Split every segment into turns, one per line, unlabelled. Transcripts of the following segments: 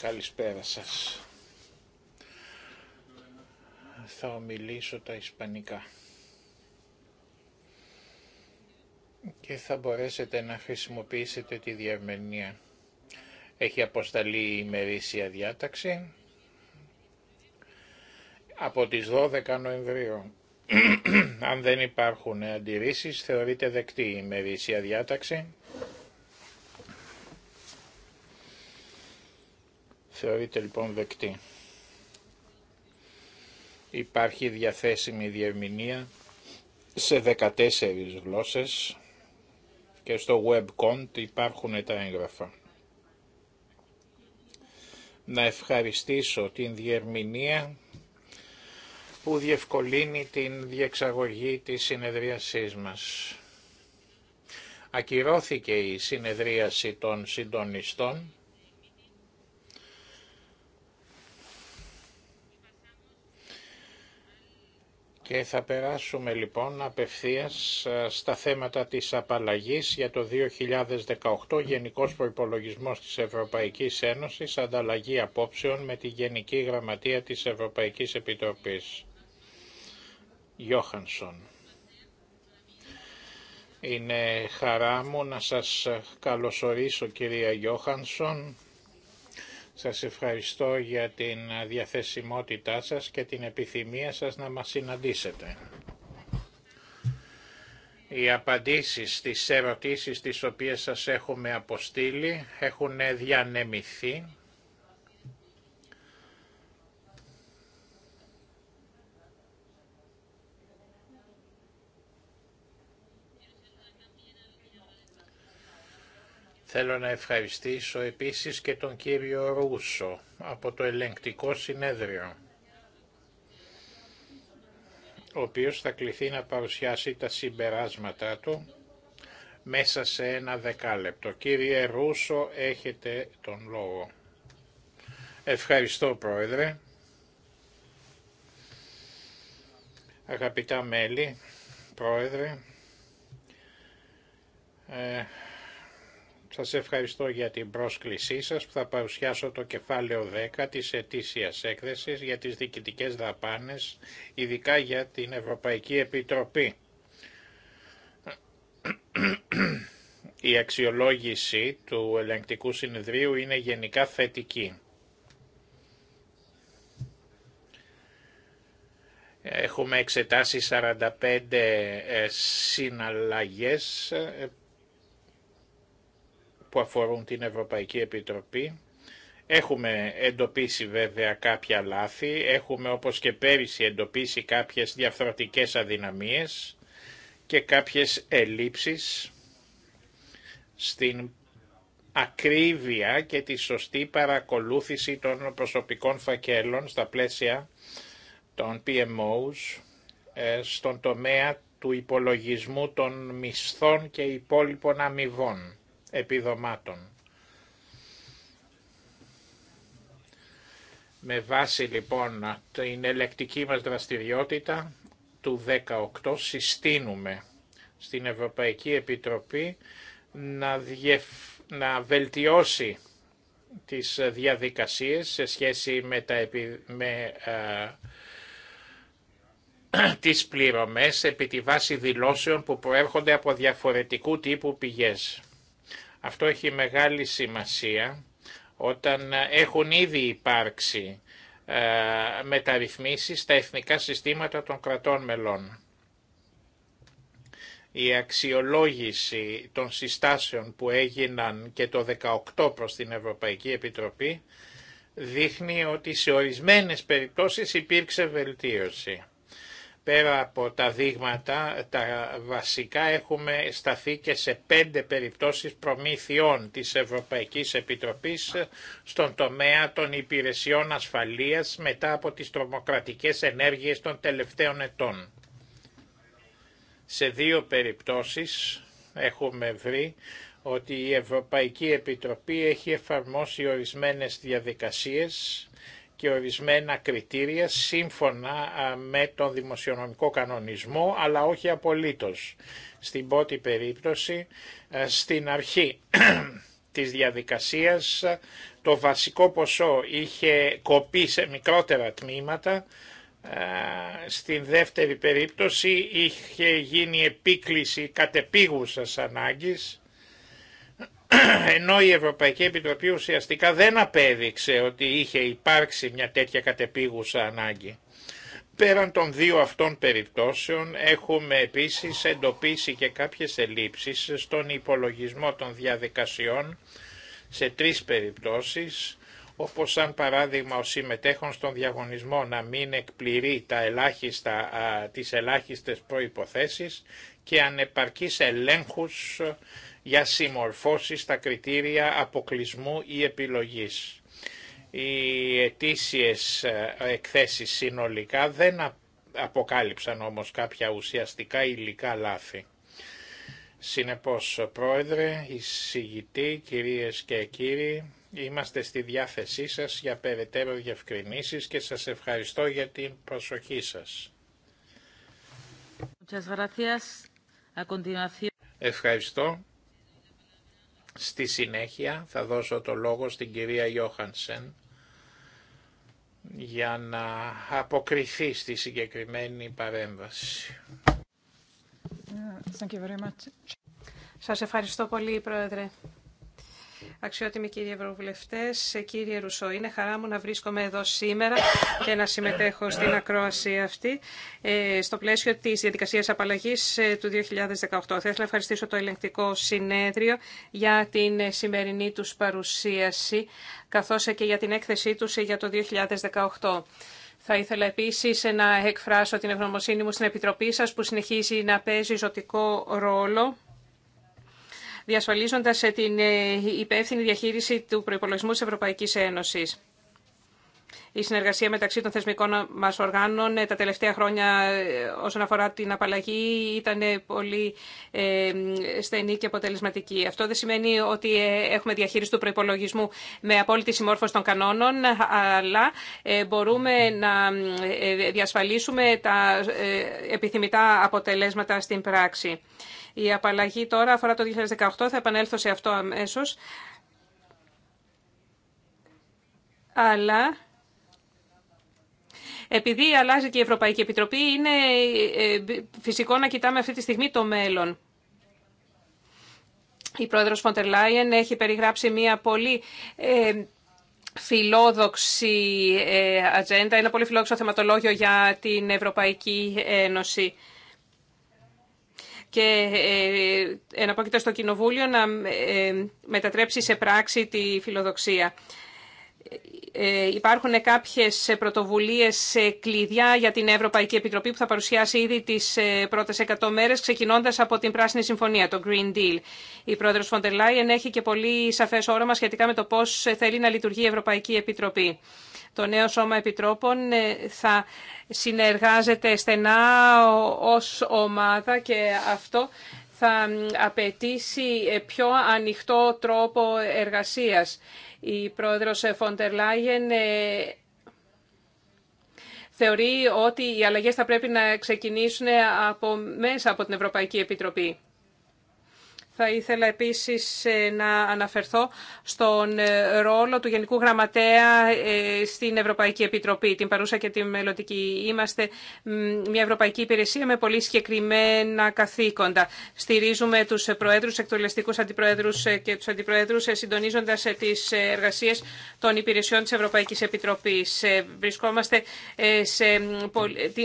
Καλησπέρα σας. Θα ομιλήσω τα ισπανικά. Και θα μπορέσετε να χρησιμοποιήσετε τη διαρμενία. Έχει αποσταλεί η ημερήσια διάταξη από τις 12 Νοεμβρίου. Αν δεν υπάρχουν αντιρρήσεις, θεωρείται δεκτή η ημερήσια διάταξη. Θεωρείται λοιπόν δεκτή. Υπάρχει διαθέσιμη διερμηνία σε 14 γλώσσες και στο webcont υπάρχουν τα έγγραφα. Να ευχαριστήσω την διερμηνία που διευκολύνει την διεξαγωγή της συνεδρίασής μας. Ακυρώθηκε η συνεδρίαση των συντονιστών Και θα περάσουμε λοιπόν απευθείας ε, στα θέματα της απαλλαγής για το 2018 Γενικός Προϋπολογισμός της Ευρωπαϊκής Ένωσης Ανταλλαγή Απόψεων με τη Γενική Γραμματεία της Ευρωπαϊκής Επιτροπής. Γιώχανσον. Είναι χαρά μου να σας καλωσορίσω κυρία Γιώχανσον σας ευχαριστώ για την διαθεσιμότητά σας και την επιθυμία σας να μας συναντήσετε. Οι απαντήσεις στις ερωτήσεις τις οποίες σας έχουμε αποστείλει έχουν διανεμηθεί Θέλω να ευχαριστήσω επίσης και τον κύριο Ρούσο από το ελεγκτικό συνέδριο, ο οποίος θα κληθεί να παρουσιάσει τα συμπεράσματά του μέσα σε ένα δεκάλεπτο. Κύριε Ρούσο, έχετε τον λόγο. Ευχαριστώ, Πρόεδρε. Αγαπητά μέλη, Πρόεδρε, ε, σας ευχαριστώ για την πρόσκλησή σας που θα παρουσιάσω το κεφάλαιο 10 της ετήσιας έκθεσης για τις διοικητικές δαπάνες, ειδικά για την Ευρωπαϊκή Επιτροπή. Η αξιολόγηση του ελεγκτικού συνεδρίου είναι γενικά θετική. Έχουμε εξετάσει 45 ε, συναλλαγές ε, που αφορούν την Ευρωπαϊκή Επιτροπή. Έχουμε εντοπίσει βέβαια κάποια λάθη, έχουμε όπως και πέρυσι εντοπίσει κάποιες διαφθορτικές αδυναμίες και κάποιες ελλείψεις στην ακρίβεια και τη σωστή παρακολούθηση των προσωπικών φακέλων στα πλαίσια των PMOs ε, στον τομέα του υπολογισμού των μισθών και υπόλοιπων αμοιβών επιδομάτων. Με βάση λοιπόν την ελεκτική μας δραστηριότητα του 18 συστήνουμε στην Ευρωπαϊκή Επιτροπή να, να βελτιώσει τις διαδικασίες σε σχέση με, τα επι... με ε, τις πληρωμές επί τη βάση δηλώσεων που προέρχονται από διαφορετικού τύπου πηγές. Αυτό έχει μεγάλη σημασία όταν ε, έχουν ήδη υπάρξει ε, μεταρρυθμίσεις στα εθνικά συστήματα των κρατών μελών. Η αξιολόγηση των συστάσεων που έγιναν και το 18 προς την Ευρωπαϊκή Επιτροπή δείχνει ότι σε ορισμένες περιπτώσεις υπήρξε βελτίωση. Πέρα από τα δείγματα, τα βασικά έχουμε σταθεί και σε πέντε περιπτώσεις προμήθειών της Ευρωπαϊκής Επιτροπής στον τομέα των υπηρεσιών ασφαλείας μετά από τις τρομοκρατικές ενέργειες των τελευταίων ετών. Σε δύο περιπτώσεις έχουμε βρει ότι η Ευρωπαϊκή Επιτροπή έχει εφαρμόσει ορισμένες διαδικασίες και ορισμένα κριτήρια σύμφωνα με τον δημοσιονομικό κανονισμό, αλλά όχι απολύτως. Στην πρώτη περίπτωση, στην αρχή της διαδικασίας, το βασικό ποσό είχε κοπεί σε μικρότερα τμήματα, στην δεύτερη περίπτωση είχε γίνει επίκληση κατεπίγουσας ανάγκης ενώ η Ευρωπαϊκή Επιτροπή ουσιαστικά δεν απέδειξε ότι είχε υπάρξει μια τέτοια κατεπίγουσα ανάγκη. Πέραν των δύο αυτών περιπτώσεων έχουμε επίσης εντοπίσει και κάποιες ελλείψεις στον υπολογισμό των διαδικασιών σε τρεις περιπτώσεις, όπως σαν παράδειγμα ο συμμετέχων στον διαγωνισμό να μην εκπληρεί τα ελάχιστα, τις ελάχιστες προϋποθέσεις και ανεπαρκείς ελέγχους για συμμορφώσεις στα κριτήρια αποκλεισμού ή επιλογής. Οι ετήσιες ε, εκθέσεις συνολικά δεν αποκάλυψαν όμως κάποια ουσιαστικά υλικά λάθη. Συνεπώς, Πρόεδρε, εισηγητή, κυρίες και κύριοι, είμαστε στη διάθεσή σας για περαιτέρω διευκρινήσεις και σας ευχαριστώ για την προσοχή σας. Ευχαριστώ. Στη συνέχεια θα δώσω το λόγο στην κυρία Γιώχανσεν για να αποκριθεί στη συγκεκριμένη παρέμβαση.
Thank Σας ευχαριστώ πολύ, Πρόεδρε. Αξιότιμοι κύριοι Ευρωβουλευτέ, ε, κύριε Ρουσό, είναι χαρά μου να βρίσκομαι εδώ σήμερα και να συμμετέχω στην ακρόαση αυτή ε, στο πλαίσιο τη διαδικασία απαλλαγή ε, του 2018. Θα ήθελα να ευχαριστήσω το ελεγκτικό συνέδριο για την σημερινή του παρουσίαση, καθώ και για την έκθεσή του για το 2018. Θα ήθελα επίσης να εκφράσω την ευγνωμοσύνη μου στην Επιτροπή σα που συνεχίζει να παίζει ζωτικό ρόλο διασφαλίζοντας ε, την ε, υπεύθυνη διαχείριση του προϋπολογισμού της Ευρωπαϊκής Ένωσης η συνεργασία μεταξύ των θεσμικών μα οργάνων ε, τα τελευταία χρόνια ε, όσον αφορά την απαλλαγή ήταν πολύ ε, στενή και αποτελεσματική. Αυτό δεν σημαίνει ότι έχουμε διαχείριση του προπολογισμού με απόλυτη συμμόρφωση των κανόνων, αλλά μπορούμε να διασφαλίσουμε τα επιθυμητά αποτελέσματα στην πράξη. Η απαλλαγή τώρα αφορά το 2018, θα επανέλθω σε αυτό αμέσως. Αλλά επειδή αλλάζει και η Ευρωπαϊκή Επιτροπή, είναι ε, φυσικό να κοιτάμε αυτή τη στιγμή το μέλλον. Η πρόεδρος Φοντερ Λάιεν έχει περιγράψει μια πολύ ε, φιλόδοξη ε, ατζέντα, ένα πολύ φιλόδοξο θεματολόγιο για την Ευρωπαϊκή Ένωση. Και εναπόκειται στο Κοινοβούλιο να μετατρέψει σε πράξη τη φιλοδοξία. Ε, υπάρχουν κάποιες πρωτοβουλίες κλειδιά για την Ευρωπαϊκή Επιτροπή που θα παρουσιάσει ήδη τις ε, πρώτες 100 μέρες, ξεκινώντας από την Πράσινη Συμφωνία, το Green Deal. Η πρόεδρος Φοντερ Λάιεν έχει και πολύ σαφές όρομα σχετικά με το πώς θέλει να λειτουργεί η Ευρωπαϊκή Επιτροπή. Το νέο Σώμα Επιτρόπων ε, θα συνεργάζεται στενά ως ομάδα και αυτό θα απαιτήσει ε, πιο ανοιχτό τρόπο εργασίας. Η πρόεδρος ε, Φοντερ Λάγεν ε, θεωρεί ότι οι αλλαγές θα πρέπει να ξεκινήσουν από μέσα από την Ευρωπαϊκή Επιτροπή. Θα ήθελα επίσης ε, να αναφερθώ στον ε, ρόλο του Γενικού Γραμματέα ε, στην Ευρωπαϊκή Επιτροπή, την παρούσα και τη μελλοντική. Είμαστε μια Ευρωπαϊκή Υπηρεσία με πολύ συγκεκριμένα καθήκοντα. Στηρίζουμε τους Προέδρους, εκτελεστικούς Αντιπροέδρους και τους Αντιπροέδρους συντονίζοντας τις εργασίες των υπηρεσιών της Ευρωπαϊκής Επιτροπής. Βρισκόμαστε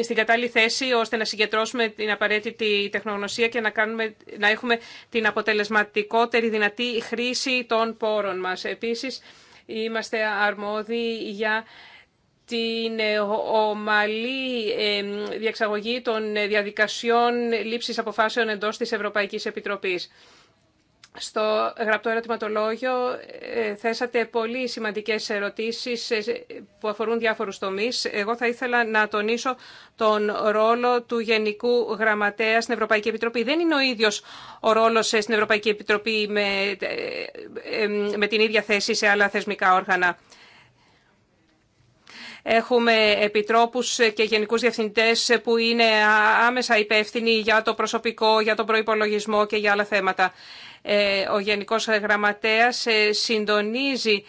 στην κατάλληλη θέση ώστε να συγκεντρώσουμε την απαραίτητη τεχνογνωσία και να, κάνουμε, να έχουμε την αποτελεσματικότερη δυνατή χρήση των πόρων μας. Επίσης, είμαστε αρμόδιοι για την ομαλή διεξαγωγή των διαδικασιών λήψης αποφάσεων εντός της Ευρωπαϊκής Επιτροπής στο γραπτό ερωτηματολόγιο ε, θέσατε πολύ σημαντικές ερωτήσεις ε, που αφορούν διάφορους τομείς. Εγώ θα ήθελα να τονίσω τον ρόλο του Γενικού Γραμματέα στην Ευρωπαϊκή Επιτροπή. Δεν είναι ο ίδιος ο ρόλος ε, στην Ευρωπαϊκή Επιτροπή με, με την ίδια θέση σε άλλα θεσμικά όργανα. Έχουμε επιτρόπους και γενικούς διευθυντές που είναι άμεσα υπεύθυνοι για το προσωπικό, για τον προϋπολογισμό και για άλλα θέματα. Ε, ο Γενικός Γραμματέας ε, συντονίζει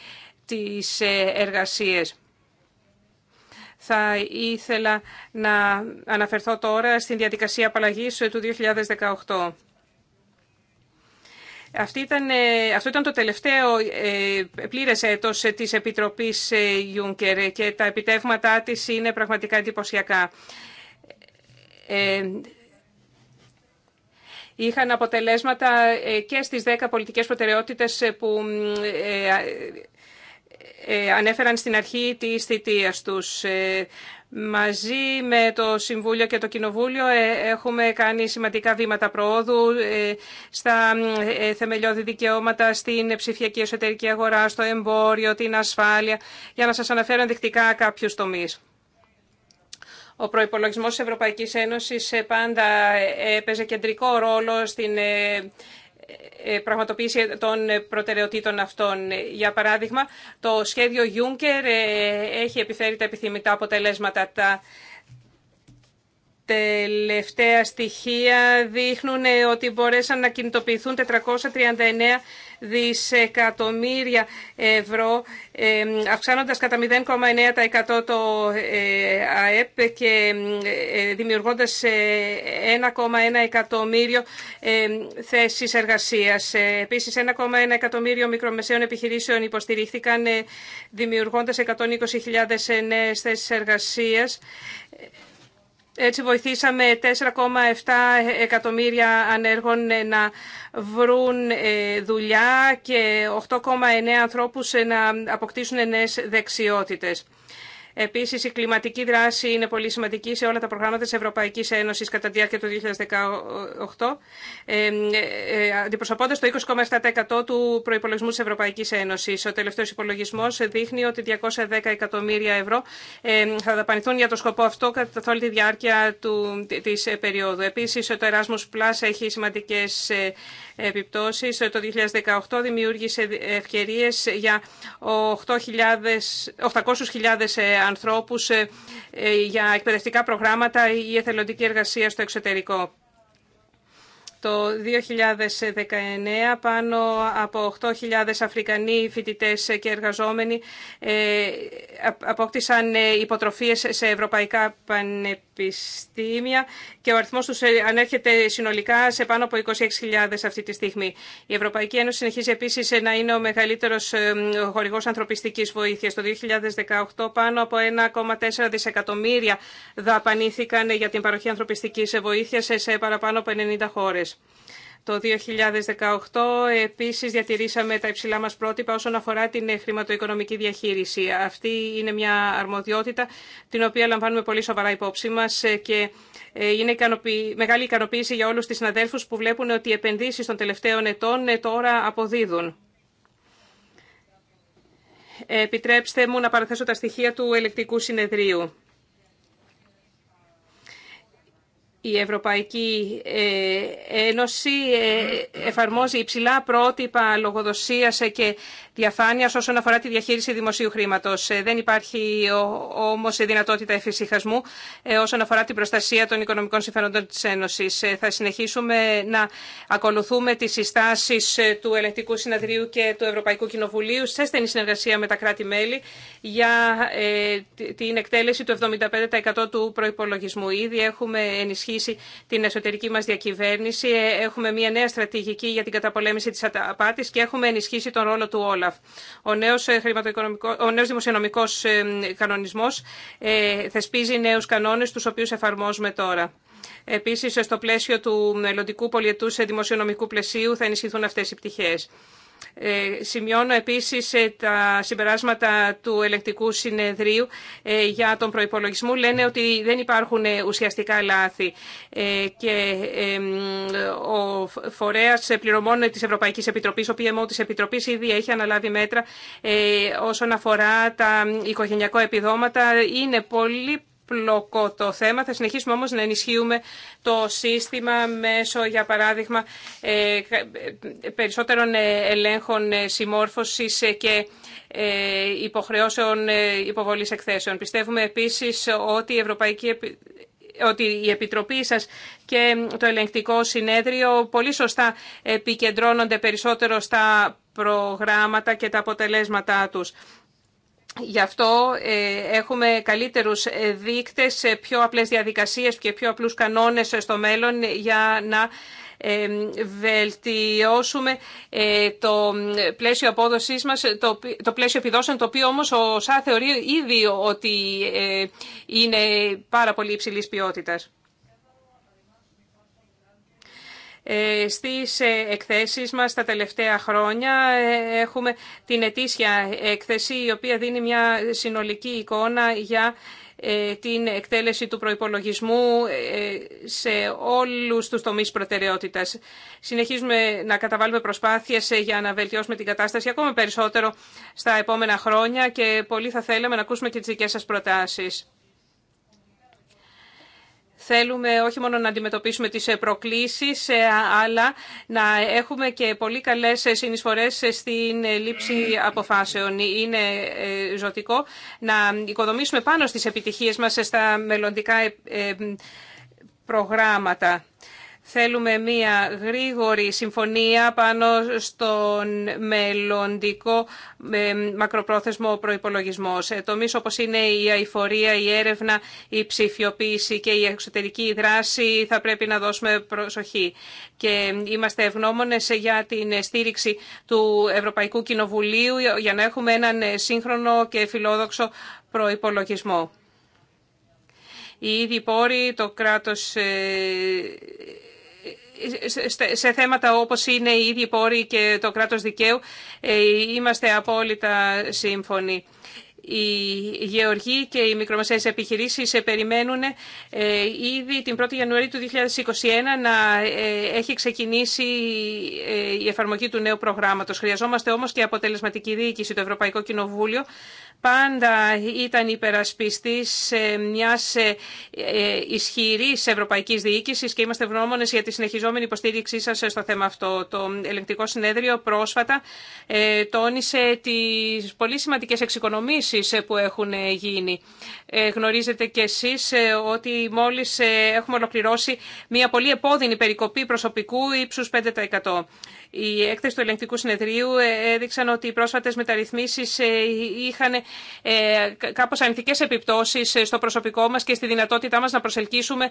τις ε, εργασίες. Θα ήθελα να αναφερθώ τώρα στην διαδικασία απαλλαγής του 2018. Αυτή ήταν, αυτό ήταν το τελευταίο πλήρες έτος της Επιτροπής Juncker και τα επιτεύγματά της είναι πραγματικά εντυπωσιακά είχαν αποτελέσματα ε, και στις 10 πολιτικές προτεραιότητες ε, που ε, ανέφεραν στην αρχή της θητείας τους. Μαζί με το Συμβούλιο και το Κοινοβούλιο έχουμε κάνει σημαντικά βήματα προόδου στα θεμελιώδη δικαιώματα, στην ψηφιακή εσωτερική αγορά, στο εμπόριο, την ασφάλεια, για να σας αναφέρω ενδεικτικά κάποιους τομείς. Ο προϋπολογισμός τη Ευρωπαϊκής Ένωσης ε, πάντα ε, έπαιζε κεντρικό ρόλο στην ε, πραγματοποίηση των προτεραιοτήτων αυτών. Για παράδειγμα, το σχέδιο Juncker έχει επιφέρει τα επιθυμητά αποτελέσματα. Τα τελευταία στοιχεία δείχνουν ότι μπορέσαν να κινητοποιηθούν 439 δισεκατομμύρια ευρώ, ε, αυξάνοντας κατά 0,9% το ε, ΑΕΠ και ε, δημιουργώντας 1,1 εκατομμύριο θέσεις εργασίας. Επίσης, 1,1 εκατομμύριο μικρομεσαίων επιχειρήσεων υποστηρίχθηκαν, δημιουργώντας 120.000 νέες θέσεις εργασίας έτσι βοηθήσαμε 4,7 εκατομμύρια ανέργων ε, να βρουν ε, δουλειά και 8,9 ανθρώπους ε, να αποκτήσουν νέες δεξιότητες. Επίση, η κλιματική δράση είναι πολύ σημαντική σε όλα τα προγράμματα της Ευρωπαϊκής Ένωσης κατά τη διάρκεια του 2018, ε, ε, ε το 20,7% του προϋπολογισμού της Ευρωπαϊκής Ένωσης. Ο τελευταίος υπολογισμός δείχνει ότι 210 εκατομμύρια ευρώ ε, θα δαπανηθούν για το σκοπό αυτό κατά όλη τη διάρκεια τη περίοδου. Επίσης, το Erasmus Plus έχει σημαντικές ε, επιπτώσεις. Ε, το 2018 δημιούργησε ευκαιρίες για 800.000 ε, ανθρώπους ε, για εκπαιδευτικά προγράμματα ή εθελοντική εργασία στο εξωτερικό. Το 2019 πάνω από 8.000 Αφρικανοί φοιτητές και εργαζόμενοι ε, απόκτησαν ε, υποτροφίες σε ευρωπαϊκά πανεπιστήμια και ο αριθμός τους ε, ανέρχεται συνολικά σε πάνω από 26.000 αυτή τη στιγμή. Η Ευρωπαϊκή Ένωση συνεχίζει επίσης να είναι ο μεγαλύτερος χορηγός ανθρωπιστικής βοήθειας. Το 2018 πάνω από 1,4 δισεκατομμύρια δαπανήθηκαν για την παροχή ανθρωπιστικής βοήθειας σε παραπάνω από 90 χώρες. Το 2018 επίσης διατηρήσαμε τα υψηλά μας πρότυπα όσον αφορά την χρηματοοικονομική διαχείριση. Αυτή είναι μια αρμοδιότητα την οποία λαμβάνουμε πολύ σοβαρά υπόψη μας και ε, είναι μεγάλη ικανοποίηση για όλους τις συναδέλφους που βλέπουν ότι οι επενδύσεις των τελευταίων ετών ε, τώρα αποδίδουν. Επιτρέψτε μου να παραθέσω τα στοιχεία του ελεκτικού συνεδρίου. Η Ευρωπαϊκή ε, Ένωση ε, εφαρμόζει υψηλά πρότυπα λογοδοσίας ε, και διαφάνειας όσον αφορά τη διαχείριση δημοσίου χρήματος. Δεν υπάρχει όμως δυνατότητα εφησυχασμού όσον αφορά την προστασία των οικονομικών συμφερόντων της Ένωσης. Θα συνεχίσουμε να ακολουθούμε τις συστάσεις του Ελεκτικού Συναδρίου και του Ευρωπαϊκού Κοινοβουλίου σε στενή συνεργασία με τα κράτη-μέλη για την εκτέλεση του 75% του προϋπολογισμού. Ήδη έχουμε ενισχύσει ενισχύσει την εσωτερική μα διακυβέρνηση. Ε, έχουμε μια νέα στρατηγική για την καταπολέμηση τη απάτη και έχουμε ενισχύσει τον ρόλο του Όλαφ. Ο νέο ε, ο νέος δημοσιονομικός ε, θεσπίζει νέου κανόνε του οποίου εφαρμόζουμε τώρα. Επίσης, στο πλαίσιο του μελλοντικού σε δημοσιονομικού πλαισίου θα ενισχυθούν αυτές οι πτυχέ. Ε, σημειώνω επίσης ε, τα συμπεράσματα του ελεκτικού συνεδρίου ε, για τον προϋπολογισμό. Λένε ότι δεν υπάρχουν ουσιαστικά λάθη και ο φορέας πληρωμών της Ευρωπαϊκής Επιτροπής, ο PMO της Επιτροπής, ήδη έχει αναλάβει μέτρα όσον αφορά τα οικογενειακά επιδόματα. Είναι πολύ το θέμα. Θα συνεχίσουμε όμως να ενισχύουμε το σύστημα μέσω, για παράδειγμα, ε, περισσότερων ε, ελέγχων ε, συμμόρφωσης και υποχρεώσεων υποβολής εκθέσεων. Πιστεύουμε επίσης ότι η Ευρωπαϊκή ότι η Επιτροπή σας και το Ελεγκτικό Συνέδριο πολύ σωστά επικεντρώνονται περισσότερο στα προγράμματα και τα αποτελέσματά τους. Γι' αυτό ε, έχουμε καλύτερους δείκτες, πιο απλές διαδικασίες και πιο απλούς κανόνες στο μέλλον για να ε, βελτιώσουμε ε, το πλαίσιο απόδοσής μας, το πλαίσιο επιδόσεων, το οποίο όμως ο ΣΑ θεωρεί ήδη ότι είναι πάρα πολύ υψηλής ποιότητας. Ε, στις ε, εκθέσεις μας τα τελευταία χρόνια ε, έχουμε την ετήσια έκθεση η οποία δίνει μια συνολική εικόνα για την εκτέλεση του προϋπολογισμού σε όλους τους τομείς προτεραιότητας. Συνεχίζουμε να καταβάλουμε προσπάθειες για να βελτιώσουμε την κατάσταση ακόμα περισσότερο στα επόμενα χρόνια και πολύ θα θέλαμε να ακούσουμε και τις δικές σας προτάσεις. Θέλουμε όχι μόνο να αντιμετωπίσουμε τις ε, προκλήσεις, ε, αλλά να έχουμε και πολύ καλές ε, συνεισφορές στην λήψη αποφάσεων. Είναι ζωτικό να οικοδομήσουμε πάνω στις επιτυχίες μας στα μελλοντικά προγράμματα. Θέλουμε μία γρήγορη συμφωνία πάνω στον μελλοντικό ε, μακροπρόθεσμο προϋπολογισμό. Σε τομείς όπως είναι η αηφορία, η έρευνα, η ψηφιοποίηση και η εξωτερική δράση θα πρέπει να δώσουμε προσοχή. Και είμαστε ευγνώμονες για την στήριξη του Ευρωπαϊκού Κοινοβουλίου για να έχουμε έναν σύγχρονο και φιλόδοξο προϋπολογισμό. Οι Ήδη πόροι, το κράτος ε, σε θέματα όπως είναι οι ίδιοι πόροι και το κράτος δικαίου ε, είμαστε απόλυτα σύμφωνοι. Οι γεωργοί και οι μικρομεσαίες επιχειρήσεις ε, περιμένουν ε, ήδη την 1η Ιανουαρίου του 2021 να έχει ξεκινήσει η εφαρμογή του νέου προγράμματος. Χρειαζόμαστε όμως και αποτελεσματική διοίκηση. του Ευρωπαϊκού Κοινοβούλιο πάντα ήταν υπερασπιστής ε, μιας ε, ε, ισχυρής ευρωπαϊκής διοίκησης και είμαστε ευγνώμονες για τη συνεχιζόμενη υποστήριξή σας στο θέμα αυτό. Το ελεγκτικό συνέδριο πρόσφατα τόνισε τις πολύ σημαντικές εξοικονομήσεις που έχουν γίνει. Γνωρίζετε κι εσείς ότι μόλις έχουμε ολοκληρώσει μια πολύ επώδυνη περικοπή προσωπικού ύψους 5%. Η έκθεση του ελεγκτικού συνεδρίου ε, έδειξαν ότι οι πρόσφατες μεταρρυθμίσεις ε, είχαν ε, κάπως αρνητικές επιπτώσεις στο προσωπικό μας και στη δυνατότητά μας να προσελκύσουμε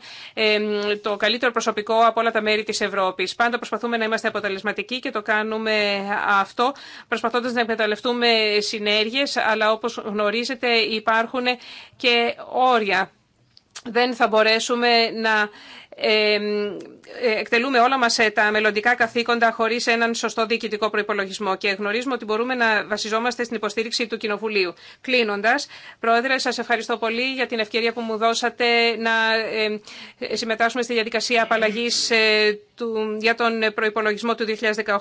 το καλύτερο προσωπικό από όλα τα μέρη της Ευρώπης. Πάντα προσπαθούμε να είμαστε αποτελεσματικοί και το κάνουμε αυτό προσπαθώντας να εκμεταλλευτούμε συνέργειες, αλλά όπως γνωρίζετε υπάρχουν και όρια. Δεν θα μπορέσουμε να ε, εκτελούμε όλα μας ε, τα μελλοντικά καθήκοντα χωρίς έναν σωστό διοικητικό προϋπολογισμό και γνωρίζουμε ότι μπορούμε να βασιζόμαστε στην υποστήριξη του Κοινοβουλίου. Κλείνοντας, Πρόεδρε, σας ευχαριστώ πολύ για την ευκαιρία που μου δώσατε να συμμετάσχουμε στη διαδικασία απαλλαγής ε, για τον προϋπολογισμό του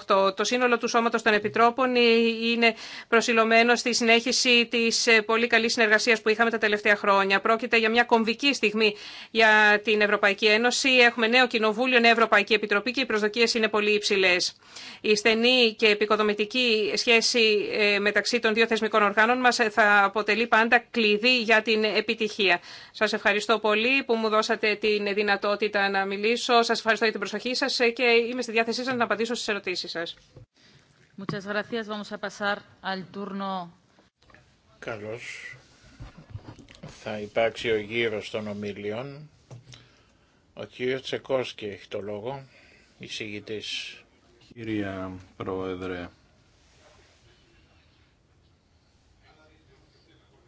2018. Το σύνολο του Σώματος των Επιτρόπων είναι προσιλωμένο στη συνέχιση της πολύ καλής συνεργασίας που είχαμε τα τελευταία χρόνια. Πρόκειται για μια κομβική στιγμή για την Ευρωπαϊκή Ένωση έχουμε νέο κοινοβούλιο, νέα Ευρωπαϊκή Επιτροπή και οι προσδοκίε είναι πολύ υψηλέ. Η στενή και επικοδομητική σχέση ε, μεταξύ των δύο θεσμικών οργάνων μα ε, θα αποτελεί πάντα κλειδί για την επιτυχία. Σα ευχαριστώ πολύ που μου δώσατε την δυνατότητα να μιλήσω. Σα ευχαριστώ για την προσοχή σα ε, και είμαι στη διάθεσή σα να απαντήσω στι ερωτήσει σα.
Καλώς. Θα υπάρξει ο γύρος των ομίλιων. Ο κύριος Τσεκόσκι έχει το λόγο, εισηγητής. Κύρια Πρόεδρε,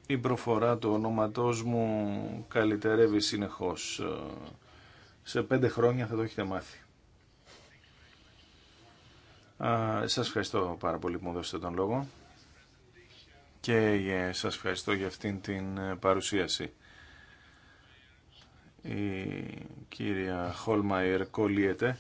η προφορά του ονοματός μου καλυτερεύει συνεχώς. Σε πέντε χρόνια θα το έχετε μάθει. Α, σας ευχαριστώ πάρα πολύ που μου δώσετε τον λόγο και σας ευχαριστώ για αυτήν την παρουσίαση η κυρία Χόλμαϊρ κολλείεται.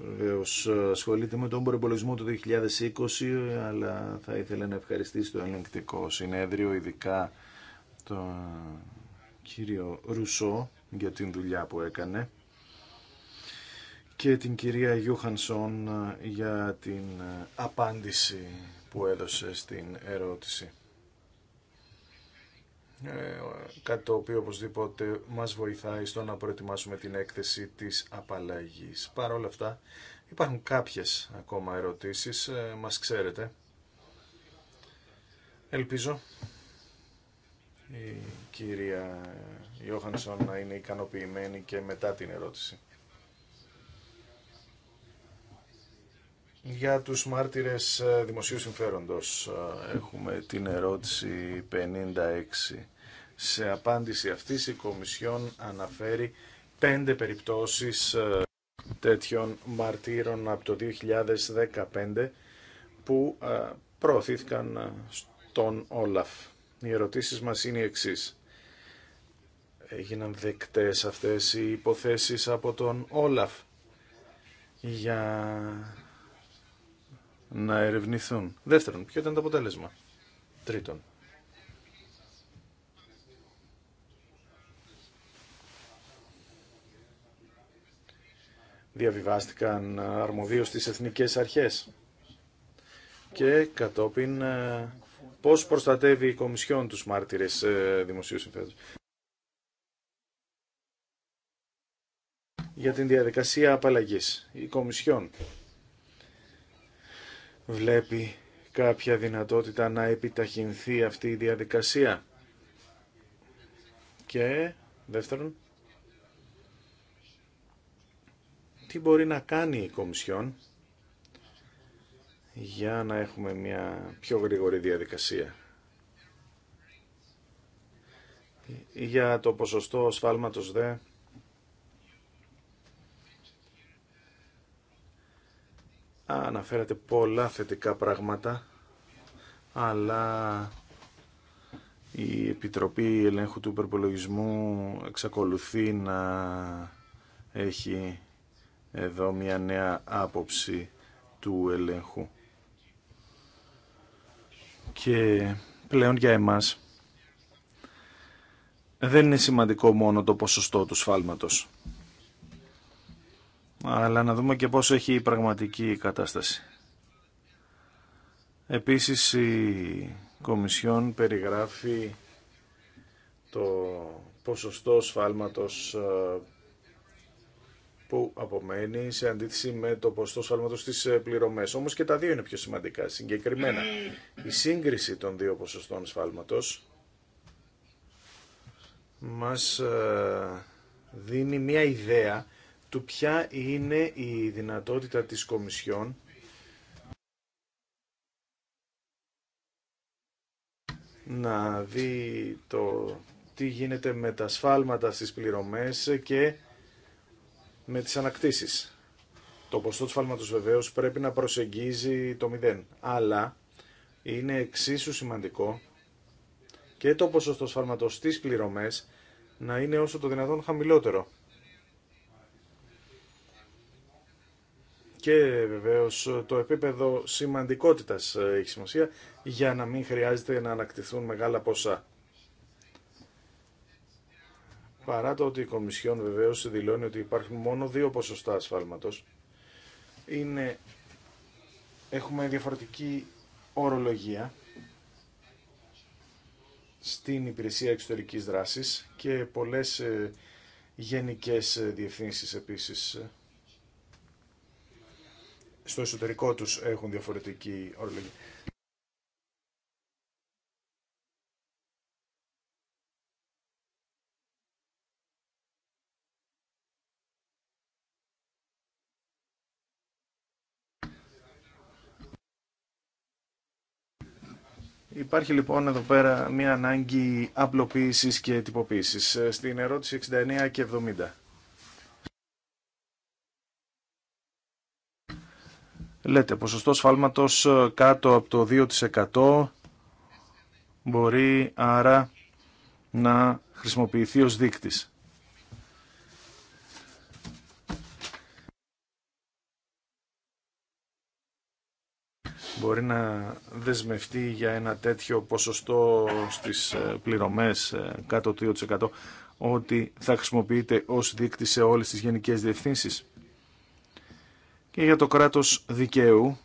Βεβαίω ασχολείται με τον προπολογισμό του 2020, αλλά θα ήθελα να ευχαριστήσει το ελεγκτικό συνέδριο, ειδικά τον κύριο Ρουσό για την δουλειά που έκανε και την κυρία Γιούχανσον για την απάντηση που έδωσε στην ερώτηση. Ε, κάτι το οποίο οπωσδήποτε μας βοηθάει στο να προετοιμάσουμε την έκθεση της απαλλαγής. Παρ' όλα αυτά υπάρχουν κάποιες ακόμα ερωτήσεις, ε, μας ξέρετε. Ελπίζω η κυρία Ιώχανσον να είναι ικανοποιημένη και μετά την ερώτηση. Για τους μάρτυρες ε, δημοσίου συμφέροντος ε, έχουμε την ερώτηση 56. Σε απάντηση αυτής η Κομισιόν αναφέρει πέντε περιπτώσεις ε, τέτοιων μαρτύρων από το 2015 που προωθήθηκαν στον Όλαφ. Οι ερωτήσεις μας είναι οι εξής. Έγιναν δεκτές αυτές οι υποθέσεις από τον Όλαφ για να ερευνηθούν. Δεύτερον, ποιο ήταν το αποτέλεσμα. Τρίτον, διαβιβάστηκαν ε, αρμοδίως στις εθνικές αρχές και κατόπιν ε, πώς προστατεύει η Κομισιόν τους μάρτυρες ε, δημοσίου συμφέροντος. Για την διαδικασία απαλλαγής, η Κομισιόν βλέπει κάποια δυνατότητα να επιταχυνθεί αυτή η διαδικασία. Και δεύτερον, τι μπορεί να κάνει η Κομισιόν για να έχουμε μια πιο γρήγορη διαδικασία. Για το ποσοστό σφάλματος δε αναφέρατε πολλά θετικά πράγματα, αλλά η Επιτροπή Ελέγχου του Υπερπολογισμού εξακολουθεί να έχει εδώ μια νέα άποψη του ελέγχου. Και πλέον για εμάς δεν είναι σημαντικό μόνο το ποσοστό του σφάλματος αλλά να δούμε και πόσο έχει η πραγματική κατάσταση. Επίσης η Κομισιόν περιγράφει το ποσοστό σφάλματος ε, που απομένει σε αντίθεση με το ποσοστό σφάλματος στις ε, πληρωμές. Όμως και τα δύο είναι πιο σημαντικά. Συγκεκριμένα η σύγκριση των δύο ποσοστών σφάλματος μας ε, δίνει μια ιδέα του ποια είναι η δυνατότητα της Κομισιόν να δει το τι γίνεται με τα σφάλματα στις πληρωμές και με τις ανακτήσεις. Το ποστό του σφάλματος βεβαίως πρέπει να προσεγγίζει το 0, αλλά είναι εξίσου σημαντικό και το ποσοστό σφάλματος στις πληρωμές να είναι όσο το δυνατόν χαμηλότερο. και βεβαίως το επίπεδο σημαντικότητας ε, έχει σημασία για να μην χρειάζεται να ανακτηθούν μεγάλα ποσά. Παρά το ότι η Κομισιόν βεβαίως δηλώνει ότι υπάρχουν μόνο δύο ποσοστά ασφάλματος, είναι... έχουμε διαφορετική ορολογία στην υπηρεσία εξωτερικής δράσης και πολλές ε, γενικές ε, διευθύνσεις επίσης στο εσωτερικό τους έχουν διαφορετική ορολογία. Υπάρχει λοιπόν εδώ πέρα μια ανάγκη απλοποίησης και τυποποίησης ε, στην ερώτηση 69 και 70. λέτε ποσοστό σφάλματος ε, κάτω από το 2% μπορεί άρα να χρησιμοποιηθεί ως δείκτης. Μπορεί να δεσμευτεί για ένα τέτοιο ποσοστό στις ε, πληρωμές ε, κάτω το 2% ότι θα χρησιμοποιείται ως δείκτη σε όλες τις γενικές διευθύνσεις και για το κράτος δικαίου.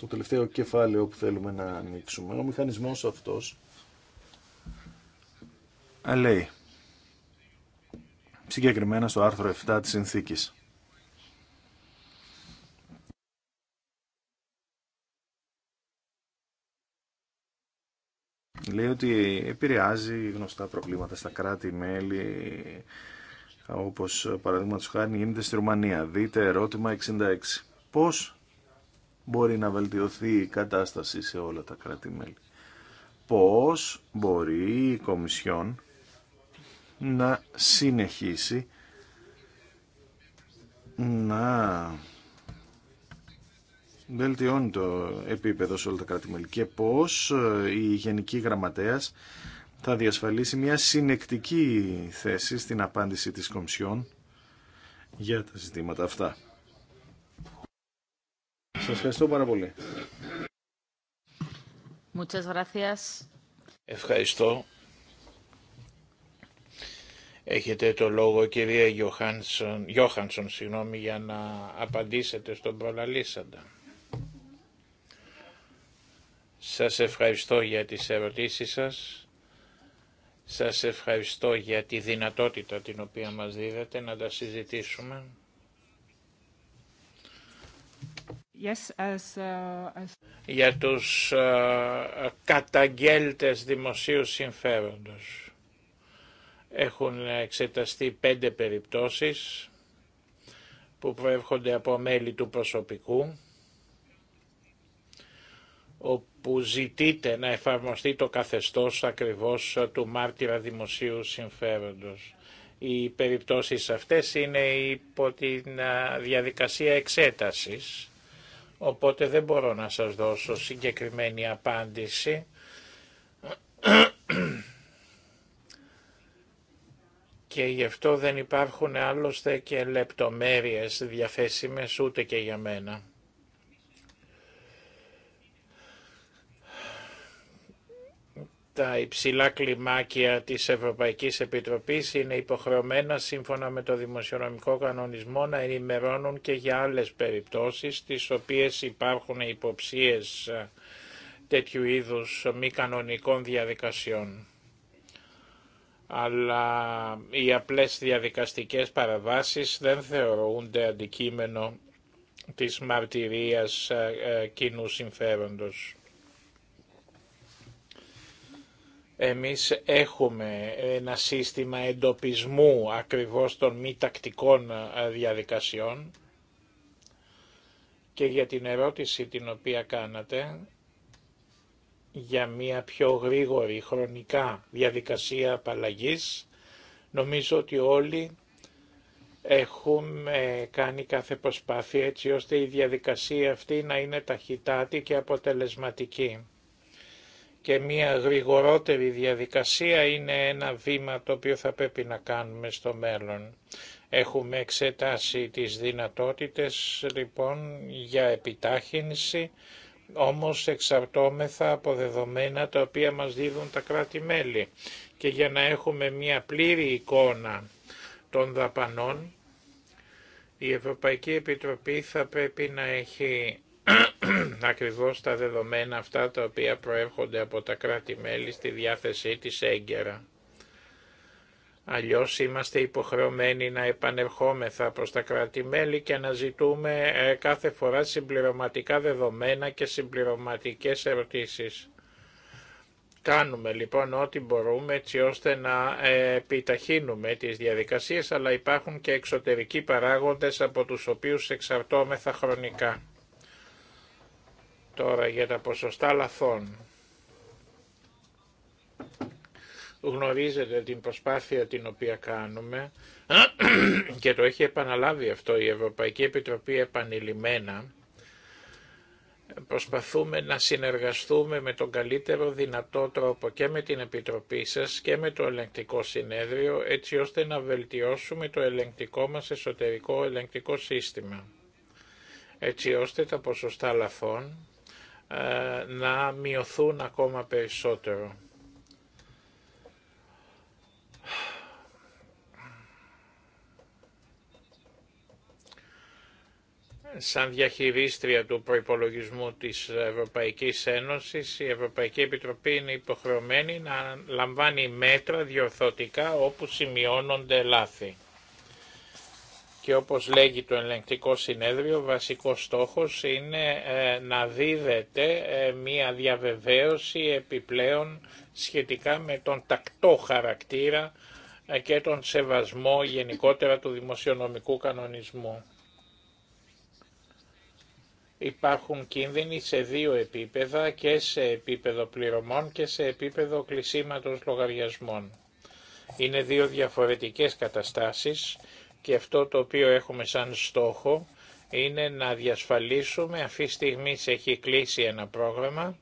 Το τελευταίο κεφάλαιο που θέλουμε να ανοίξουμε. Ο μηχανισμός αυτός λέει συγκεκριμένα στο άρθρο 7 της συνθήκης. Λέει ότι επηρεάζει γνωστά προβλήματα στα κράτη-μέλη όπως ε, παραδείγματος χάρη γίνεται στη Ρουμανία. Δείτε ερώτημα 66. Πώς μπορεί να βελτιωθεί η κατάσταση σε όλα τα κράτη-μέλη. Πώς μπορεί η Κομισιόν να συνεχίσει να βελτιώνει το επίπεδο σε όλα τα κράτη-μέλη και πώς ε, η Γενική Γραμματέας θα διασφαλίσει μια συνεκτική θέση στην απάντηση της Κομισιόν για τα ζητήματα αυτά. Σας ευχαριστώ πάρα
πολύ. Ευχαριστώ. Έχετε το λόγο κυρία Γιώχανσον, Γιώχανσον συγγνώμη, για να απαντήσετε στον προλαλήσαντα. Σας ευχαριστώ για τις ερωτήσεις σας. Σας ευχαριστώ για τη δυνατότητα την οποία μας δίδατε να τα συζητήσουμε.
Yes, uh,
Για τους uh, καταγγέλτες δημοσίου συμφέροντος. Έχουν εξεταστεί πέντε περιπτώσεις που προέρχονται από μέλη του προσωπικού που ζητείτε να εφαρμοστεί το καθεστώς ακριβώς του μάρτυρα δημοσίου συμφέροντος. Οι περιπτώσεις αυτές είναι υπό τη διαδικασία εξέτασης, οπότε δεν μπορώ να σας δώσω συγκεκριμένη απάντηση. Και γι' αυτό δεν υπάρχουν άλλωστε και λεπτομέρειες διαθέσιμες ούτε και για μένα. τα υψηλά κλιμάκια της Ευρωπαϊκής Επιτροπής είναι υποχρεωμένα σύμφωνα με το δημοσιονομικό κανονισμό να ενημερώνουν και για άλλες περιπτώσεις τις οποίες υπάρχουν υποψίες ε, τέτοιου είδους μη κανονικών διαδικασιών. Αλλά οι απλές διαδικαστικές παραβάσεις δεν θεωρούνται αντικείμενο της μαρτυρίας ε, ε, κοινού συμφέροντος. Εμείς έχουμε ένα σύστημα εντοπισμού ακριβώς των μη τακτικών διαδικασιών και για την ερώτηση την οποία κάνατε για μια πιο γρήγορη χρονικά διαδικασία απαλλαγής νομίζω ότι όλοι έχουμε κάνει κάθε προσπάθεια έτσι ώστε η διαδικασία αυτή να είναι ταχυτάτη και αποτελεσματική και μια γρηγορότερη διαδικασία είναι ένα βήμα το οποίο θα πρέπει να κάνουμε στο μέλλον. Έχουμε εξετάσει τις δυνατότητες λοιπόν για επιτάχυνση, όμως εξαρτώμεθα από δεδομένα τα οποία μας δίδουν τα κράτη-μέλη και για να έχουμε μια πλήρη εικόνα των δαπανών η Ευρωπαϊκή Επιτροπή θα πρέπει να έχει ακριβώς τα δεδομένα αυτά τα οποία προέρχονται από τα κράτη-μέλη στη διάθεσή της έγκαιρα. Αλλιώς είμαστε υποχρεωμένοι να επανερχόμεθα προς τα κράτη-μέλη και να ζητούμε ε, κάθε φορά συμπληρωματικά δεδομένα και συμπληρωματικές ερωτήσεις. Κάνουμε λοιπόν ό,τι μπορούμε έτσι ώστε να ε, επιταχύνουμε τις διαδικασίες αλλά υπάρχουν και εξωτερικοί παράγοντες από τους οποίους εξαρτώμεθα χρονικά. Τώρα για τα ποσοστά λαθών. Γνωρίζετε την προσπάθεια την οποία κάνουμε και το έχει επαναλάβει αυτό η Ευρωπαϊκή Επιτροπή επανειλημμένα. Προσπαθούμε να συνεργαστούμε με τον καλύτερο δυνατό τρόπο και με την Επιτροπή σας και με το ελεγκτικό συνέδριο έτσι ώστε να βελτιώσουμε το ελεγκτικό μας εσωτερικό ελεγκτικό σύστημα έτσι ώστε τα ποσοστά λαθών ε, να μειωθούν ακόμα περισσότερο. σαν διαχειρίστρια του προϋπολογισμού της Ευρωπαϊκής Ένωσης, η Ευρωπαϊκή Επιτροπή είναι υποχρεωμένη να λαμβάνει μέτρα διορθωτικά όπου σημειώνονται λάθη και όπως λέγει το ελεγκτικό συνέδριο, βασικός στόχος είναι ε, να δίδεται ε, μία διαβεβαίωση επιπλέον σχετικά με τον τακτό χαρακτήρα ε, και τον σεβασμό γενικότερα του δημοσιονομικού κανονισμού. Υπάρχουν κίνδυνοι σε δύο επίπεδα και σε επίπεδο πληρωμών και σε επίπεδο κλεισίματος λογαριασμών. Είναι δύο διαφορετικές καταστάσεις και αυτό το οποίο έχουμε σαν στόχο είναι να διασφαλίσουμε, αυτή τη στιγμή έχει κλείσει ένα πρόγραμμα,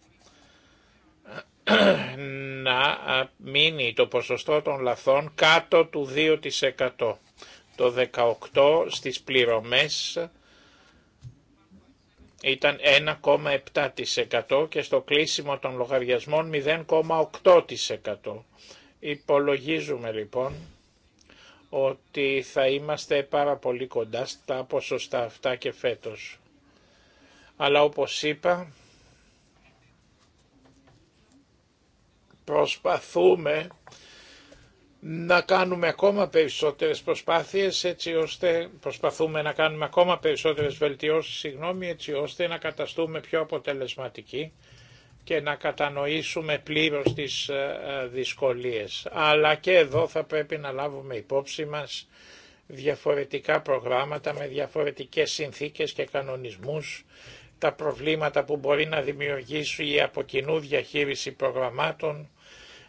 να μείνει το ποσοστό των λαθών κάτω του 2%. Το 18 στις πληρωμές ήταν 1,7% και στο κλείσιμο των λογαριασμών 0,8%. Υπολογίζουμε λοιπόν ότι θα είμαστε πάρα πολύ κοντά στα ποσοστά αυτά και φέτος. Αλλά όπως είπα, προσπαθούμε να κάνουμε ακόμα περισσότερες προσπάθειες έτσι ώστε προσπαθούμε να κάνουμε ακόμα περισσότερες βελτιώσεις συγγνώμη έτσι ώστε να καταστούμε πιο αποτελεσματικοί και να κατανοήσουμε πλήρως τις ε, ε, δυσκολίες. Αλλά και εδώ θα πρέπει να λάβουμε υπόψη μας διαφορετικά προγράμματα με διαφορετικές συνθήκες και κανονισμούς, τα προβλήματα που μπορεί να δημιουργήσει η αποκοινού διαχείριση προγραμμάτων,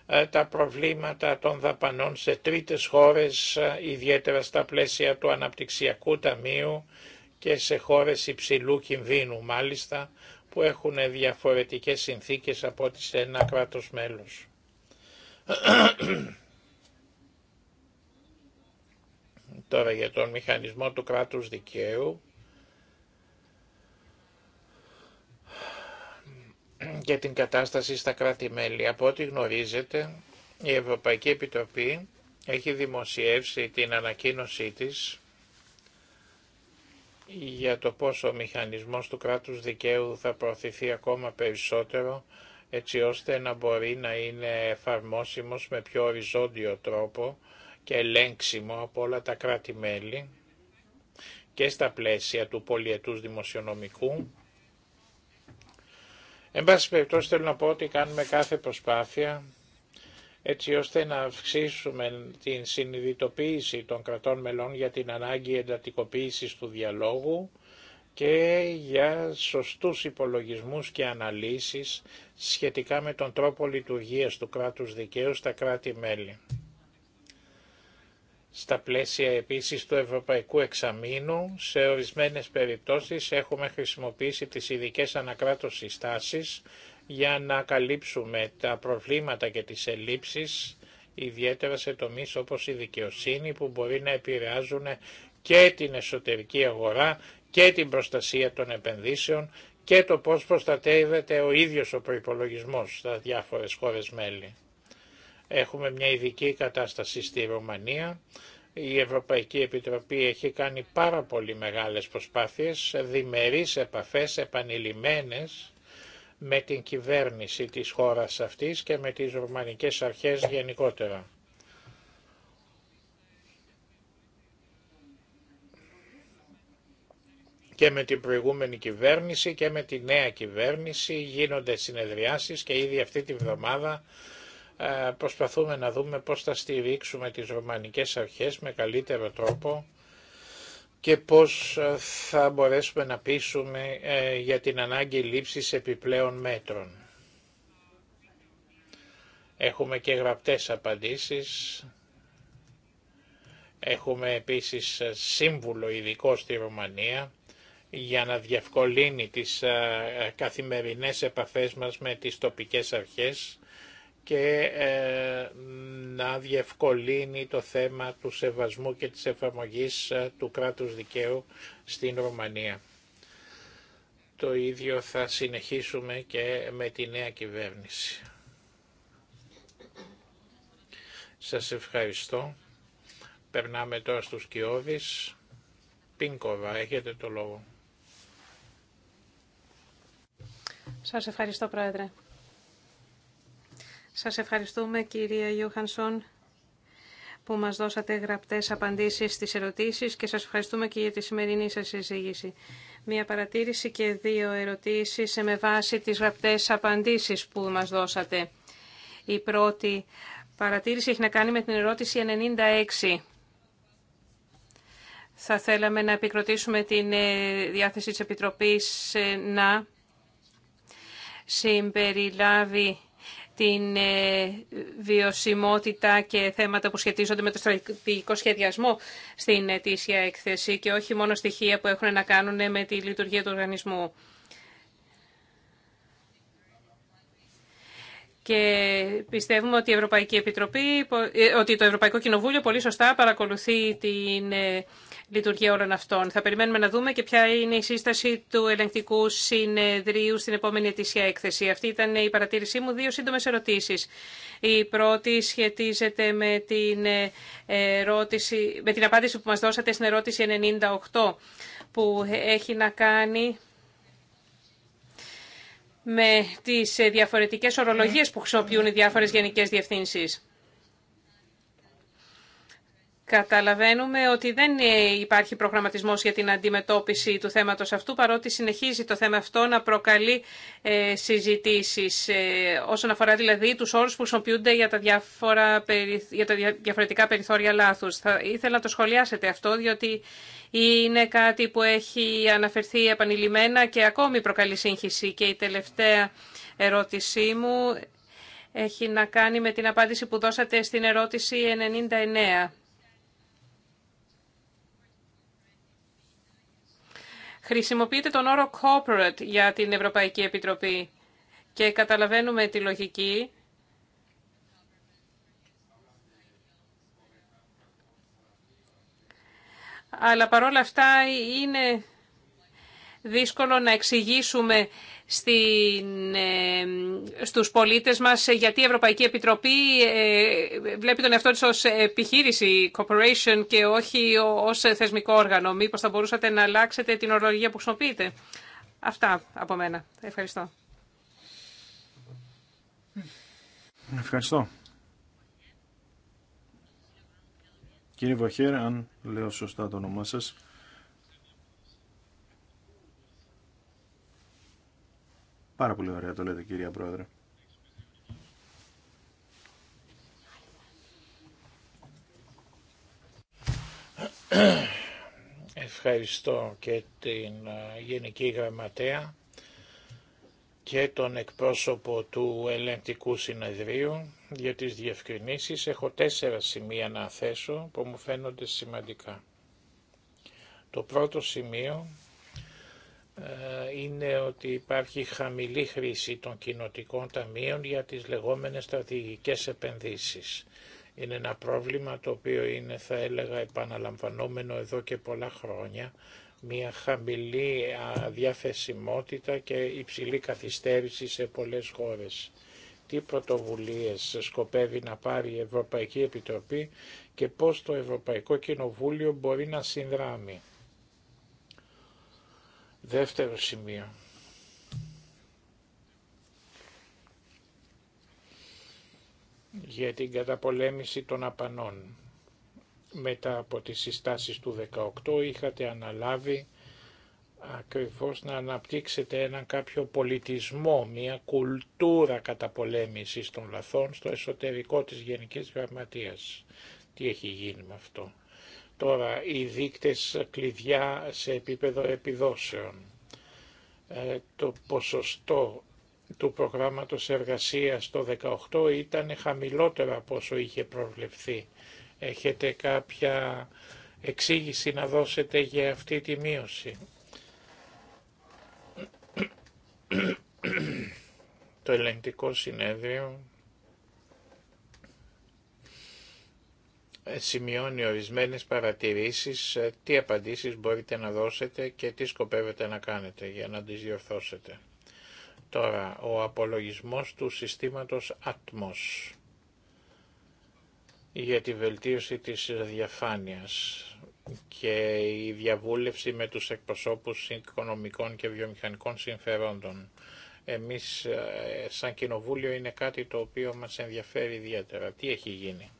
ε, τα προβλήματα των δαπανών σε τρίτες χώρες, ιδιαίτερα στα πλαίσια του Αναπτυξιακού Ταμείου και σε χώρες υψηλού κινδύνου μάλιστα, που έχουν διαφορετικές συνθήκες από ό,τι σε ένα κράτος μέλος. Τώρα για τον μηχανισμό του κράτους δικαίου και την κατάσταση στα κράτη-μέλη. Από ό,τι γνωρίζετε, η Ευρωπαϊκή Επιτροπή έχει δημοσιεύσει την ανακοίνωσή της για το πόσο ο μηχανισμός του κράτους δικαίου θα προωθηθεί ακόμα περισσότερο έτσι ώστε να μπορεί να είναι εφαρμόσιμος με πιο οριζόντιο τρόπο και ελέγξιμο από όλα τα κράτη-μέλη και στα πλαίσια του πολιετούς δημοσιονομικού. Εν πάση περιπτώσει θέλω να πω ότι κάνουμε κάθε προσπάθεια έτσι ώστε να αυξήσουμε την συνειδητοποίηση των κρατών μελών για την ανάγκη εντατικοποίησης του διαλόγου και για σωστούς υπολογισμούς και αναλύσεις σχετικά με τον τρόπο λειτουργίας του κράτους δικαίου στα κράτη-μέλη. Στα πλαίσια επίσης του Ευρωπαϊκού Εξαμήνου, σε ορισμένες περιπτώσεις έχουμε χρησιμοποιήσει τις ειδικές ανακράτωσης τάσεις για να καλύψουμε τα προβλήματα και τις ελλείψεις, ιδιαίτερα σε τομείς όπως η δικαιοσύνη που μπορεί να επηρεάζουν και την εσωτερική αγορά και την προστασία των επενδύσεων και το πώς προστατεύεται ο ίδιος ο προϋπολογισμός στα διάφορες χώρες μέλη. Έχουμε μια ειδική κατάσταση στη Ρωμανία. Η Ευρωπαϊκή Επιτροπή έχει κάνει πάρα πολύ μεγάλες προσπάθειες, διμερείς επαφές επανειλημμένες με την κυβέρνηση της χώρας αυτής και με τις Ρωμανικές αρχές γενικότερα. και με την προηγούμενη κυβέρνηση και με τη νέα κυβέρνηση γίνονται συνεδριάσεις και ήδη αυτή τη βδομάδα ε, προσπαθούμε να δούμε πώς θα στηρίξουμε τις ρωμανικές αρχές με καλύτερο τρόπο και πώς ε, θα μπορέσουμε να πείσουμε ε, για την ανάγκη λήψης επιπλέον μέτρων. Έχουμε και γραπτές απαντήσεις. Έχουμε επίσης ε, σύμβουλο ειδικό στη Ρωμανία για να διευκολύνει τις καθημερινές επαφές μας με τις τοπικές αρχές και ε, να διευκολύνει το θέμα του σεβασμού και της εφαρμογής ε, του κράτους δικαίου στην Ρωμανία. Το ίδιο θα συνεχίσουμε και με τη νέα κυβέρνηση. Σας ευχαριστώ. Περνάμε τώρα στους Κιώδης. Πίνκοβα, έχετε το λόγο.
Σας ευχαριστώ, Πρόεδρε. Σας ευχαριστούμε κυρία Ιωχανσόν που μας δώσατε γραπτές απαντήσεις στις ερωτήσεις και σας ευχαριστούμε και για τη σημερινή σας εισήγηση. Μία παρατήρηση και δύο ερωτήσεις με βάση τις γραπτές απαντήσεις που μας δώσατε. Η πρώτη παρατήρηση έχει να κάνει με την ερώτηση 96. Θα θέλαμε να επικροτήσουμε την ε, διάθεση της Επιτροπής ε, να συμπεριλάβει την ε, βιωσιμότητα και θέματα που σχετίζονται με το στρατηγικό σχεδιασμό στην ετήσια έκθεση και όχι μόνο στοιχεία που έχουν να κάνουν με τη λειτουργία του οργανισμού. και πιστεύουμε ότι, η Ευρωπαϊκή Επιτροπή, ε, ότι το Ευρωπαϊκό Κοινοβούλιο πολύ σωστά παρακολουθεί την ε, λειτουργία όλων αυτών. Θα περιμένουμε να δούμε και ποια είναι η σύσταση του ελεγκτικού συνεδρίου στην επόμενη ετήσια έκθεση. Αυτή ήταν η παρατήρησή μου. Δύο σύντομε ερωτήσει. Η πρώτη σχετίζεται με την, ε, ερώτηση, με την απάντηση που μα δώσατε στην ερώτηση 98 που έχει να κάνει με τις ε, διαφορετικές ορολογίες που χρησιμοποιούν οι διάφορες γενικές διευθύνσεις. Καταλαβαίνουμε ότι δεν υπάρχει προγραμματισμός για την αντιμετώπιση του θέματος αυτού, παρότι συνεχίζει το θέμα αυτό να προκαλεί ε, συζητήσεις ε, όσον αφορά δηλαδή τους όρους που χρησιμοποιούνται για τα, διάφορα, για τα διαφορετικά περιθώρια λάθους. Θα ήθελα να το σχολιάσετε αυτό, διότι είναι κάτι που έχει αναφερθεί επανειλημμένα και ακόμη προκαλεί σύγχυση. Και η τελευταία ερώτησή μου έχει να κάνει με την απάντηση που δώσατε στην ερώτηση 99 Χρησιμοποιείται τον όρο corporate για την Ευρωπαϊκή Επιτροπή και καταλαβαίνουμε τη λογική. Αλλά παρόλα αυτά είναι δύσκολο να εξηγήσουμε στην, ε, στους πολίτες μας γιατί η Ευρωπαϊκή Επιτροπή ε, βλέπει τον εαυτό της ως επιχείρηση, corporation και όχι ως θεσμικό όργανο. Μήπως θα μπορούσατε να αλλάξετε την ορολογία που χρησιμοποιείτε. Αυτά από μένα. Ευχαριστώ.
Ευχαριστώ. Κύριε Βαχέρ, αν λέω σωστά το όνομά σας, Πάρα πολύ ωραία το λέτε κυρία Πρόεδρε.
Ευχαριστώ και την ε, Γενική Γραμματέα και τον εκπρόσωπο του Ελεγκτικού Συνεδρίου για τις διευκρινήσεις. Έχω τέσσερα σημεία να θέσω που μου φαίνονται σημαντικά. Το πρώτο σημείο ε, είναι ότι υπάρχει χαμηλή χρήση των κοινοτικών ταμείων για τις λεγόμενες στρατηγικές επενδύσεις. Είναι ένα πρόβλημα το οποίο είναι θα έλεγα επαναλαμβανόμενο εδώ και πολλά χρόνια, μια χαμηλή διαθεσιμότητα και υψηλή καθυστέρηση σε πολλές χώρες. Τι πρωτοβουλίες σκοπεύει να πάρει η Ευρωπαϊκή Επιτροπή και πώς το Ευρωπαϊκό Κοινοβούλιο μπορεί να συνδράμει. Δεύτερο σημείο. για την καταπολέμηση των απανών. Μετά από τις συστάσεις του 18 είχατε αναλάβει ακριβώς να αναπτύξετε έναν κάποιο πολιτισμό, μια κουλτούρα καταπολέμησης των λαθών στο εσωτερικό της Γενικής Γραμματείας. Τι έχει γίνει με αυτό. Τώρα, οι δείκτες κλειδιά σε επίπεδο επιδόσεων. Ε, το ποσοστό του προγράμματος εργασίας το 18 ήταν χαμηλότερο από όσο είχε προβλεφθεί. Έχετε κάποια εξήγηση να δώσετε για αυτή τη μείωση. Το ελεγκτικό συνέδριο Ε, σημειώνει ορισμένες παρατηρήσεις, ε, τι απαντήσεις μπορείτε να δώσετε και τι σκοπεύετε να κάνετε για να τις διορθώσετε. Τώρα, ο απολογισμός του συστήματος Atmos για τη βελτίωση της διαφάνειας και η διαβούλευση με τους εκπροσώπους οικονομικών και βιομηχανικών συμφερόντων. Εμείς ε, σαν κοινοβούλιο είναι κάτι το οποίο μας ενδιαφέρει ιδιαίτερα. Τι έχει γίνει.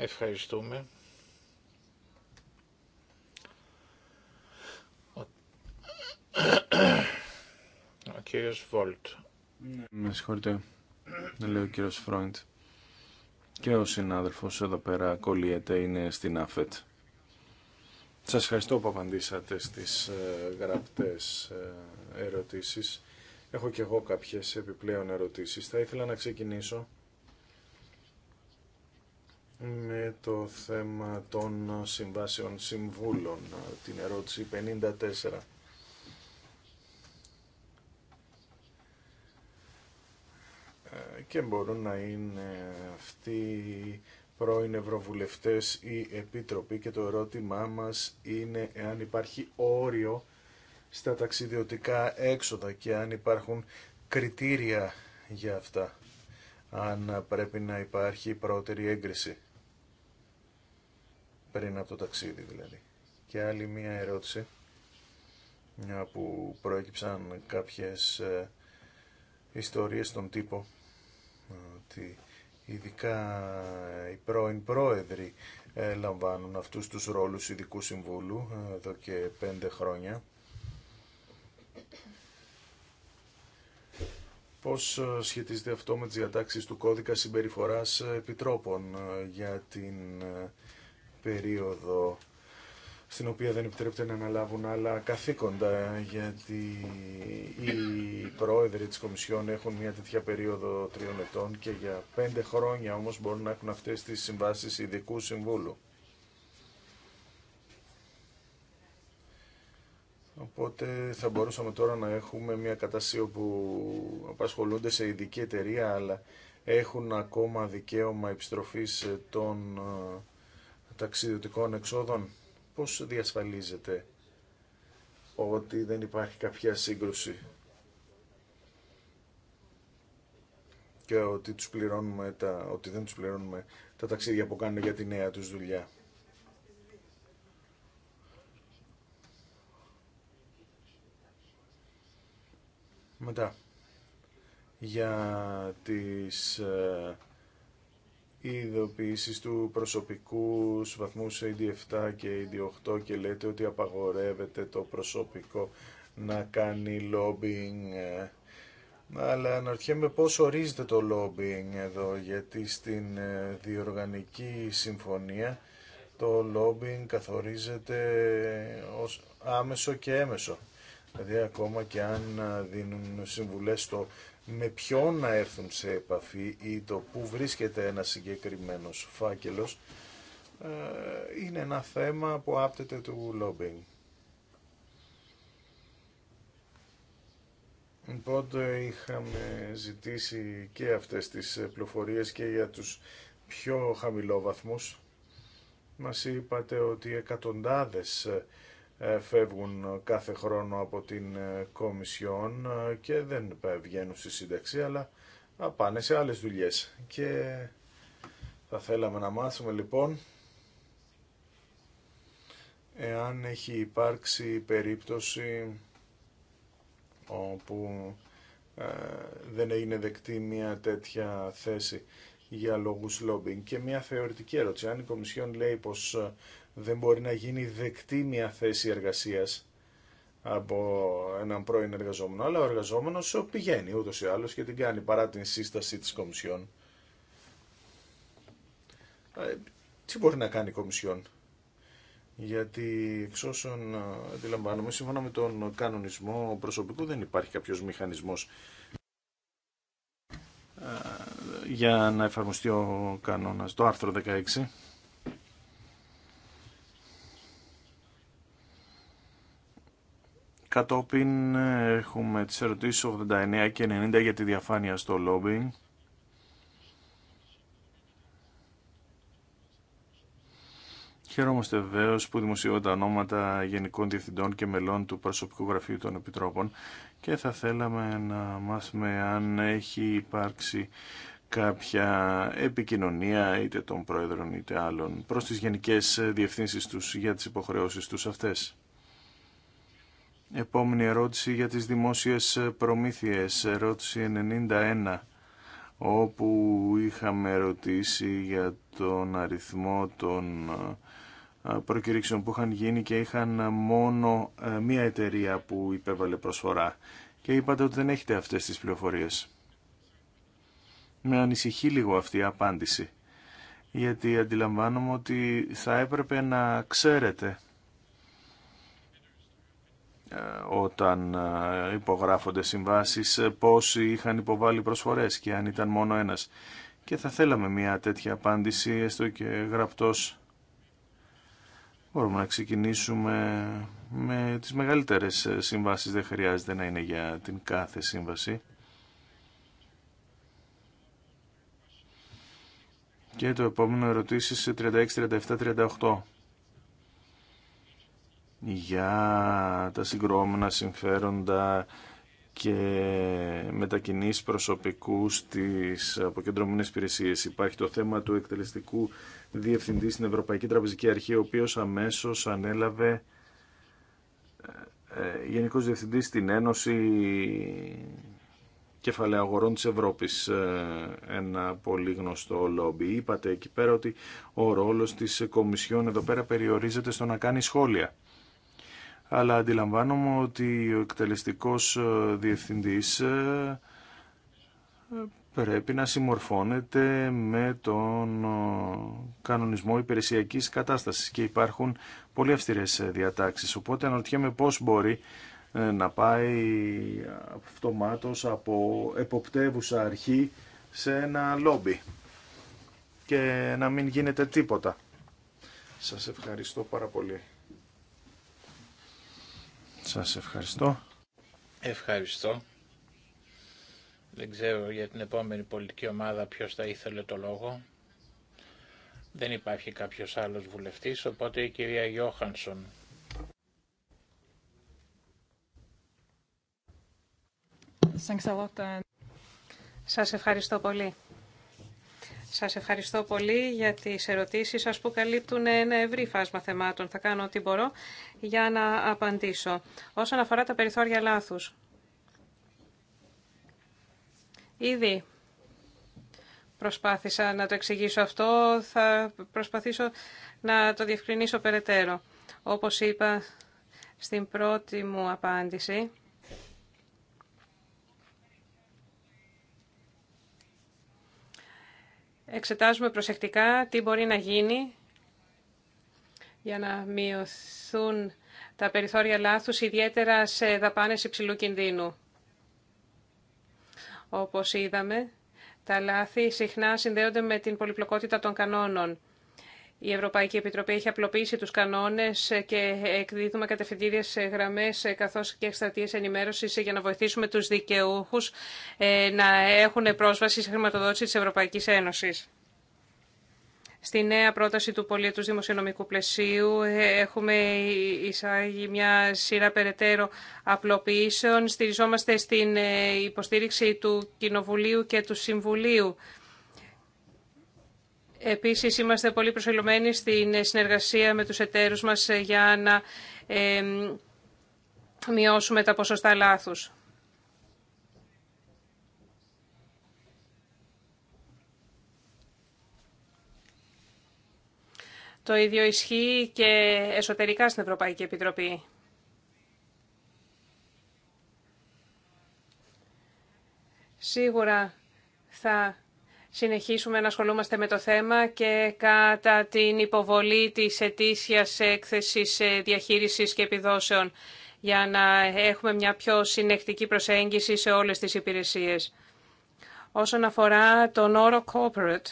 Ευχαριστούμε. Ο κύριος Βόλτ.
Ναι, με συγχωρείτε, λέει ο κύριος Φρόιντ. Και ο συνάδελφος εδώ πέρα κολλιέται, είναι στην ΑΦΕΤ. Σας ευχαριστώ που απαντήσατε στις ε, γραπτές ε, ερωτήσεις. Έχω και εγώ κάποιες επιπλέον ερωτήσεις. Θα ήθελα να ξεκινήσω με το θέμα των συμβάσεων συμβούλων, την ερώτηση 54. Ε, και μπορούν να είναι αυτοί πρώην Ευρωβουλευτές ή Επίτροπη και το ερώτημά μας είναι εάν υπάρχει όριο στα ταξιδιωτικά έξοδα και αν υπάρχουν κριτήρια για αυτά, αν πρέπει να υπάρχει πρώτερη έγκριση πριν από το ταξίδι δηλαδή. Και άλλη μία ερώτηση, μια που προέκυψαν κάποιες ε, ιστορίες στον τύπο, ότι ειδικά ε, οι πρώην πρόεδροι ε, λαμβάνουν αυτούς τους ρόλους ειδικού συμβούλου εδώ και πέντε χρόνια. Πώς σχετίζεται αυτό με τις διατάξεις του κώδικα συμπεριφοράς επιτρόπων για την περίοδο στην οποία δεν επιτρέπεται να αναλάβουν άλλα καθήκοντα, γιατί οι πρόεδροι της Κομισιόν έχουν μια τέτοια περίοδο τριών ετών και για πέντε χρόνια όμως μπορούν να έχουν αυτές τις συμβάσεις ειδικού συμβούλου. Οπότε θα μπορούσαμε τώρα να έχουμε μια κατάσταση όπου απασχολούνται σε ειδική εταιρεία, αλλά έχουν ακόμα δικαίωμα επιστροφής των ε, ταξιδιωτικών εξόδων. Πώς διασφαλίζεται ότι δεν υπάρχει κάποια σύγκρουση και ότι, τους τα, ότι δεν τους πληρώνουμε τα ταξίδια που κάνουν για τη νέα τους δουλειά. Μετά, για τις ε, οι ειδοποιήσει του προσωπικού βαθμού ad AD7 και AD8 και λέτε ότι απαγορεύεται το προσωπικό να κάνει lobbying ε, Αλλά αναρωτιέμαι πώς ορίζεται το lobbying εδώ, γιατί στην ε, διοργανική συμφωνία το lobbying καθορίζεται ως άμεσο και έμεσο. Δηλαδή ακόμα και αν ε, δίνουν συμβουλές στο με ποιον να έρθουν σε επαφή ή το που βρίσκεται ένα συγκεκριμένος φάκελος ε, είναι ένα θέμα που άπτεται του lobbying. Οπότε είχαμε ζητήσει και αυτές τις πληροφορίες και για τους πιο χαμηλόβαθμους. Μας είπατε ότι εκατοντάδες ε, φεύγουν κάθε χρόνο από την ε, Κομισιόν ε, και δεν βγαίνουν στη σύνταξη, αλλά πάνε σε άλλες δουλειές. Και θα θέλαμε να μάθουμε λοιπόν εάν έχει υπάρξει περίπτωση όπου δεν είναι δεκτή μια τέτοια θέση για λόγους lobbying. Και μια θεωρητική ερώτηση. Αν η Κομισιόν λέει πως δεν μπορεί να γίνει δεκτή μια θέση εργασίας από έναν πρώην εργαζόμενο, αλλά ο εργαζόμενος πηγαίνει ούτως ή άλλως και την κάνει παρά την σύσταση της Κομισιόν. Ε, τι μπορεί να κάνει η Κομισιόν. Γιατί εξ όσων ε, αντιλαμβάνομαι, σύμφωνα με τον κανονισμό προσωπικού δεν υπάρχει κάποιος μηχανισμός ε, για να εφαρμοστεί ο κανόνας. Το άρθρο 16 Κατόπιν ε, έχουμε τις ερωτήσεις 89 και 90 για τη διαφάνεια στο lobbying. Χαίρομαστε βεβαίω που δημοσιεύονται τα ονόματα γενικών διευθυντών και μελών του προσωπικού γραφείου των επιτρόπων και θα θέλαμε να μάθουμε αν έχει υπάρξει κάποια επικοινωνία είτε των πρόεδρων είτε άλλων προς τις γενικές διευθύνσεις τους για τις υποχρεώσεις τους αυτές. Επόμενη ερώτηση για τις δημόσιες προμήθειες, ερώτηση 91, όπου είχαμε ρωτήσει για τον αριθμό των ε, προκηρύξεων που είχαν γίνει και είχαν μόνο ε, μία εταιρεία που υπέβαλε προσφορά και είπατε ότι δεν έχετε αυτές τις πληροφορίες. Με ανησυχεί λίγο αυτή η απάντηση, γιατί αντιλαμβάνομαι ότι θα έπρεπε να ξέρετε όταν ε, υπογράφονται συμβάσεις ε, πόσοι είχαν υποβάλει προσφορές και αν ήταν μόνο ένας. Και θα θέλαμε μια τέτοια απάντηση, έστω και γραπτός. Μπορούμε να ξεκινήσουμε με τις μεγαλύτερες ε, συμβάσεις, δεν χρειάζεται να είναι για την κάθε σύμβαση. Και το επόμενο ερωτήσεις 36, 37, 38 για τα συγκρόμενα συμφέροντα και μετακινήσεις προσωπικού στις αποκεντρωμένες υπηρεσίε. Υπάρχει το θέμα του εκτελεστικού διευθυντή στην Ευρωπαϊκή Τραπεζική Αρχή, ο οποίος αμέσως ανέλαβε ε, ε, Γενικός Διευθυντής στην Ένωση Κεφαλαίου Αγορών της Ευρώπης, ε, ένα πολύ γνωστό λόμπι. Είπατε εκεί πέρα ότι ο ρόλος της Κομισιόν εδώ πέρα περιορίζεται στο να κάνει σχόλια αλλά αντιλαμβάνομαι ότι ο εκτελεστικός ε, διευθυντής ε, πρέπει να συμμορφώνεται με τον ε, κανονισμό υπηρεσιακής κατάστασης και υπάρχουν πολύ αυστηρές διατάξεις. Οπότε αναρωτιέμαι πώς μπορεί να πάει αυτομάτως από εποπτεύουσα αρχή σε ένα λόμπι και να μην γίνεται τίποτα. Σας ευχαριστώ πάρα πολύ. Σας ευχαριστώ.
Ευχαριστώ. Δεν ξέρω για την επόμενη πολιτική ομάδα ποιος θα ήθελε το λόγο. Δεν υπάρχει κάποιος άλλος βουλευτής, οπότε η κυρία Γιώχανσον.
Uh, Σας ευχαριστώ πολύ. Σας ευχαριστώ πολύ για τις ερωτήσεις σας που καλύπτουν ένα ευρύ φάσμα θεμάτων. Θα κάνω ό,τι μπορώ για να απαντήσω. Όσον αφορά τα περιθώρια λάθους. Ήδη προσπάθησα να το εξηγήσω αυτό. Θα προσπαθήσω να το διευκρινίσω περαιτέρω. Όπως είπα στην πρώτη μου απάντηση, εξετάζουμε προσεκτικά τι μπορεί να γίνει για να μειωθούν τα περιθώρια λάθους, ιδιαίτερα σε δαπάνες υψηλού κινδύνου. Όπως είδαμε, τα λάθη συχνά συνδέονται με την πολυπλοκότητα των κανόνων. Η Ευρωπαϊκή Επιτροπή έχει απλοποιήσει τους κανόνες και εκδίδουμε κατευθυντήριες γραμμές καθώς και εκστρατείες ενημέρωσης για να βοηθήσουμε τους δικαιούχους ε, να έχουν πρόσβαση σε χρηματοδότηση της Ευρωπαϊκής Ένωσης. Στη νέα πρόταση του πολιτικού δημοσιονομικού πλαισίου ε, έχουμε εισάγει μια σειρά περαιτέρω απλοποιήσεων. Στηριζόμαστε στην ε, υποστήριξη του Κοινοβουλίου και του Συμβουλίου Επίσης, είμαστε πολύ προσελωμένοι στην συνεργασία με τους εταίρους μας για να μειώσουμε τα ποσοστά λάθους. Το ίδιο ισχύει και εσωτερικά στην Ευρωπαϊκή Επιτροπή. Σίγουρα θα συνεχίσουμε να ασχολούμαστε με το θέμα και κατά την υποβολή της ετήσιας έκθεσης ε, διαχείρισης και επιδόσεων για να έχουμε μια πιο συνεχτική προσέγγιση σε όλες τις υπηρεσίες. Όσον αφορά τον όρο corporate,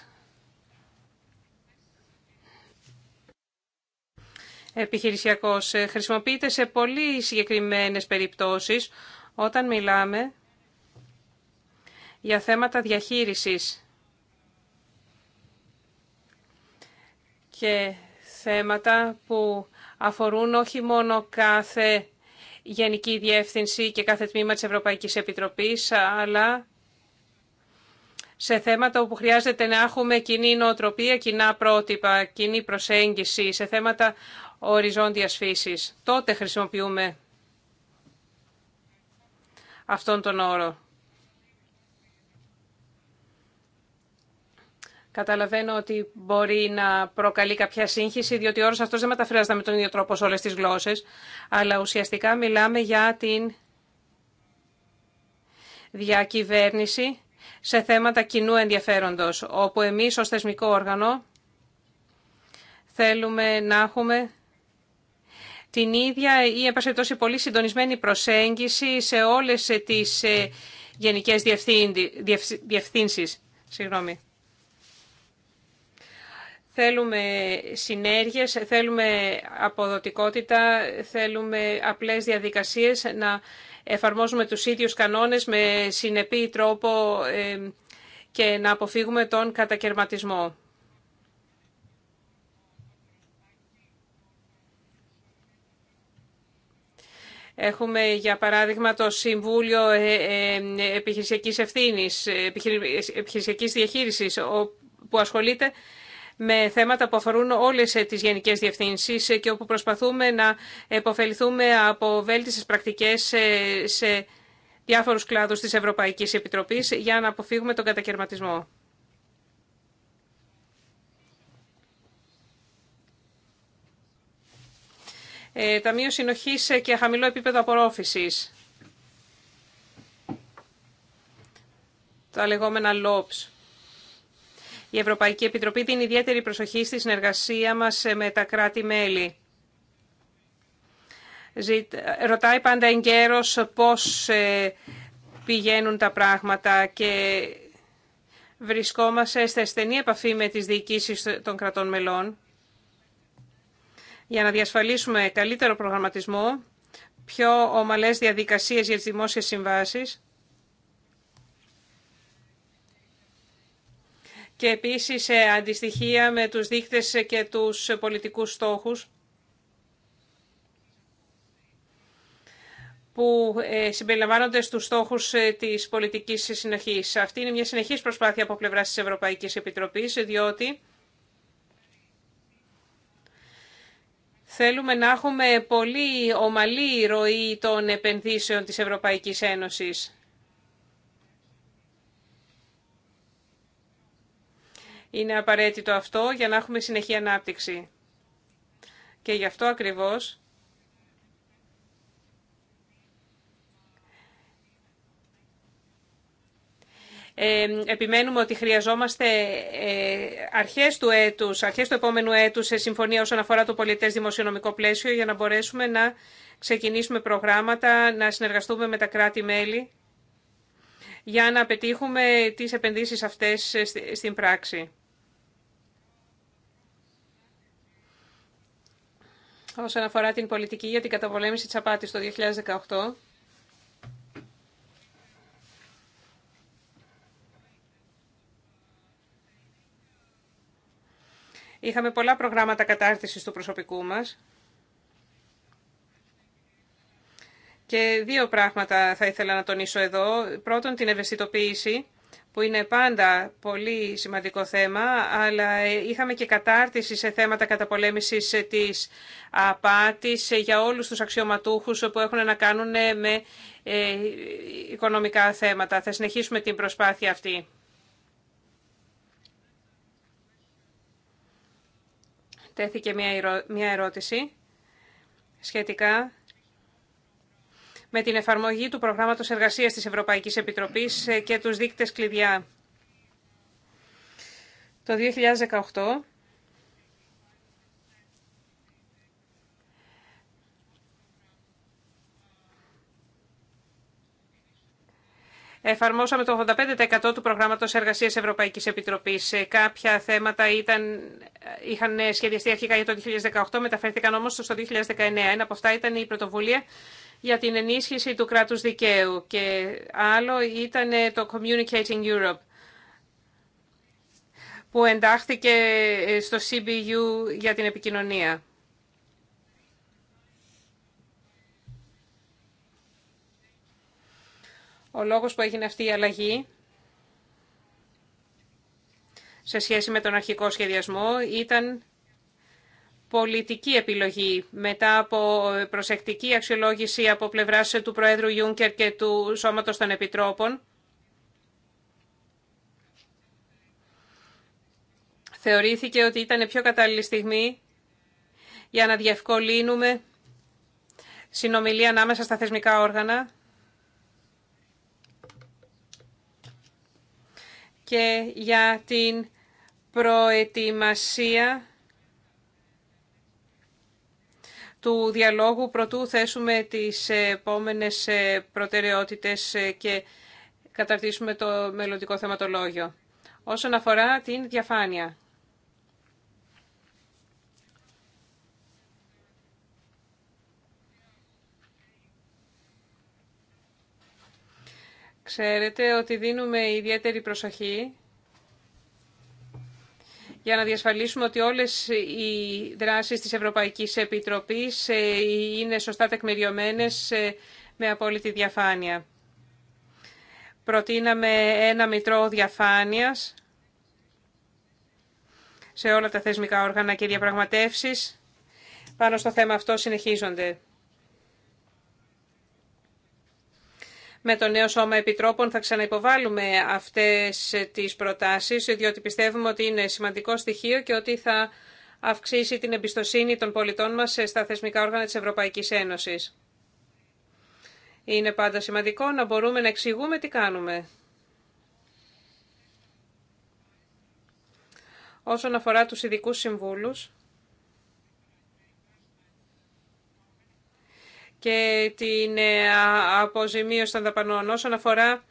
επιχειρησιακός ε, χρησιμοποιείται σε πολύ συγκεκριμένες περιπτώσεις όταν μιλάμε για θέματα διαχείρισης και θέματα που αφορούν όχι μόνο κάθε γενική διεύθυνση και κάθε τμήμα της Ευρωπαϊκής Επιτροπής, αλλά σε θέματα όπου χρειάζεται να έχουμε κοινή νοοτροπία, κοινά πρότυπα, κοινή προσέγγιση, σε θέματα οριζόντιας φύσης. Τότε χρησιμοποιούμε αυτόν τον όρο. Καταλαβαίνω ότι μπορεί να προκαλεί κάποια σύγχυση, διότι ο όρος αυτός δεν μεταφράζεται με τον ίδιο τρόπο σε όλες τις γλώσσες, αλλά ουσιαστικά μιλάμε για την διακυβέρνηση σε θέματα κοινού ενδιαφέροντος, όπου εμείς ως θεσμικό όργανο θέλουμε να έχουμε την ίδια ή επασχετώσει πολύ συντονισμένη προσέγγιση σε όλες τις ε, γενικές διευθύνσεις. Συγγνώμη. Θέλουμε συνέργειες, θέλουμε αποδοτικότητα, θέλουμε απλές διαδικασίες να εφαρμόζουμε τους ίδιους κανόνες με συνεπή τρόπο ε, και να αποφύγουμε τον κατακαιρματισμό. Έχουμε, για παράδειγμα, το Συμβούλιο ε, ε, Επιχειρησιακής Ευθύνης, Επιχειρησιακής Διαχείρισης, που ασχολείται με θέματα που αφορούν όλες ε, τις γενικές διευθύνσει ε, και όπου προσπαθούμε να επωφεληθούμε από βέλτιστες πρακτικές ε, σε διάφορους κλάδους της Ευρωπαϊκής Επιτροπής για να αποφύγουμε τον κατακαιρματισμό. Ταμείο συνοχή και χαμηλό επίπεδο απορρόφησης. Τα λεγόμενα LOPS. Η Ευρωπαϊκή Επιτροπή δίνει ιδιαίτερη προσοχή στη συνεργασία μας ε, με τα κράτη-μέλη. Ρωτάει πάντα εγκαίρως πώς ε, πηγαίνουν τα πράγματα και βρισκόμαστε σε στενή επαφή με τις διοικήσεις των κρατών μελών για να διασφαλίσουμε καλύτερο προγραμματισμό, πιο ομαλές διαδικασίες για τις δημόσιες συμβάσεις και επίσης ε, αντιστοιχεία με τους δείκτες και τους πολιτικούς στόχους που ε, συμπεριλαμβάνονται στους στόχους ε, της πολιτικής συνοχής. Αυτή είναι μια συνεχής προσπάθεια από πλευράς της Ευρωπαϊκής Επιτροπής, διότι θέλουμε να έχουμε πολύ ομαλή ροή των επενδύσεων της Ευρωπαϊκής Ένωσης. Είναι απαραίτητο αυτό για να έχουμε συνεχή ανάπτυξη. Και γι' αυτό ακριβώς ε, επιμένουμε ότι χρειαζόμαστε ε, αρχές του έτους, αρχές του επόμενου έτους σε συμφωνία όσον αφορά το πολιτές δημοσιονομικό πλαίσιο για να μπορέσουμε να ξεκινήσουμε προγράμματα, να συνεργαστούμε με τα κράτη-μέλη για να πετύχουμε τις επενδύσεις αυτές στην πράξη. όσον αφορά την πολιτική για την καταπολέμηση της απάτης το 2018. Είχαμε πολλά προγράμματα κατάρτισης του προσωπικού μας. Και δύο πράγματα θα ήθελα να τονίσω εδώ. Πρώτον, την ευαισθητοποίηση που είναι πάντα πολύ σημαντικό θέμα, αλλά είχαμε και κατάρτιση σε θέματα καταπολέμησης της απάτης για όλους τους αξιωματούχους που έχουν να κάνουν με ε, οικονομικά θέματα. Θα συνεχίσουμε την προσπάθεια αυτή. Τέθηκε μια ερώτηση σχετικά με την εφαρμογή του προγράμματος εργασίας της Ευρωπαϊκής Επιτροπής ε, και τους δείκτες κλειδιά. Το 2018 Εφαρμόσαμε το 85% του προγράμματος εργασίας Ευρωπαϊκής Επιτροπής. Κάποια θέματα ήταν, ε, είχαν ε, σχεδιαστεί αρχικά για το 2018, μεταφέρθηκαν όμως στο 2019. Ένα από αυτά ήταν η πρωτοβουλία για την ενίσχυση του κράτους δικαίου και άλλο ήταν το Communicating Europe που εντάχθηκε στο CBU για την επικοινωνία. Ο λόγος που έγινε αυτή η αλλαγή σε σχέση με τον αρχικό σχεδιασμό ήταν πολιτική επιλογή μετά από προσεκτική αξιολόγηση από πλευράς του Προέδρου Ιούνκερ και του Σώματος των Επιτρόπων. Θεωρήθηκε ότι ήταν πιο κατάλληλη στιγμή για να διευκολύνουμε συνομιλία ανάμεσα στα θεσμικά όργανα και για την προετοιμασία του διαλόγου προτού θέσουμε τις επόμενες ε, προτεραιότητες ε, και καταρτήσουμε το μελλοντικό θεματολόγιο. Όσον αφορά την διαφάνεια. Ξέρετε ότι δίνουμε ιδιαίτερη προσοχή για να διασφαλίσουμε ότι όλες οι δράσεις της Ευρωπαϊκής Επιτροπής ε, είναι σωστά τεκμηριωμένες ε, με απόλυτη διαφάνεια. Προτείναμε ένα μητρό διαφάνειας σε όλα τα θεσμικά όργανα και διαπραγματεύσεις. Πάνω στο θέμα αυτό συνεχίζονται. με το νέο Σώμα Επιτρόπων θα ξαναυποβάλουμε αυτές τις προτάσεις, διότι πιστεύουμε ότι είναι σημαντικό στοιχείο και ότι θα αυξήσει την εμπιστοσύνη των πολιτών μας στα θεσμικά όργανα της Ευρωπαϊκής Ένωσης. Είναι πάντα σημαντικό να μπορούμε να εξηγούμε τι κάνουμε. Όσον αφορά τους ειδικού συμβούλους, και την ε, αποζημίωση των δαπανών. Όσον αφορά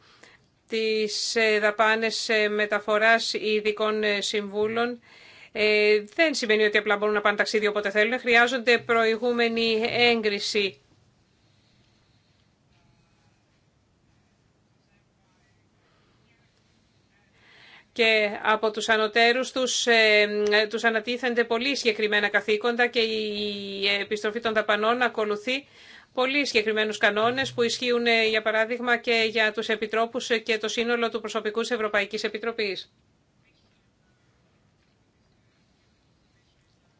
τις ε, δαπάνες ε, μεταφοράς ειδικών συμβούλων, δεν σημαίνει ότι απλά μπορούν να πάνε ταξίδι όποτε θέλουν. Χρειάζονται προηγούμενη έγκριση. και από τους ανωτέρους τους, τους ανατίθενται πολύ συγκεκριμένα καθήκοντα και η επιστροφή των δαπανών ακολουθεί πολύ συγκεκριμένου κανόνες που ισχύουν, ε, για παράδειγμα, και για τους επιτρόπους ε, και το σύνολο του προσωπικού τη Ευρωπαϊκής Επιτροπής.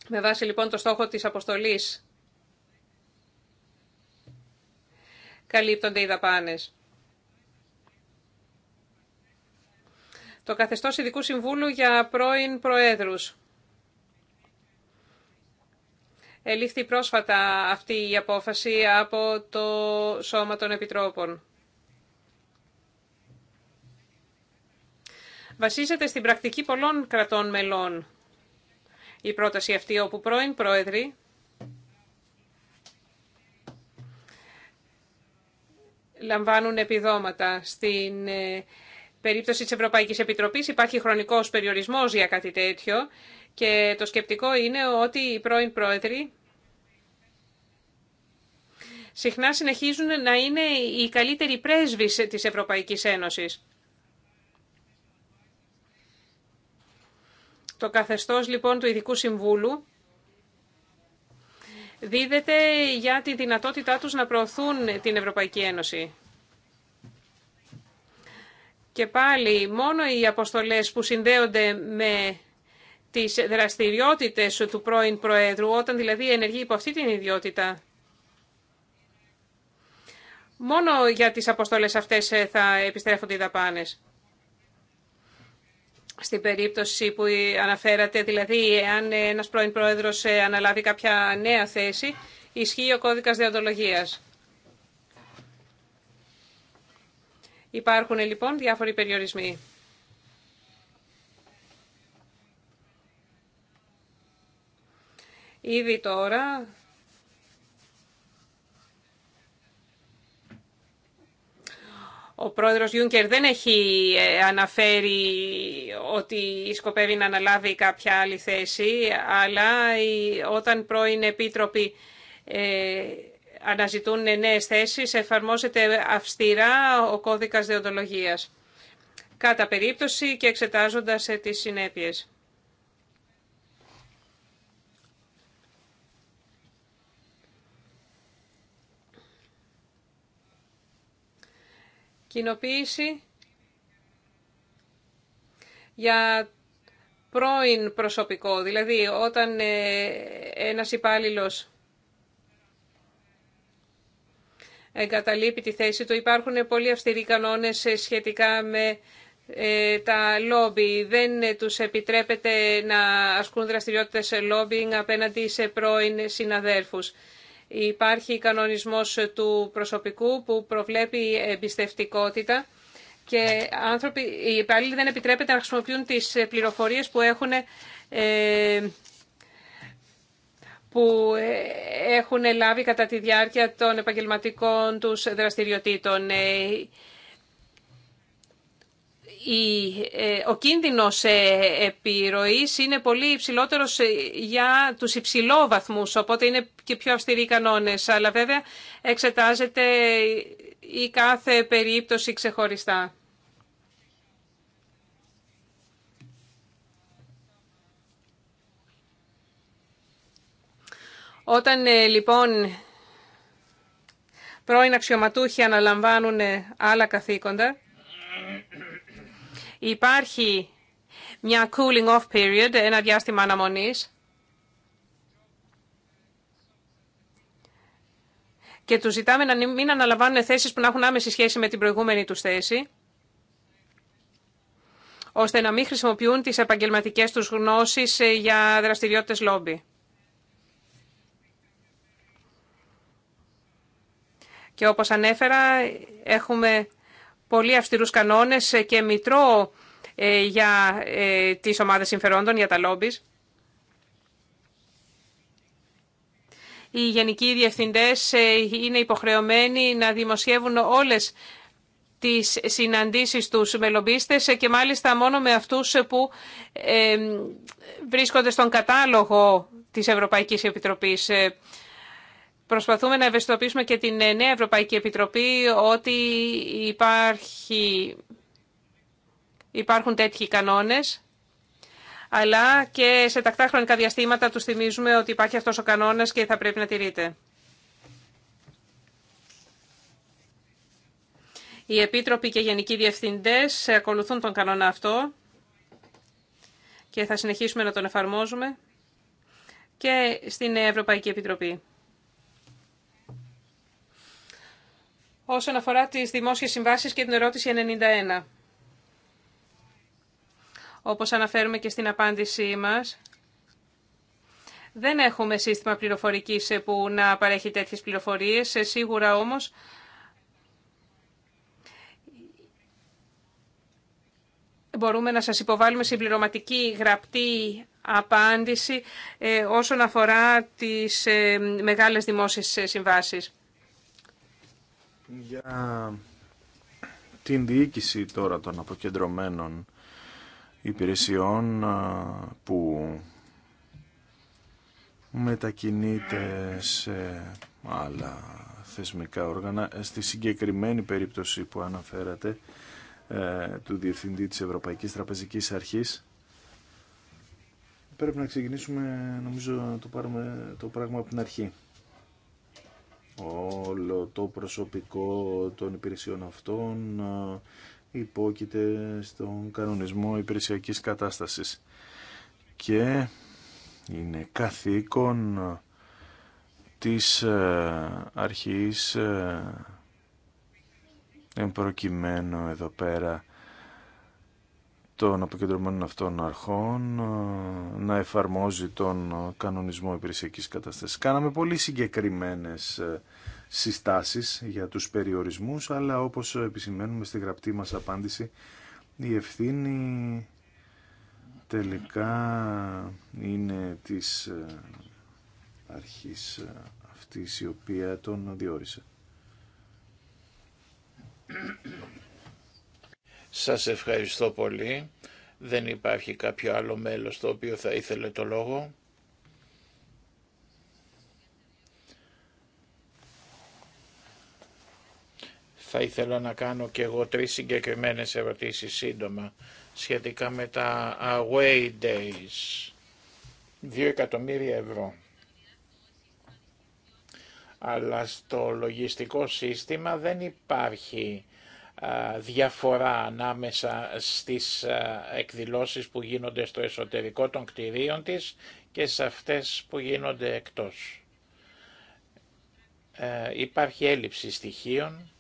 Με βάση λοιπόν το στόχο της αποστολής καλύπτονται οι δαπάνες. Το καθεστώς ειδικού συμβούλου για πρώην προέδρους. Ελήφθη πρόσφατα αυτή η απόφαση από το Σώμα των Επιτρόπων. Βασίζεται στην πρακτική πολλών κρατών μελών η πρόταση αυτή, όπου πρώην πρόεδροι λαμβάνουν επιδόματα. Στην ε, περίπτωση της Ευρωπαϊκής Επιτροπής υπάρχει χρονικός περιορισμός για κάτι τέτοιο και το σκεπτικό είναι ότι οι πρώην πρόεδροι συχνά συνεχίζουν να είναι οι καλύτεροι πρέσβεις της Ευρωπαϊκής Ένωσης. Το καθεστώς λοιπόν του Ειδικού Συμβούλου δίδεται για τη δυνατότητά τους να προωθούν την Ευρωπαϊκή Ένωση. Και πάλι μόνο οι αποστολές που συνδέονται με τις δραστηριότητες του πρώην Προέδρου, όταν δηλαδή ενεργεί υπό αυτή την ιδιότητα, Μόνο για τις αποστολές αυτές ε, θα επιστρέφονται οι δαπάνες. Στην περίπτωση που αναφέρατε, δηλαδή εάν ένας πρώην πρόεδρος ε, αναλάβει κάποια νέα θέση, ισχύει ο κώδικας διοντολογίας. Υπάρχουν λοιπόν διάφοροι περιορισμοί. Ήδη τώρα Ο πρόεδρος Γιούνκερ δεν έχει ε, αναφέρει ότι σκοπεύει να αναλάβει κάποια άλλη θέση, αλλά όταν πρώην επίτροποι ε, αναζητούν νέες θέσεις, εφαρμόζεται αυστηρά ο κώδικας δεοντολογίας. Κατά περίπτωση και εξετάζοντας ε, τις συνέπειες. κοινοποίηση για πρώην προσωπικό, δηλαδή όταν ε, ένας υπάλληλος εγκαταλείπει τη θέση του, υπάρχουν πολύ αυστηροί κανόνες ε, σχετικά με ε, τα λόμπι. Δεν τους επιτρέπεται να ασκούν δραστηριότητες λόμπινγκ απέναντι σε πρώην συναδέρφους. Υπάρχει κανονισμός του προσωπικού που προβλέπει εμπιστευτικότητα και άνθρωποι, οι υπάλληλοι δεν επιτρέπεται να χρησιμοποιούν τις πληροφορίες που έχουν, ε, που ε, έχουν λάβει κατά τη διάρκεια των επαγγελματικών τους δραστηριοτήτων. Ε, ε, ο κίνδυνος ε, επιρροής είναι πολύ υψηλότερος ε, για τους υψηλόβαθμούς, οπότε είναι και πιο αυστηροί οι κανόνες. Αλλά βέβαια εξετάζεται η κάθε περίπτωση ξεχωριστά. Όταν λοιπόν πρώην αξιωματούχοι αναλαμβάνουν άλλα καθήκοντα, Υπάρχει μια cooling off period, ένα διάστημα αναμονής. Και τους ζητάμε να μην αναλαμβάνουν θέσεις που να έχουν άμεση σχέση με την προηγούμενη τους θέση, ώστε να μην χρησιμοποιούν τις επαγγελματικές τους γνώσεις ε, για δραστηριότητες λόμπι. Και όπως ανέφερα, έχουμε πολύ αυστηρούς κανόνες και μητρό ε, για ε, τις ομάδες συμφερόντων, για τα λόμπις. Οι γενικοί διευθυντές ε, είναι υποχρεωμένοι να δημοσιεύουν όλες τις συναντήσεις τους με και μάλιστα μόνο με αυτούς που βρίσκονται στον κατάλογο της Ευρωπαϊκής Επιτροπής. Προσπαθούμε να ευαισθητοποιήσουμε και την ε, νέα Ευρωπαϊκή Επιτροπή ότι υπάρχει, υπάρχουν τέτοιοι κανόνες, αλλά και σε τακτά χρονικά διαστήματα τους θυμίζουμε ότι υπάρχει αυτός ο κανόνας και θα πρέπει να τηρείται. Οι επίτροποι και γενικοί διευθυντές ακολουθούν τον κανόνα αυτό και θα συνεχίσουμε να τον εφαρμόζουμε και στην Ευρωπαϊκή Επιτροπή. όσον αφορά τις δημόσιες συμβάσεις και την ερώτηση 91. Όπως αναφέρουμε και στην απάντησή μας, δεν έχουμε σύστημα πληροφορικής που να παρέχει τέτοιες πληροφορίες. Ε, σίγουρα όμως μπορούμε να σας υποβάλουμε συμπληρωματική γραπτή απάντηση ε, όσον αφορά τις ε, μεγάλες δημόσιες συμβάσεις.
Για την διοίκηση τώρα των αποκεντρωμένων υπηρεσιών που μετακινείται σε άλλα θεσμικά όργανα. Ε, στη συγκεκριμένη περίπτωση που αναφέρατε ε, του Διευθυντή της Ευρωπαϊκής Τραπεζικής Αρχής πρέπει να ξεκινήσουμε νομίζω να το πάρουμε το πράγμα από την αρχή όλο το προσωπικό των υπηρεσιών αυτών ε, υπόκειται στον κανονισμό υπηρεσιακής κατάστασης και είναι καθήκον της ε, αρχής εμπροκειμένου εδώ πέρα των αποκεντρωμένων αυτών αρχών ε, να εφαρμόζει τον ε, κανονισμό υπηρεσιακής κατάστασης. Κάναμε πολύ συγκεκριμένες ε, συστάσεις για τους περιορισμούς, αλλά όπως επισημαίνουμε στη γραπτή μας απάντηση, η ευθύνη τελικά είναι της αρχής αυτής η οποία τον διόρισε.
Σας ευχαριστώ πολύ. Δεν υπάρχει κάποιο άλλο μέλος το οποίο θα ήθελε το λόγο. Θα ήθελα να κάνω και εγώ τρεις συγκεκριμένες ερωτήσεις σύντομα σχετικά με τα away days. 2 εκατομμύρια ευρώ. Αλλά στο λογιστικό σύστημα δεν υπάρχει διαφορά ανάμεσα στις εκδηλώσεις που γίνονται στο εσωτερικό των κτηρίων της και σε αυτές που γίνονται εκτός. Ε, υπάρχει έλλειψη στοιχείων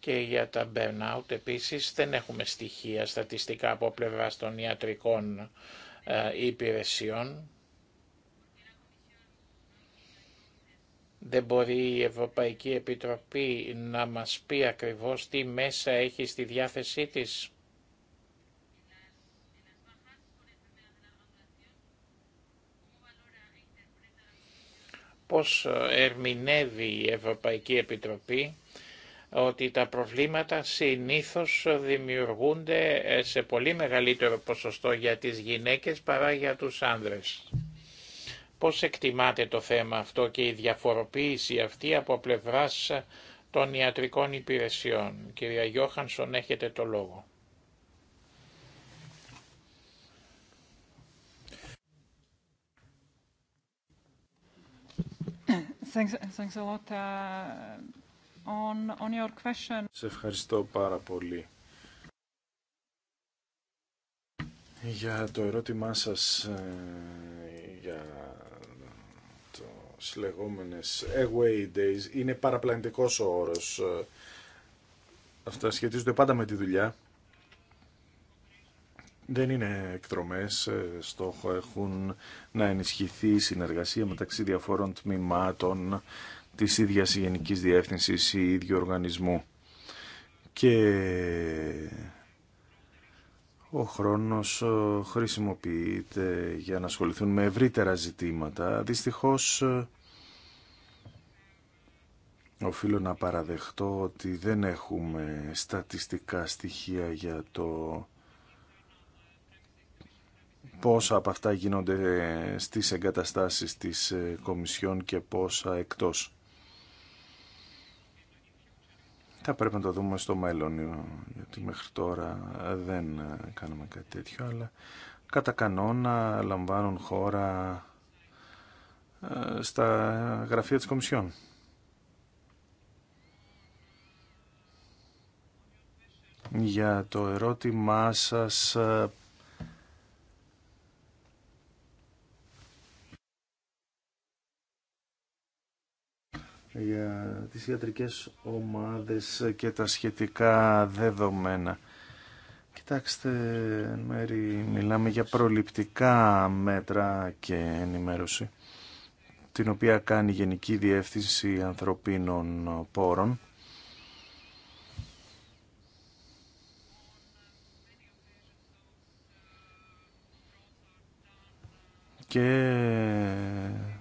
και για τα burnout επίσης δεν έχουμε στοιχεία στατιστικά από πλευράς των ιατρικών ε, υπηρεσιών Δεν μπορεί η Ευρωπαϊκή Επιτροπή να μας πει ακριβώς τι μέσα έχει στη διάθεσή της. Πώς ερμηνεύει η Ευρωπαϊκή Επιτροπή ότι τα προβλήματα συνήθως δημιουργούνται σε πολύ μεγαλύτερο ποσοστό για τις γυναίκες παρά για τους άνδρες. Πώς εκτιμάτε το θέμα αυτό και η διαφοροποίηση αυτή από πλευράς των ιατρικών υπηρεσιών. Κυρία Γιώχανσον, έχετε το λόγο.
Uh,
Σε ευχαριστώ πάρα πολύ για το ερώτημά σας ε, για στις λεγόμενες Away Days. Είναι παραπλανητικός ο όρος. Ε, αυτά σχετίζονται πάντα με τη δουλειά. Δεν είναι εκτρομές. Ε, στόχο έχουν να ενισχυθεί η συνεργασία μεταξύ διαφόρων τμήματων της ίδιας γενικής διεύθυνσης ή ίδιου οργανισμού. Και ο χρόνος ε, χρησιμοποιείται για να ασχοληθούν με ευρύτερα ζητήματα. Δυστυχώς ε, οφείλω να παραδεχτώ ότι δεν έχουμε στατιστικά στοιχεία για το πόσα από αυτά γίνονται στις εγκαταστάσεις της ε, Κομισιόν και πόσα εκτός. Θα πρέπει να το δούμε στο μέλλον, γιατί μέχρι τώρα δεν ε, κάνουμε κάτι τέτοιο, αλλά κατά κανόνα λαμβάνουν χώρα ε, στα γραφεία της Κομισιόν. Για το ερώτημά σας ε, για τις ιατρικές ομάδες και τα σχετικά δεδομένα. Κοιτάξτε, μιλάμε για προληπτικά μέτρα και ενημέρωση, την οποία κάνει η Γενική Διεύθυνση Ανθρωπίνων Πόρων. Και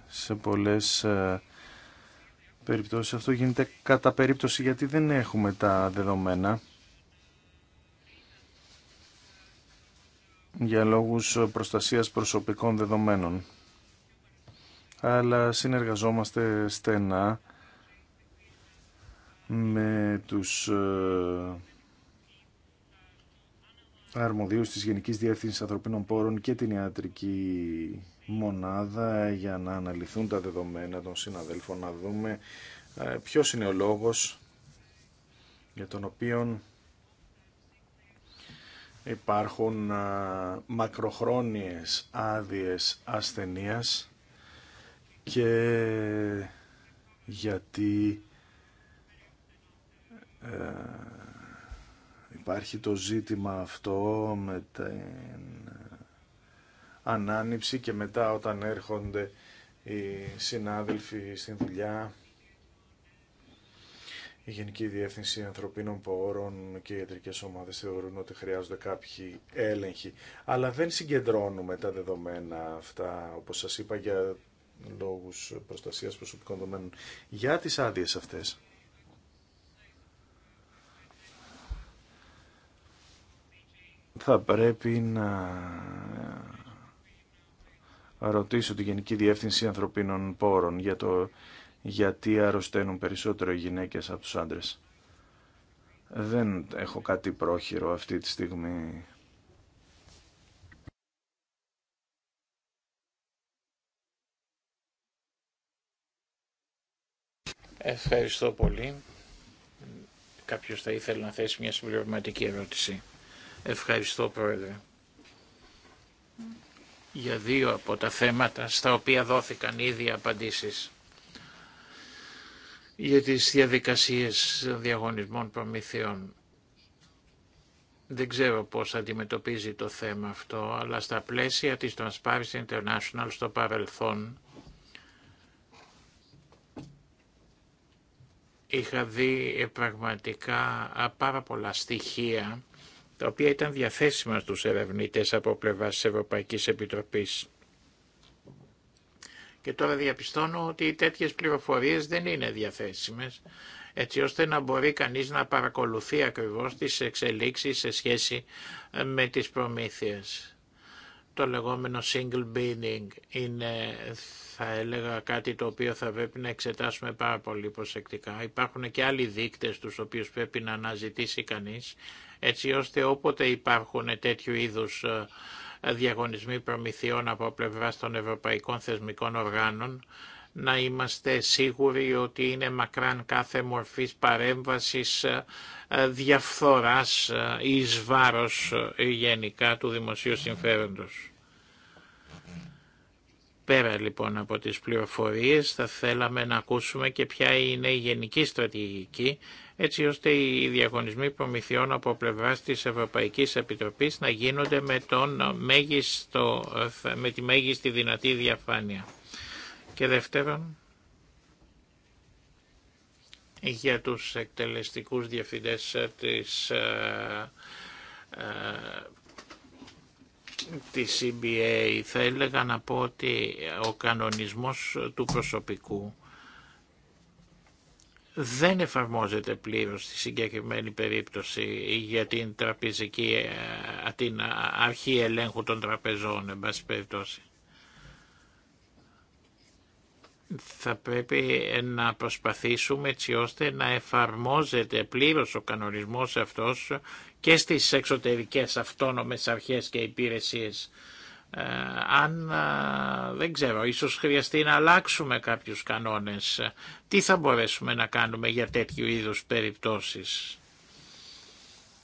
σε πολλές ε, περιπτώσει. Αυτό γίνεται κατά περίπτωση γιατί δεν έχουμε τα δεδομένα. για λόγους προστασίας προσωπικών δεδομένων. Αλλά συνεργαζόμαστε στενά με τους ε, αρμοδίους της Γενικής Διεύθυνσης Ανθρωπίνων Πόρων και την Ιατρική μονάδα για να αναλυθούν τα δεδομένα των συναδέλφων, να δούμε ε, ποιος είναι ο λόγος για τον οποίο υπάρχουν ε, μακροχρόνιες άδειες ασθενείας και γιατί ε, υπάρχει το ζήτημα αυτό με την ανάνυψη και μετά όταν έρχονται οι συνάδελφοι στην δουλειά, η Γενική Διεύθυνση Ανθρωπίνων Πόρων και οι ιατρικές ομάδες θεωρούν ότι χρειάζονται κάποιοι έλεγχοι. Αλλά δεν συγκεντρώνουμε τα δεδομένα αυτά, όπως σας είπα, για λόγους προστασίας προσωπικών δεδομένων. Για τις άδειες αυτές. Θα πρέπει να ρωτήσω τη Γενική Διεύθυνση Ανθρωπίνων Πόρων για το γιατί αρρωσταίνουν περισσότερο οι γυναίκες από τους άντρες. Δεν έχω κάτι πρόχειρο αυτή τη στιγμή.
Ευχαριστώ πολύ. Κάποιος θα ήθελε να θέσει μια συμπληρωματική ερώτηση. Ευχαριστώ, Πρόεδρε για δύο από τα θέματα στα οποία δόθηκαν ήδη απαντήσεις για τις διαδικασίες διαγωνισμών προμηθειών. Δεν ξέρω πώς αντιμετωπίζει το θέμα αυτό, αλλά στα πλαίσια της Transparency International στο παρελθόν είχα δει πραγματικά πάρα πολλά στοιχεία τα οποία ήταν διαθέσιμα στους ερευνητές από πλευρά της Ευρωπαϊκής Επιτροπής. Και τώρα διαπιστώνω ότι τέτοιες πληροφορίες δεν είναι διαθέσιμες, έτσι ώστε να μπορεί κανείς να παρακολουθεί ακριβώς τις εξελίξεις σε σχέση ε, με τις προμήθειες. Το λεγόμενο single bidding είναι, θα έλεγα, κάτι το οποίο θα πρέπει να εξετάσουμε πάρα πολύ προσεκτικά. Υπάρχουν και άλλοι δείκτες τους οποίους πρέπει να αναζητήσει κανείς έτσι ώστε όποτε υπάρχουν τέτοιου είδους ε, διαγωνισμοί προμηθειών από πλευρά των ευρωπαϊκών θεσμικών οργάνων, να είμαστε σίγουροι ότι είναι μακράν κάθε μορφής παρέμβασης ε, ε, διαφθοράς εις βάρος γενικά του δημοσίου συμφέροντος. Πέρα λοιπόν από τις πληροφορίες θα θέλαμε να ακούσουμε και ποια είναι η γενική στρατηγική έτσι ώστε οι διαγωνισμοί προμηθειών από πλευρά της Ευρωπαϊκής Επιτροπής να γίνονται με, τον μέγιστο, με τη μέγιστη δυνατή διαφάνεια. Και δεύτερον, για τους εκτελεστικούς διευθυντές της ε, ε, τη CBA θα έλεγα να πω ότι ο κανονισμός του προσωπικού δεν εφαρμόζεται πλήρως στη συγκεκριμένη περίπτωση για την τραπεζική, ε, την αρχή ελέγχου των τραπεζών, εν περιπτώσει. Θα πρέπει να προσπαθήσουμε έτσι ώστε να εφαρμόζεται πλήρως ο κανονισμός αυτός και στις εξωτερικές αυτόνομες αρχές και υπηρεσίες. Ε, αν ε, δεν ξέρω, ίσως χρειαστεί να αλλάξουμε κάποιους κανόνες. Τι θα μπορέσουμε να κάνουμε για τέτοιου είδους περιπτώσεις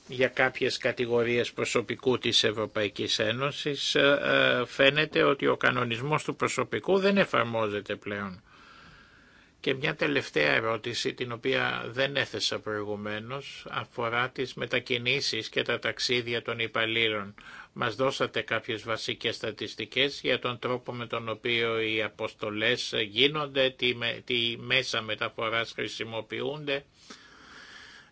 για κάποιες κατηγορίες προσωπικού της Ευρωπαϊκής Ένωσης ε, φαίνεται ότι ο κανονισμός του προσωπικού δεν εφαρμόζεται πλέον. Και μια τελευταία ερώτηση, την οποία δεν έθεσα προηγουμένως, αφορά τις μετακινήσεις και τα ταξίδια των υπαλλήλων. Μας δώσατε κάποιες βασικές στατιστικές για τον τρόπο με τον οποίο οι αποστολές γίνονται, τι, μέσα μεταφοράς χρησιμοποιούνται.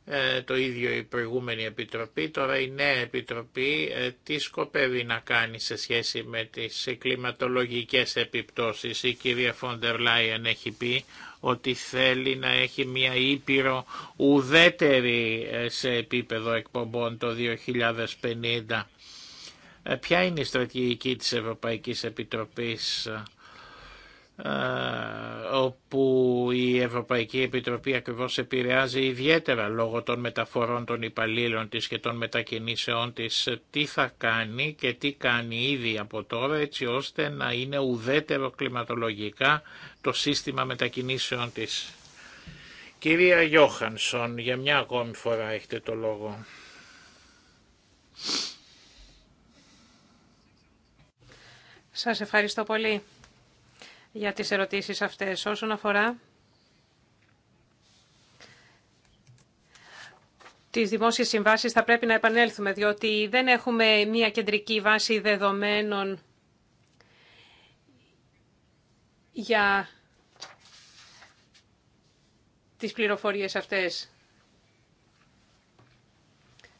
Ε, το ίδιο η προηγούμενη Επιτροπή. Τώρα η νέα Επιτροπή ε, τι σκοπεύει να κάνει σε σχέση με τις κλιματολογικές επιπτώσεις. Η κυρία Φόντερ Λάιεν έχει πει ότι θέλει να έχει μια ήπειρο ουδέτερη ε, σε επίπεδο εκπομπών το 2050. Ε, ποια είναι η στρατηγική της Ευρωπαϊκής Επιτροπής ε, ε, όπου η Ευρωπαϊκή Επιτροπή ακριβώς επηρεάζει ιδιαίτερα λόγω των μεταφορών των υπαλλήλων της και των μετακινήσεών της τι θα κάνει και τι κάνει ήδη από τώρα έτσι ώστε να είναι ουδέτερο κλιματολογικά το σύστημα μετακινήσεων της. Κυρία Γιώχανσον, για μια ακόμη φορά έχετε το λόγο.
Σας ευχαριστώ πολύ για τις ερωτήσεις αυτές. Όσον αφορά τις δημόσιες συμβάσεις θα πρέπει να επανέλθουμε, διότι δεν έχουμε μια κεντρική βάση δεδομένων για τις πληροφορίες αυτές.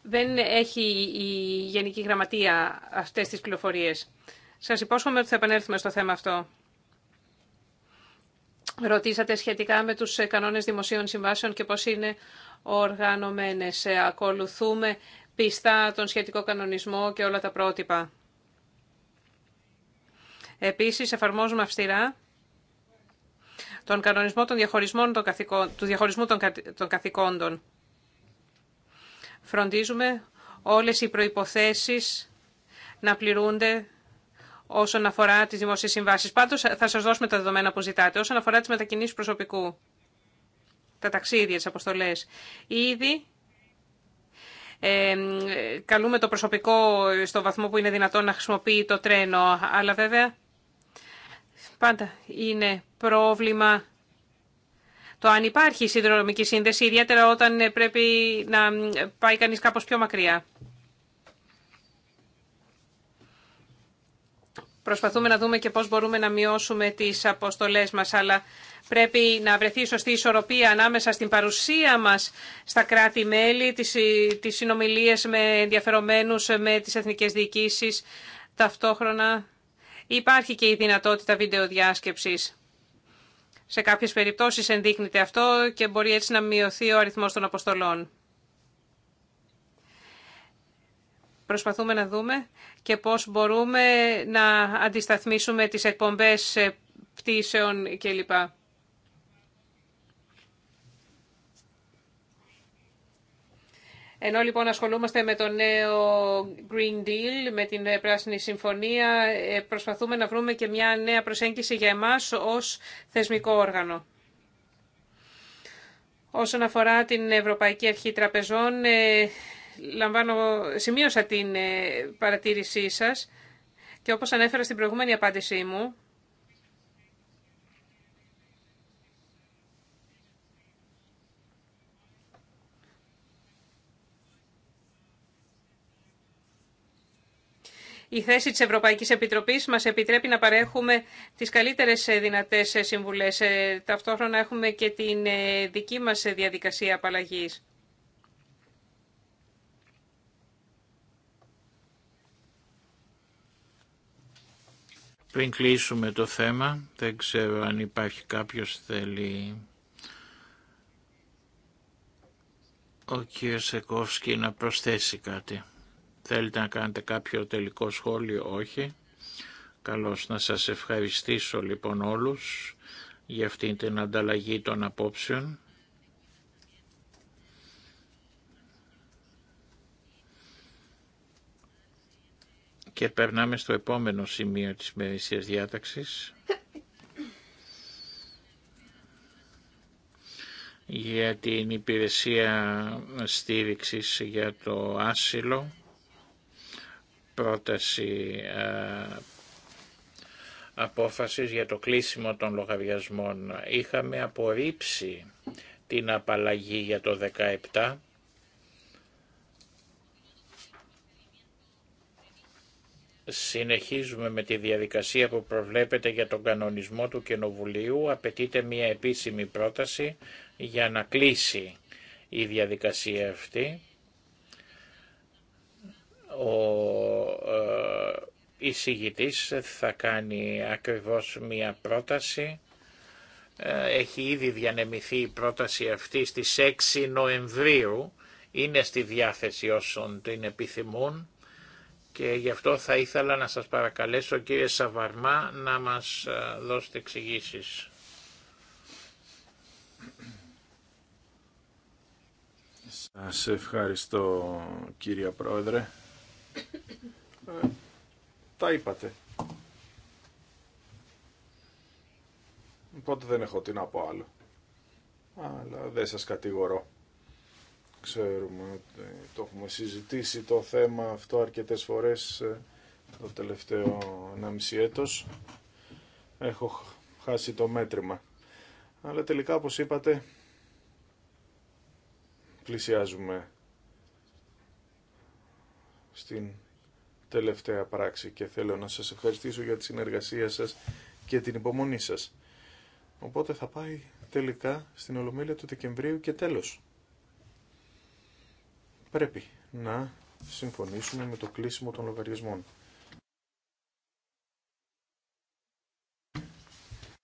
Δεν έχει η Γενική Γραμματεία αυτές τις πληροφορίες. Σας υπόσχομαι ότι θα επανέλθουμε στο θέμα αυτό. Ρωτήσατε σχετικά με τους ε, κανόνες δημοσίων συμβάσεων και πώς είναι οργανωμένες. Ε, ακολουθούμε πιστά τον σχετικό κανονισμό και όλα τα πρότυπα. Επίσης, εφαρμόζουμε αυστηρά τον κανονισμό των διαχωρισμών του διαχωρισμού των καθηκόντων. Φροντίζουμε όλες οι προϋποθέσεις να πληρούνται όσον αφορά τις δημοσίες συμβάσει. Πάντως θα σας δώσουμε τα δεδομένα που ζητάτε. Όσον αφορά τις μετακινήσεις προσωπικού, τα ταξίδια, τι αποστολές, ήδη ε, καλούμε το προσωπικό στο βαθμό που είναι δυνατόν να χρησιμοποιεί το τρένο, αλλά βέβαια πάντα είναι πρόβλημα το αν υπάρχει συνδρομική σύνδεση, ιδιαίτερα όταν πρέπει να πάει κανείς κάπως πιο μακριά. Προσπαθούμε να δούμε και πώς μπορούμε να μειώσουμε τις αποστολές μας, αλλά πρέπει να βρεθεί η σωστή ισορροπία ανάμεσα στην παρουσία μας στα κράτη-μέλη, τις, τις συνομιλίες με ενδιαφερομένους, με τις εθνικές διοικήσεις. Ταυτόχρονα υπάρχει και η δυνατότητα βιντεοδιάσκεψης. Σε κάποιες περιπτώσεις ενδείχνεται αυτό και μπορεί έτσι να μειωθεί ο αριθμός των αποστολών. Προσπαθούμε να δούμε και πώς μπορούμε να αντισταθμίσουμε τις εκπομπές πτήσεων κλπ. Ενώ λοιπόν ασχολούμαστε με το νέο Green Deal, με την Πράσινη Συμφωνία, ε, προσπαθούμε να βρούμε και μια νέα προσέγγιση για εμάς ως θεσμικό όργανο. Όσον αφορά την Ευρωπαϊκή Αρχή Τραπεζών, ε, λαμβάνω, σημείωσα την ε, παρατήρησή σας και όπως ανέφερα στην προηγούμενη απάντησή μου, Η θέση της Ευρωπαϊκής Επιτροπής μας επιτρέπει να παρέχουμε τις καλύτερες ε, δυνατές ε, συμβουλές. Ταυτόχρονα έχουμε και την δική μας διαδικασία απαλλαγής.
Πριν κλείσουμε το θέμα, δεν ξέρω αν υπάρχει κάποιος θέλει ο κ. Σεκόφσκι να προσθέσει κάτι. Θέλετε να κάνετε κάποιο τελικό σχόλιο, όχι. Καλώς να σας ευχαριστήσω λοιπόν όλους για αυτήν την ανταλλαγή των απόψεων. Και περνάμε στο επόμενο σημείο της μερισίας διάταξης. για την υπηρεσία στήριξης για το άσυλο, πρόταση ε, απόφασης για το κλείσιμο των λογαριασμών. Είχαμε απορρίψει την απαλλαγή για το 17 Συνεχίζουμε με τη διαδικασία που προβλέπεται για τον κανονισμό του Κοινοβουλίου. Απαιτείται μια επίσημη πρόταση για να κλείσει η διαδικασία αυτή. Ο ε, εισηγητής θα κάνει ακριβώς μια πρόταση. Ε, έχει ήδη διανεμηθεί η πρόταση αυτή στις 6 Νοεμβρίου. Είναι στη διάθεση όσων την επιθυμούν και γι' αυτό θα ήθελα να σας παρακαλέσω κύριε Σαβαρμά να μας ε, δώσετε εξηγήσει.
Σας ευχαριστώ κύριε Πρόεδρε. Ε, τα είπατε. Οπότε δεν έχω τι να πω άλλο. Αλλά δεν σας κατηγορώ. Ξέρουμε ότι το έχουμε συζητήσει το θέμα αυτό αρκετές φορές ε, το τελευταίο 1,5 έτος. Έχω χάσει το μέτρημα. Αλλά τελικά, όπως είπατε, πλησιάζουμε στην τελευταία πράξη και θέλω να σας ευχαριστήσω για τη συνεργασία σας και την υπομονή σας. Οπότε θα πάει τελικά στην Ολομέλεια του Δεκεμβρίου και τέλος πρέπει να συμφωνήσουμε
με το κλείσιμο των λογαριασμών.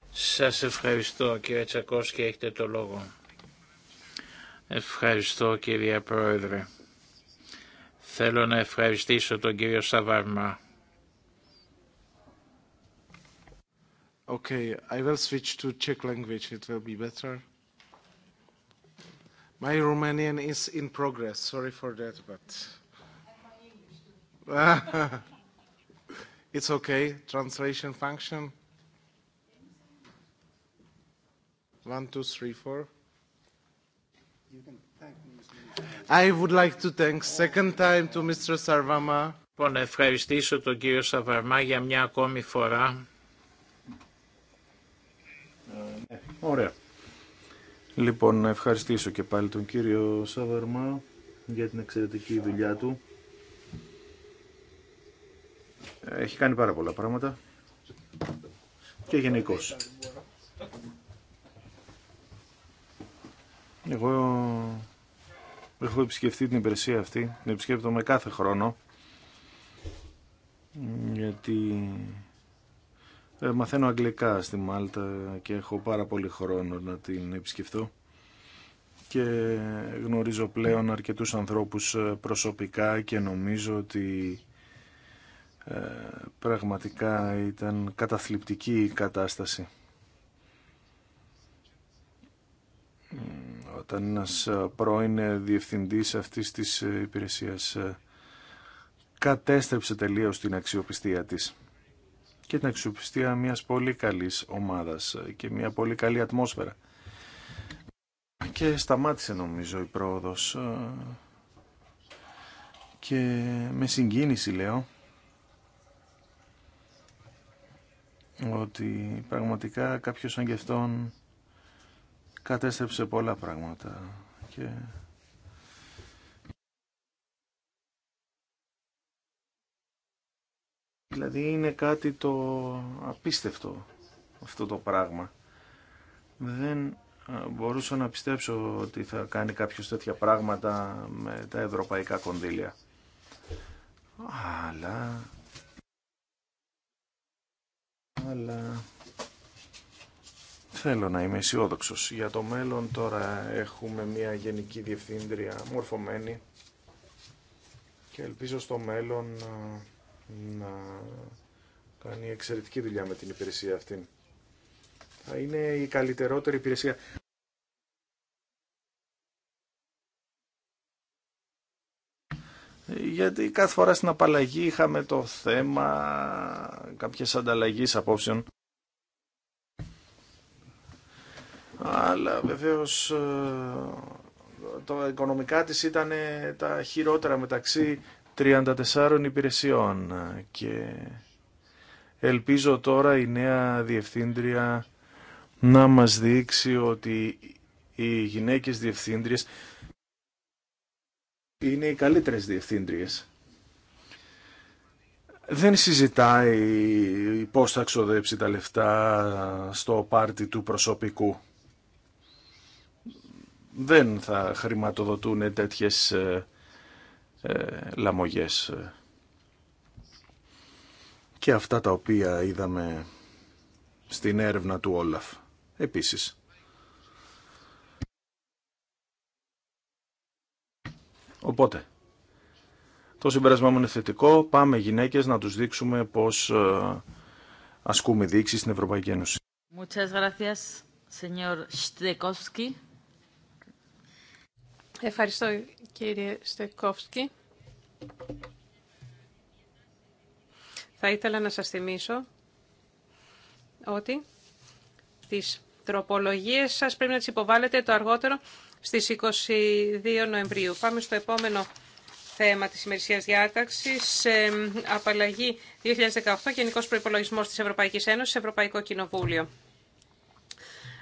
Σας ευχαριστώ κύριε Τσακώσκη, έχετε το λόγο. Ευχαριστώ κύριε Πρόεδρε. Θέλω να ευχαριστήσω τον κύριο Σαβάρμα.
Okay, I will switch to Czech language, it will be better. My Romanian is in progress. Sorry for that, but it's okay. Translation function. One, two, three, four. I would like to thank second time to Mr.
Sarvama. Λοιπόν, να ευχαριστήσω τον κύριο Σαβαρμά για μια ακόμη φορά.
Ωραία. Λοιπόν, να ευχαριστήσω και πάλι τον κύριο Σαβαρμά για την εξαιρετική δουλειά του. Έχει κάνει πάρα πολλά πράγματα και γενικώ. Εγώ έχω επισκεφτεί την υπηρεσία αυτή, την επισκέπτομαι κάθε χρόνο γιατί ε, μαθαίνω αγγλικά στη Μάλτα και έχω πάρα πολύ χρόνο να την επισκεφθώ και γνωρίζω πλέον αρκετούς ανθρώπους ε, προσωπικά και νομίζω ότι ε, πραγματικά ήταν καταθλιπτική η κατάσταση. Όταν ένας πρώην διευθυντής αυτής της υπηρεσίας κατέστρεψε τελείως την αξιοπιστία της και την αξιοπιστία μιας πολύ καλής ομάδας και μια πολύ καλή ατμόσφαιρα. Και σταμάτησε νομίζω η πρόοδος και με συγκίνηση λέω ότι πραγματικά κάποιος σαν και αυτόν κατέστρεψε πολλά πράγματα και Δηλαδή είναι κάτι το απίστευτο αυτό το πράγμα.
Δεν ε,
μπορούσα να πιστέψω ότι θα κάνει κάποιο τέτοια πράγματα με τα ευρωπαϊκά κονδύλια. Αλλά... Αλλά... Θέλω να είμαι αισιόδοξο. Για το μέλλον τώρα έχουμε μια γενική διευθύντρια μορφωμένη και ελπίζω στο μέλλον ε, να κάνει εξαιρετική δουλειά με την υπηρεσία αυτή. Θα είναι η καλύτερότερη υπηρεσία. Γιατί κάθε φορά στην απαλλαγή είχαμε το θέμα κάποιες ανταλλαγής απόψεων. Αλλά βεβαίως ε, το οικονομικά της ήταν τα χειρότερα μεταξύ 34 υπηρεσιών και ελπίζω τώρα η νέα διευθύντρια να μας δείξει ότι οι γυναίκες διευθύντριες είναι οι καλύτερες διευθύντριες. Δεν συζητάει πώς θα ξοδέψει τα λεφτά στο πάρτι του προσωπικού. Δεν θα χρηματοδοτούν τέτοιες ε, ε, λαμογές. Και αυτά τα οποία είδαμε στην έρευνα του Όλαφ. Επίσης. Οπότε, το συμπέρασμά μου είναι θετικό. Πάμε γυναίκες να τους δείξουμε πώς ε, ασκούμε δείξεις στην Ευρωπαϊκή Ένωση.
Ευχαριστώ κύριε Στεκόφσκι. Θα ήθελα να σας θυμίσω ότι τις τροπολογίες σας πρέπει να τις υποβάλλετε το αργότερο στις 22 Νοεμβρίου. Πάμε στο επόμενο θέμα της ημερησίας διάταξης, ε, απαλλαγή 2018, Γενικός Προϋπολογισμός της Ευρωπαϊκής Ένωσης, Ευρωπαϊκό Κοινοβούλιο.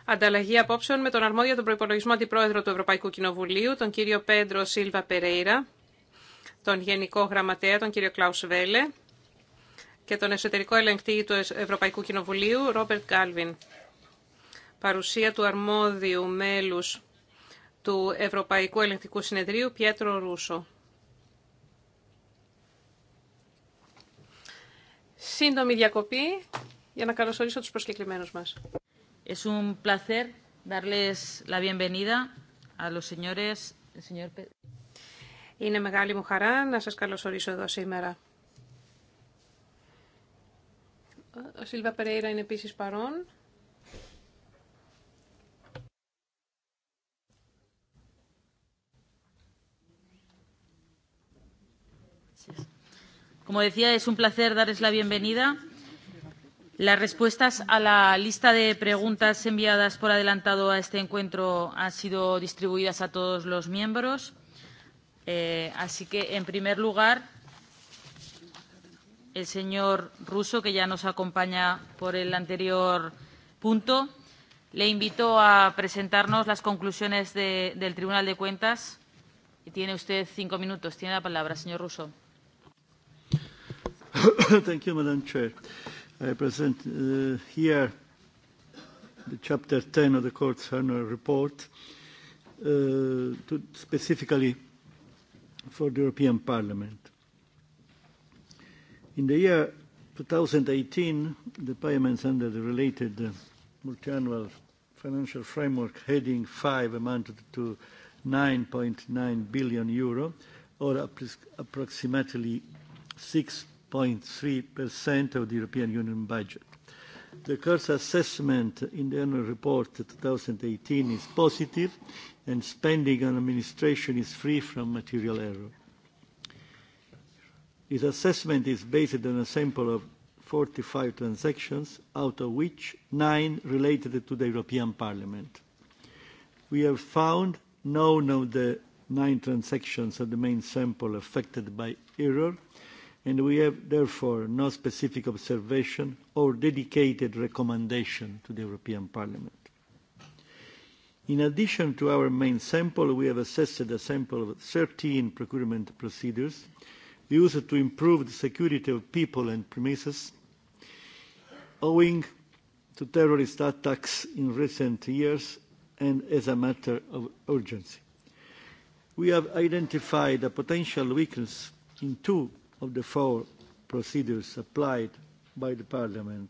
Ανταλλαγή απόψεων με τον αρμόδιο τον προπολογισμό αντιπρόεδρο του Ευρωπαϊκού Κοινοβουλίου, τον κύριο Πέντρο Σίλβα Περέιρα, τον Γενικό Γραμματέα, τον κύριο Κλάου Βέλε και τον εσωτερικό ελεγκτή του Ευρωπαϊκού Κοινοβουλίου, Ρόμπερτ Κάλβιν. Παρουσία του αρμόδιου μέλους του Ευρωπαϊκού Ελεγκτικού Συνεδρίου, Πιέτρο Ρούσο. Σύντομη διακοπή για να καλωσορίσω
τους προσκεκλημένους μας. Es un placer darles la bienvenida
a los señores. Señor... Είναι μεγάλη μου χαρά να σας καλωσορίσω εδώ σήμερα. Ο Σίλβα Περέιρα είναι επίσης παρόν.
Como decía, es un placer darles la bienvenida Las respuestas a la lista de preguntas enviadas por adelantado a este encuentro han sido distribuidas a todos los miembros. Eh, así que, en primer lugar, el señor Russo, que ya nos acompaña por el anterior punto, le invito a presentarnos las conclusiones de, del Tribunal de Cuentas. Y tiene usted cinco minutos. Tiene la palabra, señor Russo.
Thank you, Madam Chair. I present here the Chapter 10 of the Court's annual report, specifically for the European Parliament. In the year 2018, the payments under the related multiannual financial framework heading 5 amounted to 9.9 billion euro, or approximately 6 0.3% of the European Union budget. The curse assessment in the annual report 2018 is positive and spending on administration is free from material error. This assessment is based on a sample of 45 transactions, out of which nine related to the European Parliament. We have found none of the nine transactions of the main sample affected by error and we have therefore no specific observation or dedicated recommendation to the European Parliament. In addition to our main sample, we have assessed a sample of 13 procurement procedures used to improve the security of people and premises owing to terrorist attacks in recent years and as a matter of urgency. We have identified a potential weakness in two of the four procedures applied by the Parliament.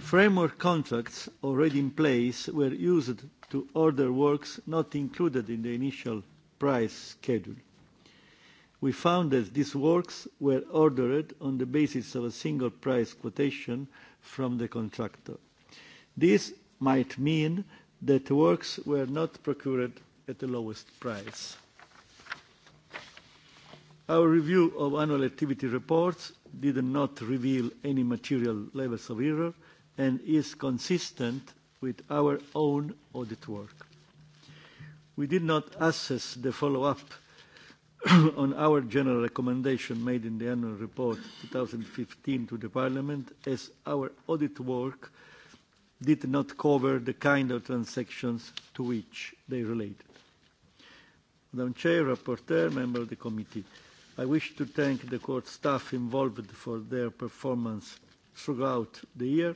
Framework contracts already in place were used to order works not included in the initial price schedule. We found that these works were ordered on the basis of a single price quotation from the contractor. This might mean that works were not procured at the lowest price. Our review of annual activity reports did not reveal any material levels of error and is consistent with our own audit work. We did not assess the follow-up on our general recommendation made in the annual report 2015 to the Parliament as our audit work did not cover the kind of transactions to which they related. Madam Chair, Rapporteur, Member of the Committee, I wish to thank the court staff involved for their performance throughout the year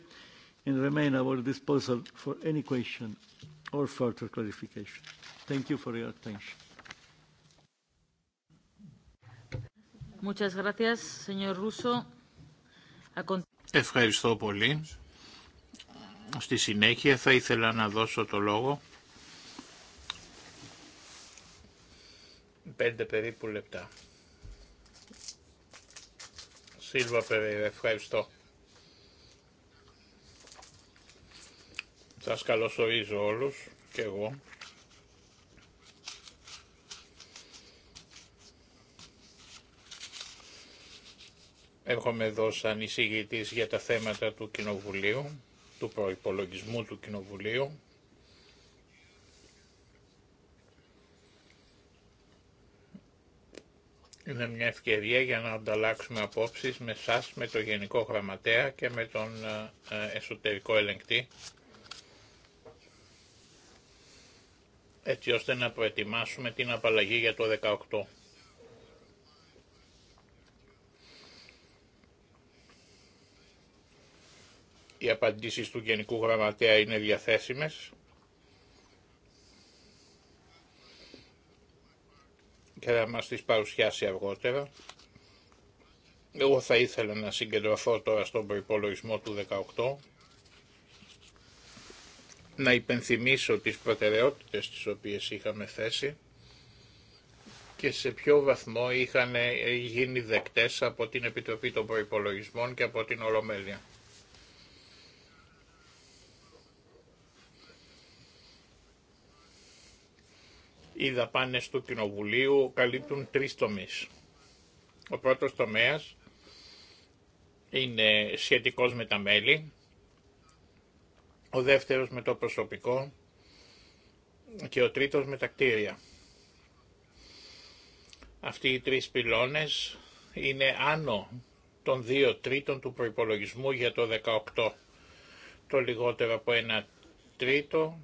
and remain at your disposal for any question or further clarification. Thank you for your attention.
Muchas gracias, señor Russo.
Ευχαριστώ πολύ. Στη συνέχεια θα ήθελα να δώσω το λόγο. Πέντε περίπου λεπτά. Σίλβα Περέιρα. Ευχαριστώ. Σας καλωσορίζω όλους και εγώ. Έρχομαι εδώ σαν εισηγητής για τα θέματα του Κοινοβουλίου, του προϋπολογισμού του Κοινοβουλίου. είναι μια ευκαιρία για να ανταλλάξουμε απόψεις με σας, με το Γενικό Γραμματέα και με τον ε, ε, εσωτερικό ελεγκτή, έτσι ώστε να προετοιμάσουμε την απαλλαγή για το 18. Οι απαντήσεις του Γενικού Γραμματέα είναι διαθέσιμες. θα μας τις παρουσιάσει αργότερα. Εγώ θα ήθελα να συγκεντρωθώ τώρα στον προϋπολογισμό του 18, να υπενθυμίσω τις προτεραιότητες τις οποίες είχαμε θέσει και σε ποιο βαθμό είχαν γίνει δεκτές από την Επιτροπή των Προϋπολογισμών και από την Ολομέλεια. Οι δαπάνες του Κοινοβουλίου καλύπτουν τρεις τομείς. Ο πρώτος τομέας είναι σχετικός με τα μέλη, ο δεύτερος με το προσωπικό και ο τρίτος με τα κτίρια. Αυτοί οι τρεις πυλώνες είναι άνω των δύο τρίτων του προϋπολογισμού για το 18. Το λιγότερο από ένα τρίτο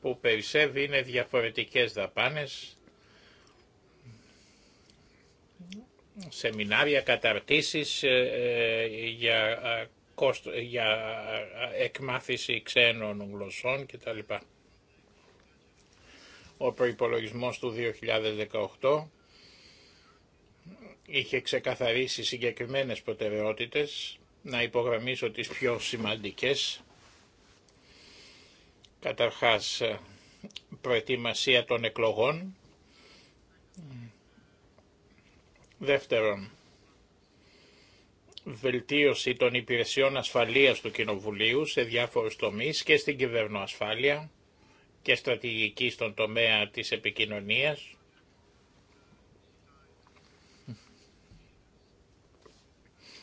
που περισσεύει είναι διαφορετικές δαπάνες, σεμινάρια, καταρτήσεις ε, ε, για, ε, για εκμάθηση ξένων γλωσσών κτλ. Ο προϋπολογισμός του 2018 είχε ξεκαθαρίσει συγκεκριμένες προτεραιότητες, να υπογραμμίσω τις πιο σημαντικές, Καταρχάς, ε, προετοιμασία των εκλογών. Δεύτερον, βελτίωση των υπηρεσιών ασφαλείας του Κοινοβουλίου σε διάφορους τομείς και στην κυβερνοασφάλεια και στρατηγική στον τομέα της επικοινωνίας.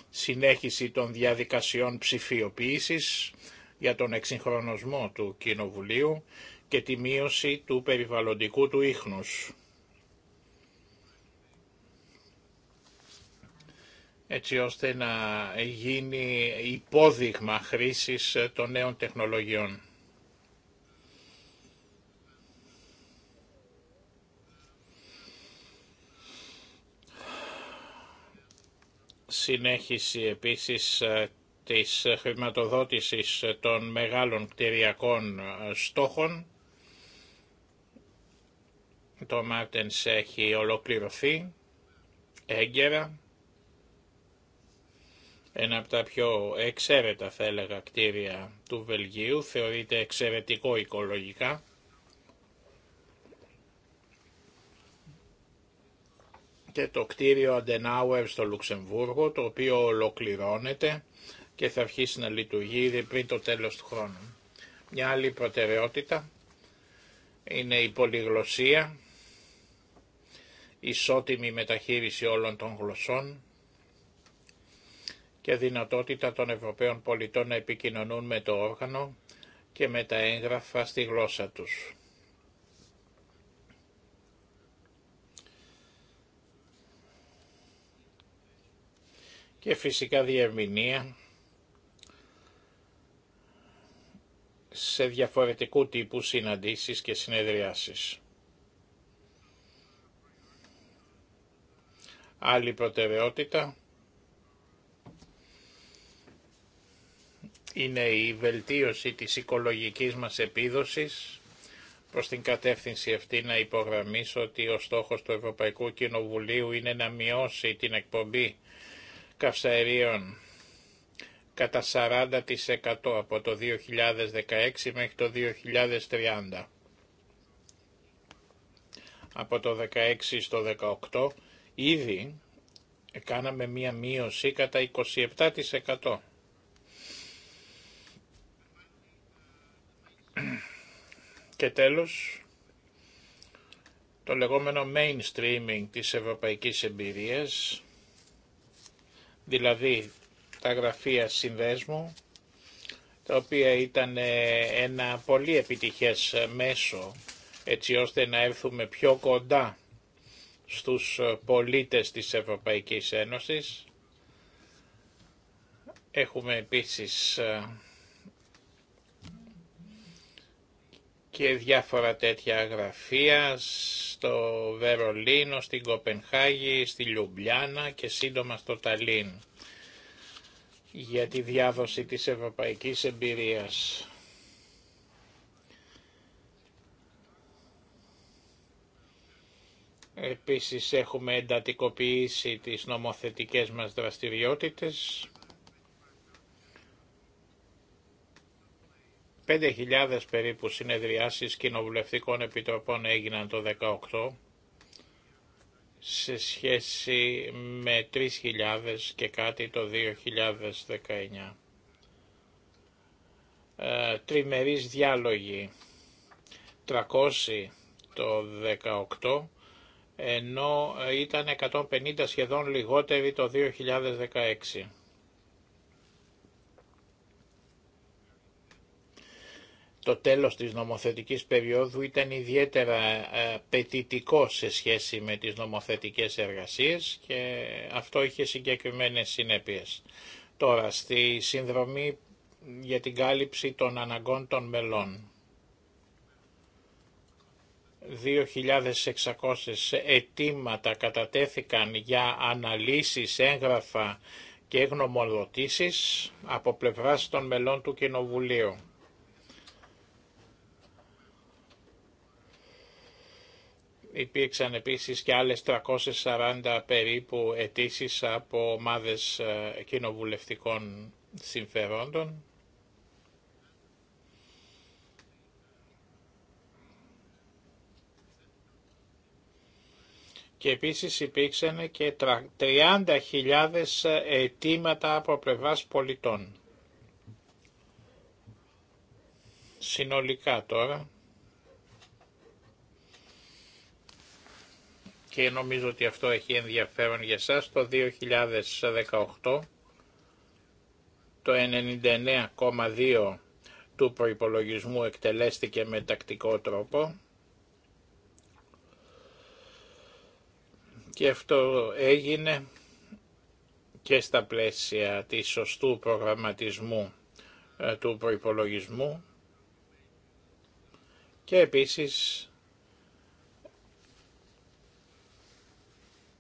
Συνέχιση των διαδικασιών ψηφιοποίησης για τον εξυγχρονισμό του Κοινοβουλίου και τη μείωση του περιβαλλοντικού του ίχνους. έτσι ώστε να γίνει υπόδειγμα χρήσης των νέων τεχνολογιών. Συνέχιση επίσης ε, της χρηματοδότησης των μεγάλων κτηριακών ε, στόχων. Το Μάρτενς έχει ολοκληρωθεί έγκαιρα. Ένα από τα πιο εξαίρετα θα έλεγα κτίρια του Βελγίου, θεωρείται εξαιρετικό οικολογικά. και το κτίριο Αντενάουερ στο Λουξεμβούργο, το οποίο ολοκληρώνεται και θα αρχίσει να λειτουργεί ήδη πριν το τέλος του χρόνου. Μια άλλη προτεραιότητα είναι η πολυγλωσία, ισότιμη μεταχείριση όλων των γλωσσών και δυνατότητα των Ευρωπαίων πολιτών να επικοινωνούν με το όργανο και με τα έγγραφα στη γλώσσα τους. Και φυσικά διευμηνία σε διαφορετικού τύπου συναντήσεις και συνεδριάσεις. Άλλη προτεραιότητα είναι η βελτίωση της οικολογικής μας επίδοσης. Προς την κατεύθυνση αυτή να υπογραμμίσω ότι ο στόχος του Ευρωπαϊκού Κοινοβουλίου είναι να μειώσει την εκπομπή καυσαερίων κατά 40% από το 2016 μέχρι το 2030. Από το 16 στο 18 ήδη κάναμε μία μείωση κατά 27%. Και τέλος, το λεγόμενο mainstreaming της ευρωπαϊκής εμπειρίας, δηλαδή τα γραφεία συνδέσμου, τα οποία ήταν ε, ένα πολύ επιτυχές μέσο έτσι ώστε να έρθουμε πιο κοντά στους ε, πολίτες της Ευρωπαϊκής Ένωσης. Έχουμε επίσης ε, και διάφορα τέτοια γραφεία στο Βερολίνο, στην Κοπενχάγη, στη Λιουμπλιάνα και σύντομα στο Ταλίν για τη διάδοση της ευρωπαϊκής εμπειρίας. Επίσης έχουμε εντατικοποιήσει τις νομοθετικές μας δραστηριότητες. 5.000 περίπου συνεδριάσεις κοινοβουλευτικών επιτροπών έγιναν το 2018 σε σχέση με 3.000 και κάτι το 2019. Ε, τριμερείς διάλογοι 300 το 18 ενώ ήταν 150 σχεδόν λιγότεροι το 2016. το τέλος της νομοθετικής περίοδου ήταν ιδιαίτερα ε, πετητικό σε σχέση με τις νομοθετικές εργασίες και αυτό είχε συγκεκριμένες συνέπειες. Τώρα, στη συνδρομή για την κάλυψη των αναγκών των μελών. 2.600 αιτήματα κατατέθηκαν για αναλύσεις, έγγραφα και γνωμοδοτήσεις από πλευράς των μελών του Κοινοβουλίου. Υπήρξαν επίσης και άλλες 340 περίπου αιτήσει από ομάδες ε, κοινοβουλευτικών συμφερόντων. Και επίσης υπήρξαν και 30.000 ε, αιτήματα από πλευράς πολιτών. Συνολικά τώρα, και νομίζω ότι αυτό έχει ενδιαφέρον για σας το 2018 το 99,2 του προϋπολογισμού εκτελέστηκε με τακτικό τρόπο και αυτό έγινε και στα πλαίσια της σωστού προγραμματισμού ε, του προϋπολογισμού και επίσης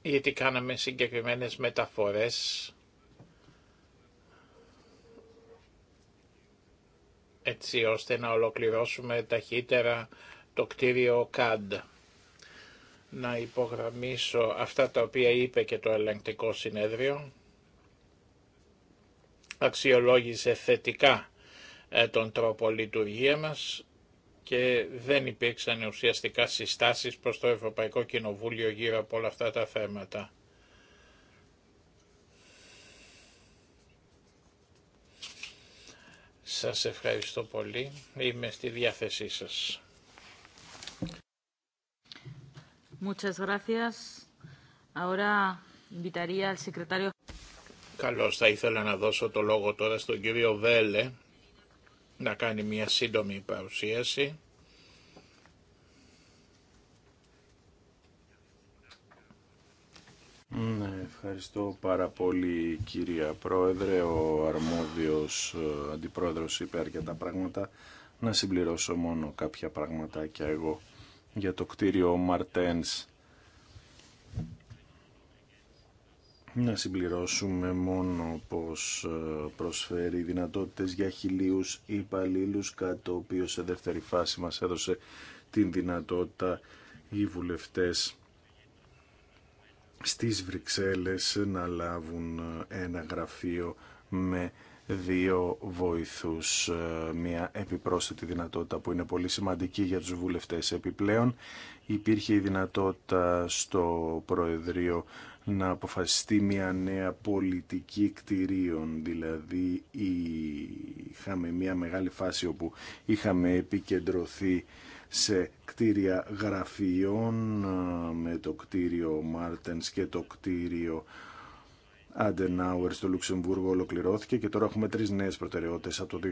γιατί κάναμε συγκεκριμένες μεταφορές έτσι ώστε να ολοκληρώσουμε ταχύτερα το κτίριο CAD. Να υπογραμμίσω αυτά τα οποία είπε και το ελεγκτικό συνέδριο. Αξιολόγησε θετικά ε, τον τρόπο λειτουργία μας και δεν υπήρξαν ουσιαστικά συστάσεις προς το Ευρωπαϊκό Κοινοβούλιο γύρω από όλα αυτά τα θέματα. Σας ευχαριστώ πολύ. Είμαι στη διάθεσή σας.
Muchas gracias. Ahora invitaría al secretario.
Καλώς, θα ήθελα να δώσω το λόγο τώρα στον κύριο Βέλε, να κάνει μια σύντομη παρουσίαση. Ναι, ευχαριστώ πάρα
πολύ κυρία Πρόεδρε. Ο αρμόδιος ε, αντιπρόεδρος είπε αρκετά πράγματα. Να συμπληρώσω μόνο κάποια πραγματάκια εγώ για το κτίριο Μαρτένς Να συμπληρώσουμε μόνο πως ε, προσφέρει δυνατότητες για χιλίους υπαλλήλου κάτι το οποίο σε δεύτερη φάση μας έδωσε την δυνατότητα οι βουλευτές στις Βρυξέλλες να λάβουν ε, ένα γραφείο με δύο βοηθούς, ε, μια επιπρόσθετη δυνατότητα που είναι πολύ σημαντική για τους βουλευτές. Επιπλέον υπήρχε η δυνατότητα στο Προεδρείο να αποφασιστεί μια νέα πολιτική κτηρίων. Δηλαδή είχαμε μια μεγάλη φάση όπου είχαμε επικεντρωθεί σε κτίρια γραφείων ε, με το κτίριο Μάρτενς και το κτίριο Αντενάουερ στο Λουξεμβούργο ολοκληρώθηκε και τώρα έχουμε τρεις νέες προτεραιότητες από το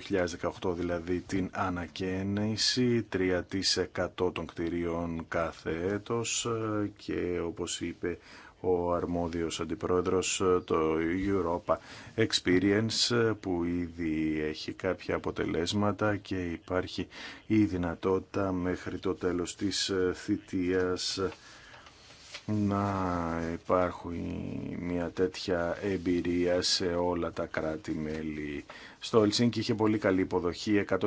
2018, δηλαδή την ανακαίνιση 3% των κτηρίων κάθε έτος ε, και όπως είπε ο αρμόδιος αντιπρόεδρος ε, το Europa Experience ε, που ήδη έχει κάποια αποτελέσματα και υπάρχει η δυνατότητα μέχρι το τέλος της ε, θητείας να υπάρχει μια τέτοια εμπειρία σε όλα τα κράτη-μέλη. Στο και είχε πολύ καλή υποδοχή, 100.000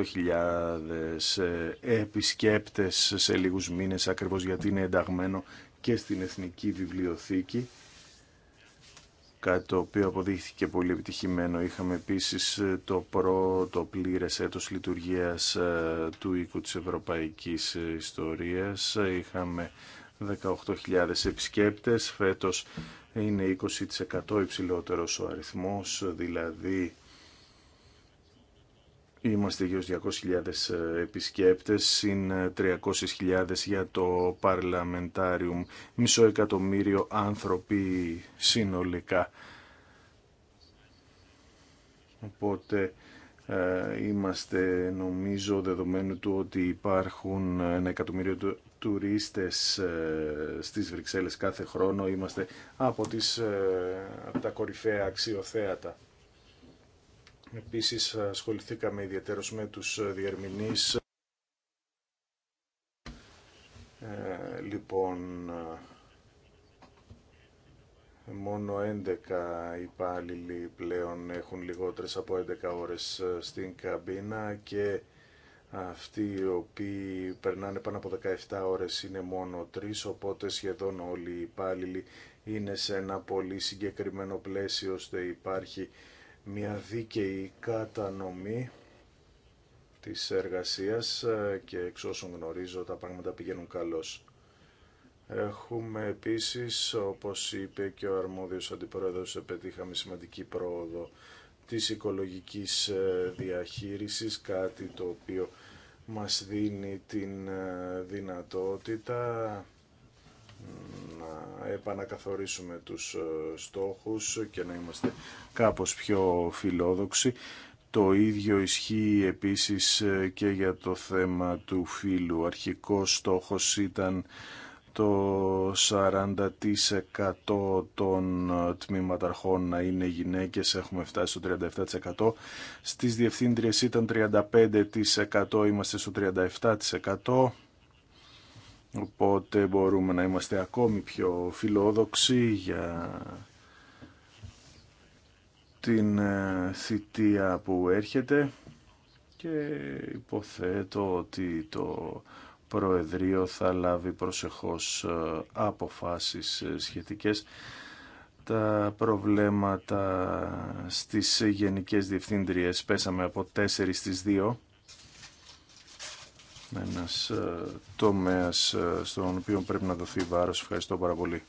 επισκέπτες σε λίγους μήνες ακριβώς γιατί είναι ενταγμένο και στην Εθνική Βιβλιοθήκη κάτι το οποίο αποδείχθηκε πολύ επιτυχημένο. Είχαμε επίσης ε, το πρώτο πλήρες έτος λειτουργίας ε, του οίκου της Ευρωπαϊκής ε, Ιστορίας. Είχαμε 18.000 επισκέπτες. Φέτος είναι 20% υψηλότερος ο αριθμός, δηλαδή Είμαστε γύρω στους 200.000 ε, επισκέπτες, συν 300.000 ε, για το Parliamentarium, μισό εκατομμύριο άνθρωποι συνολικά. Οπότε ε, είμαστε νομίζω δεδομένου του ότι υπάρχουν ένα εκατομμύριο τουρίστες στις Βρυξέλλες κάθε χρόνο. Είμαστε από, τις, από τα κορυφαία αξιοθέατα. Επίσης ασχοληθήκαμε ιδιαίτερως με τους διερμηνείς. Ε, λοιπόν, μόνο 11 υπάλληλοι πλέον έχουν λιγότερες από 11 ώρες ε, στην καμπίνα και αυτοί οι οποίοι περνάνε πάνω από 17 ώρες είναι μόνο 3, οπότε σχεδόν όλοι οι υπάλληλοι είναι σε ένα πολύ συγκεκριμένο πλαίσιο, ώστε υπάρχει μια δίκαιη κατανομή της εργασίας ε, και εξ όσων γνωρίζω τα πράγματα πηγαίνουν καλώς. Έχουμε επίσης, όπως είπε και ο αρμόδιος αντιπρόεδρος, επετύχαμε σημαντική πρόοδο της οικολογικής ε, διαχείρισης, κάτι το οποίο μας δίνει την ε, δυνατότητα να επανακαθορίσουμε τους ε, στόχους και να είμαστε κάπως πιο φιλόδοξοι. Το ίδιο ισχύει επίσης ε, και για το θέμα του φύλου. αρχικός στόχος ήταν το 40% των ε, τμήματαρχών να είναι γυναίκες, έχουμε φτάσει στο 37%. Στις διευθύντριες ήταν 35%, είμαστε στο 37%. Οπότε μπορούμε να είμαστε ακόμη πιο φιλόδοξοι για την ε, θητεία που έρχεται και υποθέτω ότι το Προεδρείο θα λάβει προσεχώς ε, αποφάσεις ε, σχετικές. Τα προβλήματα στις γενικές διευθύντριες πέσαμε από 4 στις 2 ένας ε, τομέας ε, στον οποίο πρέπει να δοθεί βάρος. Ευχαριστώ πάρα πολύ.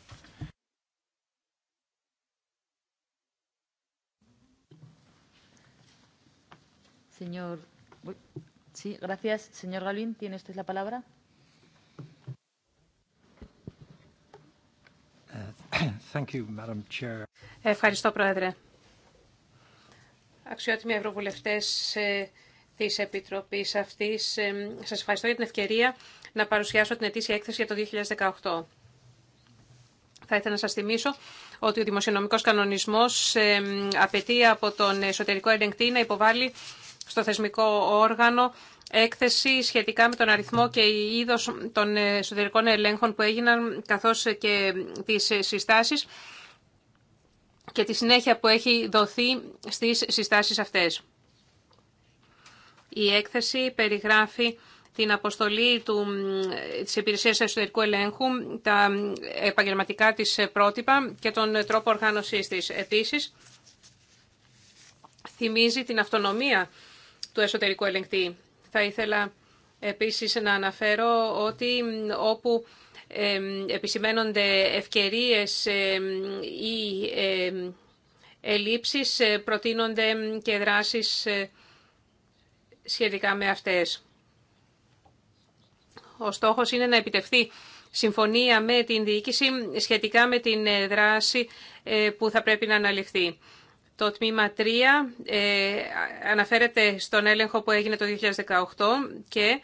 Ευχαριστώ, Πρόεδρε. Αξιότιμοι Ευρωβουλευτές, ε, της Επιτροπής αυτής. Σας ευχαριστώ για την ευκαιρία να παρουσιάσω την ετήσια έκθεση για το 2018. Θα ήθελα να σας θυμίσω ότι ο δημοσιονομικός κανονισμός απαιτεί από τον εσωτερικό ελεγκτή να υποβάλει στο θεσμικό όργανο έκθεση σχετικά με τον αριθμό και η είδος των εσωτερικών ελέγχων που έγιναν καθώς και τις συστάσεις και τη συνέχεια που έχει δοθεί στις συστάσεις αυτές. Η έκθεση περιγράφει την αποστολή του, της Υπηρεσίας Εσωτερικού Ελέγχου, τα επαγγελματικά της πρότυπα και τον τρόπο οργάνωσής της. Επίσης, θυμίζει την αυτονομία του εσωτερικού ελεγκτή. Θα ήθελα επίσης να αναφέρω ότι όπου επισημένονται ευκαιρίες ή ελλείψεις ε, προτείνονται και δράσεις ε, σχετικά με αυτές. Ο στόχος είναι να επιτευχθεί συμφωνία με την διοίκηση σχετικά με την ε, δράση ε, που θα πρέπει να αναλυφθεί. Το τμήμα 3 ε, αναφέρεται στον έλεγχο που έγινε το 2018 και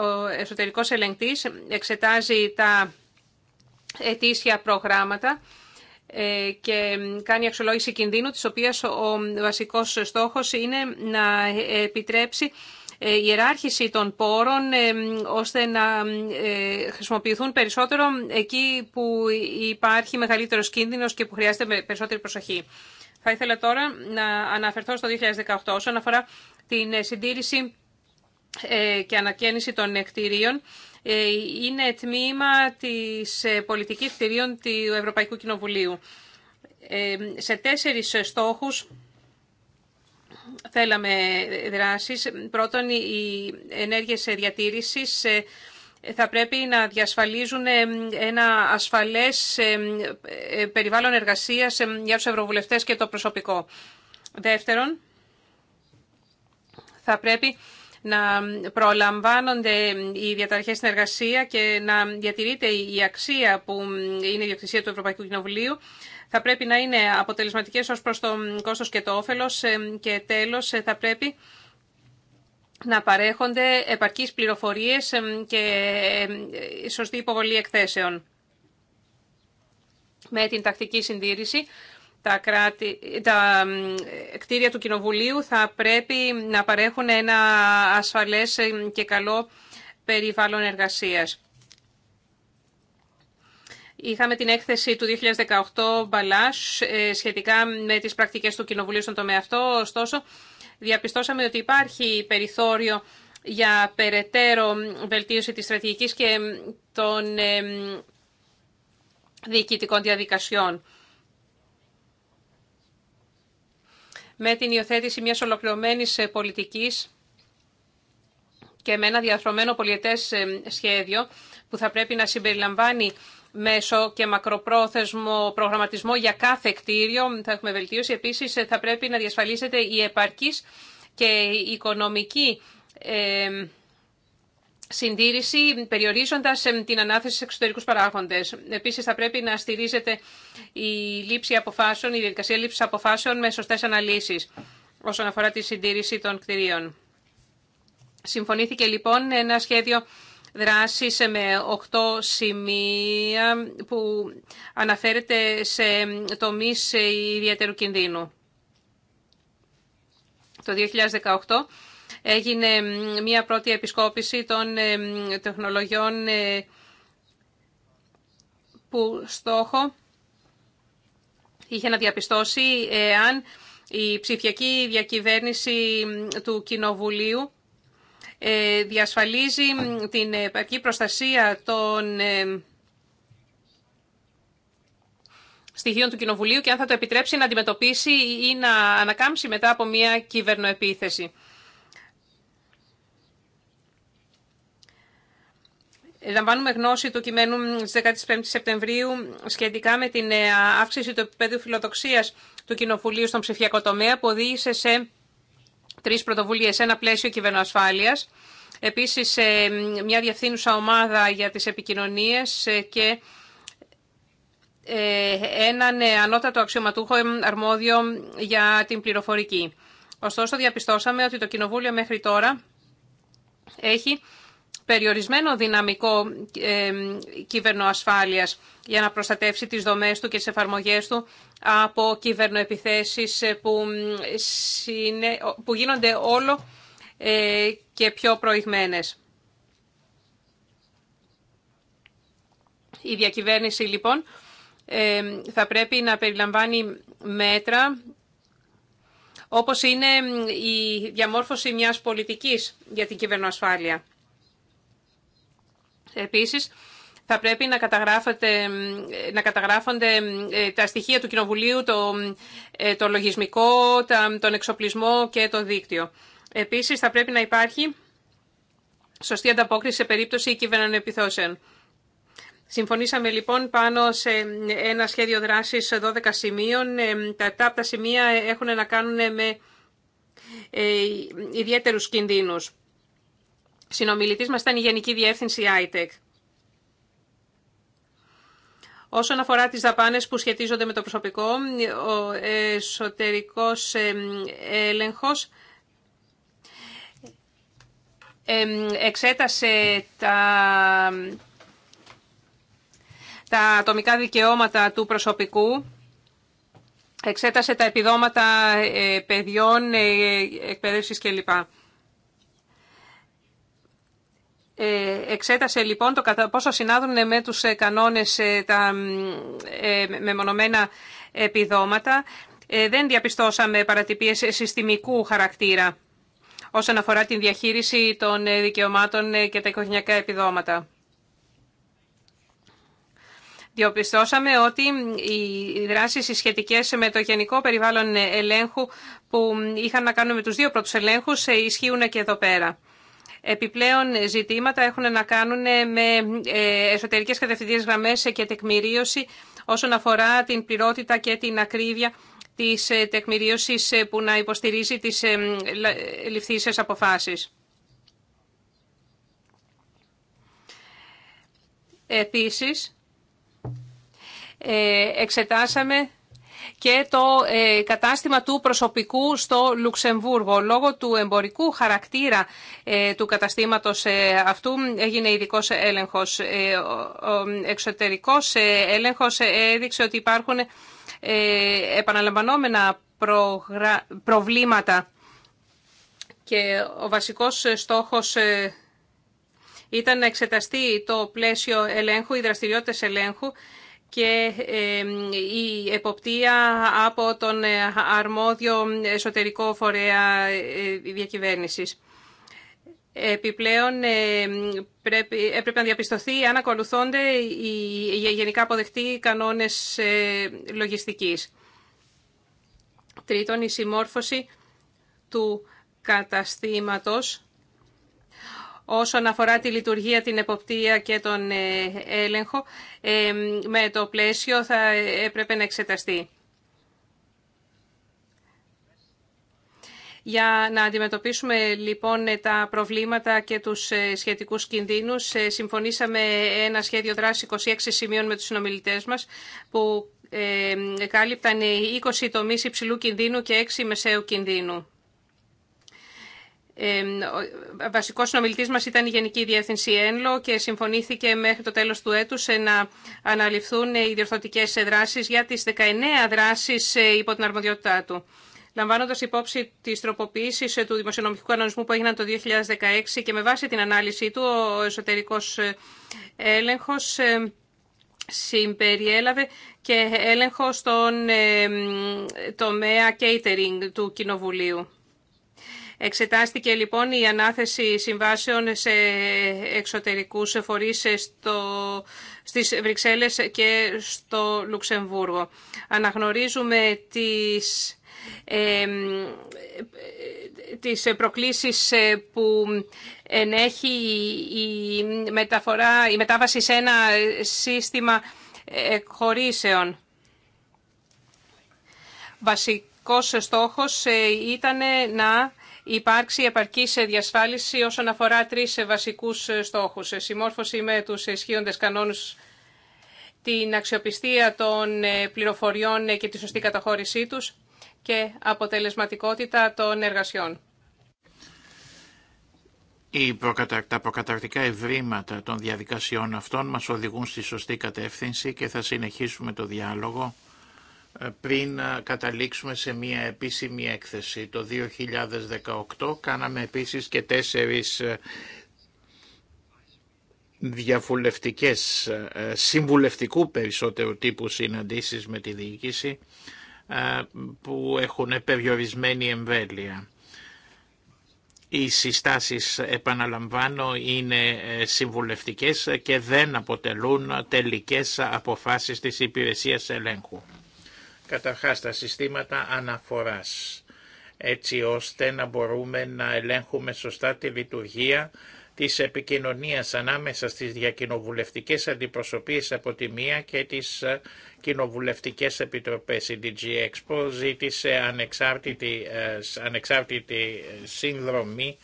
ο εσωτερικός ελεγκτής εξετάζει τα ετήσια προγράμματα ε, και κάνει αξιολόγηση κινδύνου, της οποίας ο βασικός στόχος είναι να επιτρέψει ε, η ιεράρχηση των πόρων ε, ώστε να χρησιμοποιηθούν περισσότερο εκεί που υπάρχει μεγαλύτερος κίνδυνος και που χρειάζεται περισσότερη προσοχή. Θα ήθελα τώρα να αναφερθώ στο 2018 όσον αφορά την συντήρηση και ανακαίνιση των κτηρίων. Ε, είναι τμήμα της ε, πολιτικής κτηρίων του Ευρωπαϊκού Κοινοβουλίου. Ε, σε τέσσερις στόχους θέλαμε δράσεις. Πρώτον, οι ενέργειες διατήρησης θα πρέπει να διασφαλίζουν ένα ασφαλές περιβάλλον εργασίας για τους ευρωβουλευτές και το προσωπικό. Δεύτερον, θα πρέπει να προλαμβάνονται οι διαταραχές στην εργασία και να διατηρείται η αξία που είναι η διοκτησία του Ευρωπαϊκού Κοινοβουλίου θα πρέπει να είναι αποτελεσματικές ως προς το κόστος και το όφελος ε, και τέλος ε, θα πρέπει να παρέχονται επαρκείς πληροφορίες ε, και σωστή υποβολή εκθέσεων. Με την τακτική συντήρηση τα, τα κτίρια του Κοινοβουλίου θα πρέπει να παρέχουν ένα ασφαλές ε, και καλό περιβάλλον εργασίας. Είχαμε την έκθεση του 2018 Μπαλάς ε, σχετικά με τις πρακτικές του Κοινοβουλίου στον τομέα αυτό. Ωστόσο, διαπιστώσαμε ότι υπάρχει περιθώριο για περαιτέρω βελτίωση της στρατηγικής και των ε, διοικητικών διαδικασιών. με την υιοθέτηση μιας ολοκληρωμένης ε, πολιτικής και με ένα διαθρωμένο πολιετές ε, σχέδιο που θα πρέπει να συμπεριλαμβάνει μέσο και μακροπρόθεσμο προγραμματισμό για κάθε κτίριο. Θα έχουμε βελτίωση. Επίσης ε, θα πρέπει να διασφαλίσετε η επαρκής και η οικονομική συντήρηση περιορίζοντας την ανάθεση σε εξωτερικούς παράγοντες. Επίσης θα πρέπει να στηρίζεται η λήψη αποφάσεων, η διαδικασία λήψη αποφάσεων με σωστές αναλύσεις όσον αφορά τη συντήρηση των κτηρίων. Συμφωνήθηκε λοιπόν ένα σχέδιο δράση με οκτώ σημεία που αναφέρεται σε τομεί ιδιαίτερου κινδύνου. Το 2018 έγινε μια πρώτη επισκόπηση των ε, τεχνολογιών ε, που στόχο είχε να διαπιστώσει εάν η ψηφιακή διακυβέρνηση του Κοινοβουλίου ε, διασφαλίζει την επαρκή προστασία των στοιχείων του Κοινοβουλίου και αν θα το επιτρέψει να αντιμετωπίσει ή να ανακάμψει μετά από μια κυβερνοεπίθεση. Λαμβάνουμε γνώση του κειμένου τη 15 Σεπτεμβρίου σχετικά με την ε, αύξηση του επίπεδου φιλοδοξία του Κοινοβουλίου στον ψηφιακό τομέα που οδήγησε σε τρει πρωτοβουλίέ, ένα πλαίσιο κυβερνοασφάλεια, επίσης ε, μια διευθύνουσα ομάδα για τις επικοινωνίε ε, και έναν ανώτατο αξιωματούχο αρμόδιο για την πληροφορική. Ωστόσο, διαπιστώσαμε ότι το Κοινοβούλιο μέχρι τώρα έχει περιορισμένο δυναμικό ε, κυβερνοασφάλειας για να προστατεύσει τις δομές του και τις εφαρμογές του από κυβερνοεπιθέσεις ε, που γίνονται όλο ε, και πιο προηγμένες. Η διακυβέρνηση, λοιπόν, θα πρέπει να περιλαμβάνει μέτρα όπως είναι η διαμόρφωση μιας πολιτικής για την κυβερνοασφάλεια. Επίσης, θα πρέπει να, να καταγράφονται ε, τα στοιχεία του Κοινοβουλίου, το, ε, το λογισμικό, τον εξοπλισμό και το δίκτυο. Επίσης, θα πρέπει να υπάρχει σωστή ανταπόκριση σε περίπτωση κυβερνών επιθώσεων. Συμφωνήσαμε λοιπόν πάνω σε ένα σχέδιο δράσης 12 σημείων. Ε, τα από τα σημεία έχουν να κάνουν με ιδιαίτερους κινδύνους. Συνομιλητή μα ήταν η Γενική Διεύθυνση ITEC. Όσον αφορά τις δαπάνες που σχετίζονται με το προσωπικό, ο εσωτερικός έλεγχος εξέτασε τα, τα ατομικά δικαιώματα του προσωπικού, εξέτασε τα επιδόματα ε, παιδιών, ε, εκπαίδευσης κλπ. Ε, εξέτασε λοιπόν το κατά πόσο συνάδουν με τους ε, κανόνες ε, τα μεμονωμένα επιδόματα. Δεν διαπιστώσαμε παρατυπίες συστημικού χαρακτήρα όσον αφορά την διαχείριση των δικαιωμάτων και τα οικογενειακά επιδόματα. Διοπιστώσαμε ότι οι δράσεις σχετικές με το γενικό περιβάλλον ελέγχου που είχαν να κάνουν με τους δύο πρώτους ελέγχους ισχύουν και εδώ πέρα. Επιπλέον ζητήματα έχουν να κάνουν με ε, εσωτερικές κατευθυντικές γραμμές και τεκμηρίωση όσον αφορά την πληρότητα και την ακρίβεια της ε, τεκμηρίωσης ε, που να υποστηρίζει τις ληφθήσεις αποφάσεις. Επίσης, εξετάσαμε και το ε, κατάστημα του προσωπικού στο Λουξεμβούργο. Λόγω του εμπορικού χαρακτήρα ε, του καταστήματος ε, αυτού έγινε ειδικό έλεγχος. Ο εξωτερικός έλεγχος έδειξε ότι υπάρχουν επαναλαμβανόμενα προβλήματα και ο βασικός στόχος ήταν να εξεταστεί το πλαίσιο ελέγχου, οι δραστηριότητες ελέγχου και η εποπτεία από τον ε, αρμόδιο εσωτερικό φορέα ε, διακυβέρνησης. Επιπλέον, πρέπει, έπρεπε να διαπιστωθεί αν ακολουθούνται οι γενικά αποδεκτοί κανόνες ε, λογιστικής. Τρίτον, η συμμόρφωση του καταστήματος όσον αφορά τη λειτουργία, την εποπτεία και τον ε, έλεγχο ε, με το πλαίσιο θα έπρεπε να εξεταστεί. Για να αντιμετωπίσουμε λοιπόν τα προβλήματα και τους ε, σχετικούς κινδύνους, συμφωνήσαμε ένα σχέδιο δράση 26 σημείων με τους συνομιλητές μας, που κάλυπταν 20 τομείς υψηλού κινδύνου και 6 μεσαίου κινδύνου ο βασικός συνομιλητή μας ήταν η Γενική Διεύθυνση ΕΝΛΟ και συμφωνήθηκε μέχρι το τέλος του έτους να αναλυφθούν οι διορθωτικές δράσεις για τις 19 δράσεις ε, υπό την αρμοδιότητά του. Λαμβάνοντα υπόψη τη τροποποίηση ε, του δημοσιονομικού κανονισμού που έγιναν το 2016 και με βάση την ανάλυση του, ο εσωτερικό ε, έλεγχο συμπεριέλαβε και έλεγχο στον τομέα catering του Κοινοβουλίου. Εξετάστηκε λοιπόν η ανάθεση συμβάσεων σε εξωτερικούς φορείς στο, στις Βρυξέλλες και στο Λουξεμβούργο. Αναγνωρίζουμε τις, τις προκλήσεις που ενέχει η, μεταφορά, η μετάβαση σε ένα σύστημα ε, χωρίσεων. Βασικός στόχος ε, ήταν να υπάρξει επαρκή διασφάλιση όσον αφορά τρεις βασικούς στόχους. Συμμόρφωση με τους ισχύοντες κανόνους την αξιοπιστία των πληροφοριών και τη σωστή καταχώρησή τους και αποτελεσματικότητα των εργασιών.
Τα προκαταρκτικά ευρήματα των διαδικασιών αυτών μας οδηγούν στη σωστή κατεύθυνση και θα συνεχίσουμε το διάλογο ε, πριν ε, καταλήξουμε σε μια επίσημη έκθεση. Το 2018 κάναμε επίσης και τέσσερις ε, διαβουλευτικές, συμβουλευτικού περισσότερου τύπου συναντήσεις με τη διοίκηση που έχουν περιορισμένη εμβέλεια. Οι συστάσεις, επαναλαμβάνω, είναι συμβουλευτικές και δεν αποτελούν τελικές αποφάσεις της υπηρεσίας ελέγχου. Καταρχάς τα συστήματα αναφοράς, έτσι ώστε να μπορούμε να ελέγχουμε σωστά τη λειτουργία της επικοινωνίας ανάμεσα στις διακοινοβουλευτικές αντιπροσωπείες από τη μία και τις ε, κοινοβουλευτικές επιτροπές. Η DG Expo ζήτησε ανεξάρτητη, ε, ανεξάρτητη ε, συνδρομή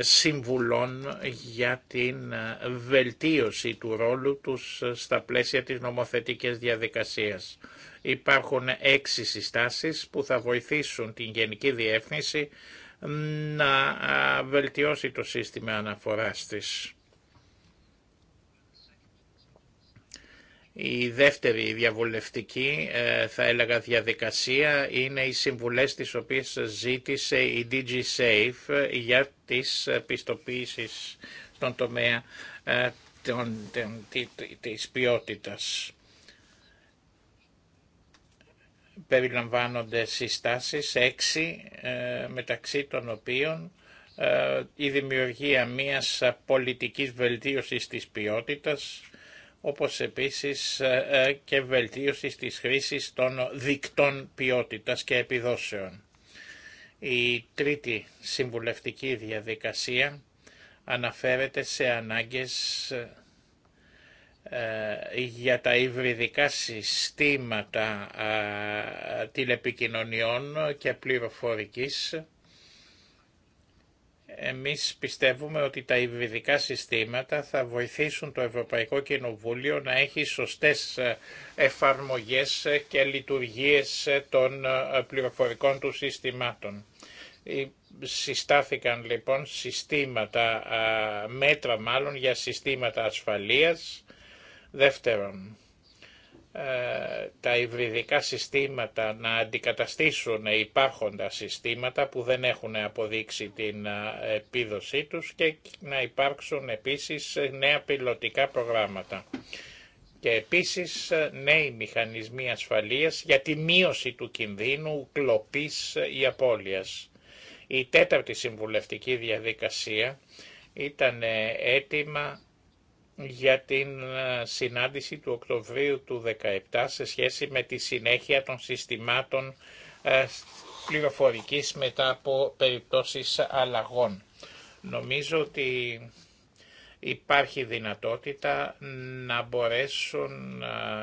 συμβουλών για την βελτίωση του ρόλου τους στα πλαίσια της νομοθετικής διαδικασίας. Υπάρχουν έξι συστάσεις που θα βοηθήσουν την Γενική Διεύθυνση να βελτιώσει το σύστημα αναφοράς της. Η δεύτερη διαβουλευτική, ε, θα έλεγα διαδικασία, είναι οι συμβουλές τις οποίες ζήτησε η DG Safe για τις πιστοποίησεις στον τομέα ε, των, της ποιότητας περιλαμβάνονται συστάσεις, έξι ε, μεταξύ των οποίων ε, η δημιουργία μιας πολιτικής βελτίωσης της ποιότητας, όπως επίσης ε, και βελτίωση της χρήσης των δικτών ποιότητας και επιδόσεων. Η τρίτη συμβουλευτική διαδικασία αναφέρεται σε ανάγκες ε, για τα υβριδικά συστήματα ε, τηλεπικοινωνιών και πληροφορικής. Εμείς πιστεύουμε ότι τα υβριδικά συστήματα θα βοηθήσουν το Ευρωπαϊκό Κοινοβούλιο να έχει σωστές ε, εφαρμογές και λειτουργίες των πληροφορικών του συστημάτων. Συστάθηκαν λοιπόν συστήματα, μέτρα μάλλον για συστήματα ασφαλείας, Δεύτερον, ε, τα υβριδικά συστήματα να αντικαταστήσουν υπάρχοντα συστήματα που δεν έχουν αποδείξει την ε, επίδοσή τους και να υπάρξουν επίσης νέα πιλωτικά προγράμματα. Και επίσης ε, νέοι μηχανισμοί ασφαλείας για τη μείωση του κινδύνου κλοπής ή απώλειας. Η τέταρτη συμβουλευτική διαδικασία ήταν έτοιμα για την ε, συνάντηση του Οκτωβρίου του 2017 σε σχέση με τη συνέχεια των συστημάτων ε, πληροφορικής μετά από περιπτώσεις αλλαγών. Νομίζω ότι υπάρχει δυνατότητα να μπορέσουν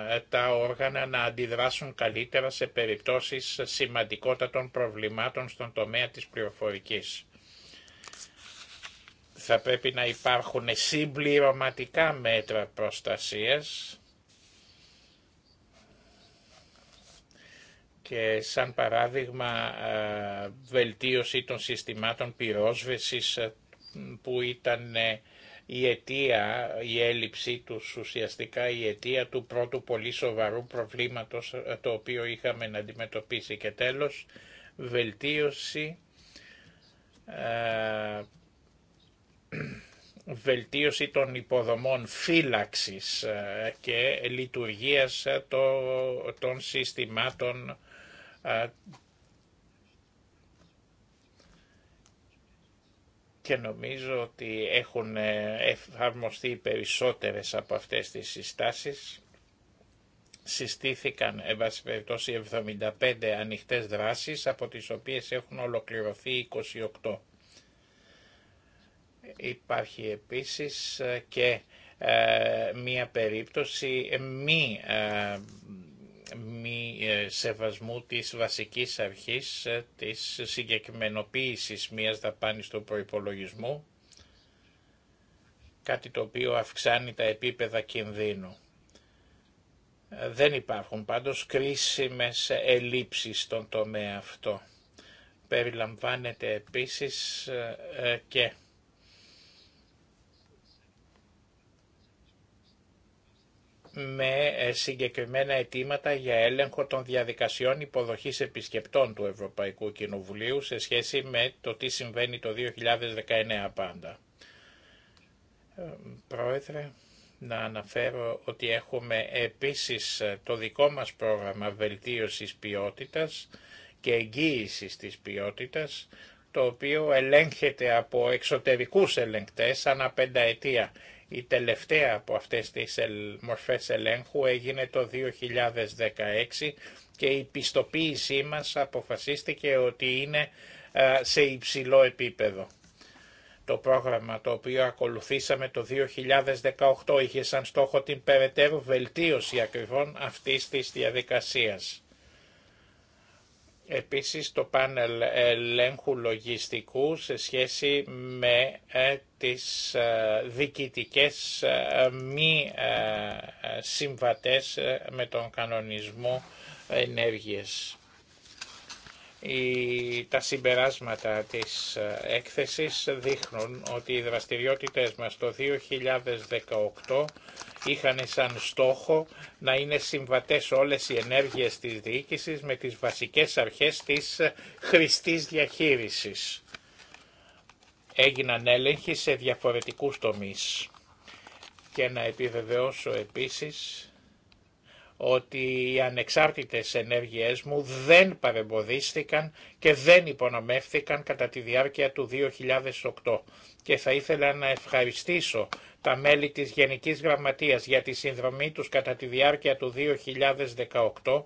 ε, τα όργανα να αντιδράσουν καλύτερα σε περιπτώσεις σημαντικότατων προβλημάτων στον τομέα της πληροφορικής θα πρέπει να υπάρχουν συμπληρωματικά μέτρα προστασίας και σαν παράδειγμα ε, βελτίωση των συστημάτων πυρόσβεσης ε, που ήταν ε, η αιτία, η έλλειψή του ουσιαστικά η αιτία του πρώτου πολύ σοβαρού προβλήματος το οποίο είχαμε να αντιμετωπίσει και τέλος βελτίωση βελτίωση των υποδομών φύλαξης ε, και λειτουργίας ε, των συστημάτων ε, και νομίζω ότι έχουν εφαρμοστεί περισσότερες από αυτές τις συστάσεις. Συστήθηκαν, εν πάση 75 ανοιχτές δράσεις, από τις οποίες έχουν ολοκληρωθεί 28. Υπάρχει επίσης ε, και ε, μία περίπτωση μη, ε, μη σεβασμού της βασικής αρχής της συγκεκριμενοποίησης μίας δαπάνης του προϋπολογισμού, κάτι το οποίο αυξάνει τα επίπεδα κινδύνου. Δεν υπάρχουν πάντως κρίσιμες ελλείψεις στον τομέα αυτό. Περιλαμβάνεται επίσης και με ε, συγκεκριμένα αιτήματα για έλεγχο των διαδικασιών υποδοχής επισκεπτών του Ευρωπαϊκού Κοινοβουλίου σε σχέση με το τι συμβαίνει το 2019 πάντα. Ε, πρόεδρε, να αναφέρω ότι έχουμε επίσης ε, το δικό μας πρόγραμμα βελτίωσης ποιότητας και εγγύησης της ποιότητας, το οποίο ελέγχεται από εξωτερικούς ελεγκτές ανά πενταετία η τελευταία από αυτές τις μορφές ελέγχου έγινε το 2016 και η πιστοποίησή μας αποφασίστηκε ότι είναι σε υψηλό επίπεδο. Το πρόγραμμα το οποίο ακολουθήσαμε το 2018 είχε σαν στόχο την περαιτέρω βελτίωση ακριβών αυτής της διαδικασίας. Επίσης το πάνελ ελέγχου λογιστικού σε σχέση με ε, τις ε, δικητικές ε, μη συμβατές με τον κανονισμό ενέργειες. Η, τα συμπεράσματα της ε, έκθεσης δείχνουν ότι οι δραστηριότητες μας το 2018 είχαν σαν στόχο να είναι συμβατές όλες οι ενέργειες της διοίκησης με τις βασικές αρχές της ε, χρηστής διαχείρισης. Έγιναν έλεγχοι σε διαφορετικούς τομείς. Και να επιβεβαιώσω επίσης ότι οι ανεξάρτητες ενέργειές μου δεν παρεμποδίστηκαν και δεν υπονομεύθηκαν κατά τη διάρκεια του 2008 και θα ήθελα να ευχαριστήσω τα μέλη της Γενικής Γραμματείας για τη συνδρομή τους κατά τη διάρκεια του 2018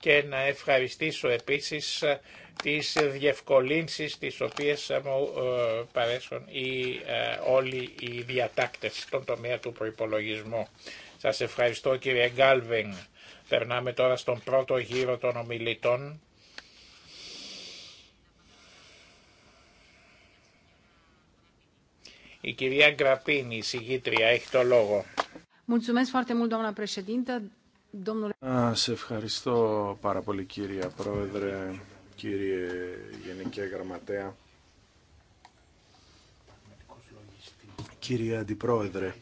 και να ευχαριστήσω επίσης ε, τις διευκολύνσεις τις οποίες μου ε, παρέσουν οι, ε, όλοι οι διατάκτες στον τομέα του προϋπολογισμού. Σας ευχαριστώ κύριε Γκάλβιν. Περνάμε τώρα στον πρώτο γύρο των ομιλητών. Η κυρία Γκραπίνη, η συγγήτρια, έχει το λόγο.
Σας ευχαριστώ πάρα πολύ κύριε Πρόεδρε, κύριε Γενική Γραμματέα, κύριε Αντιπρόεδρε.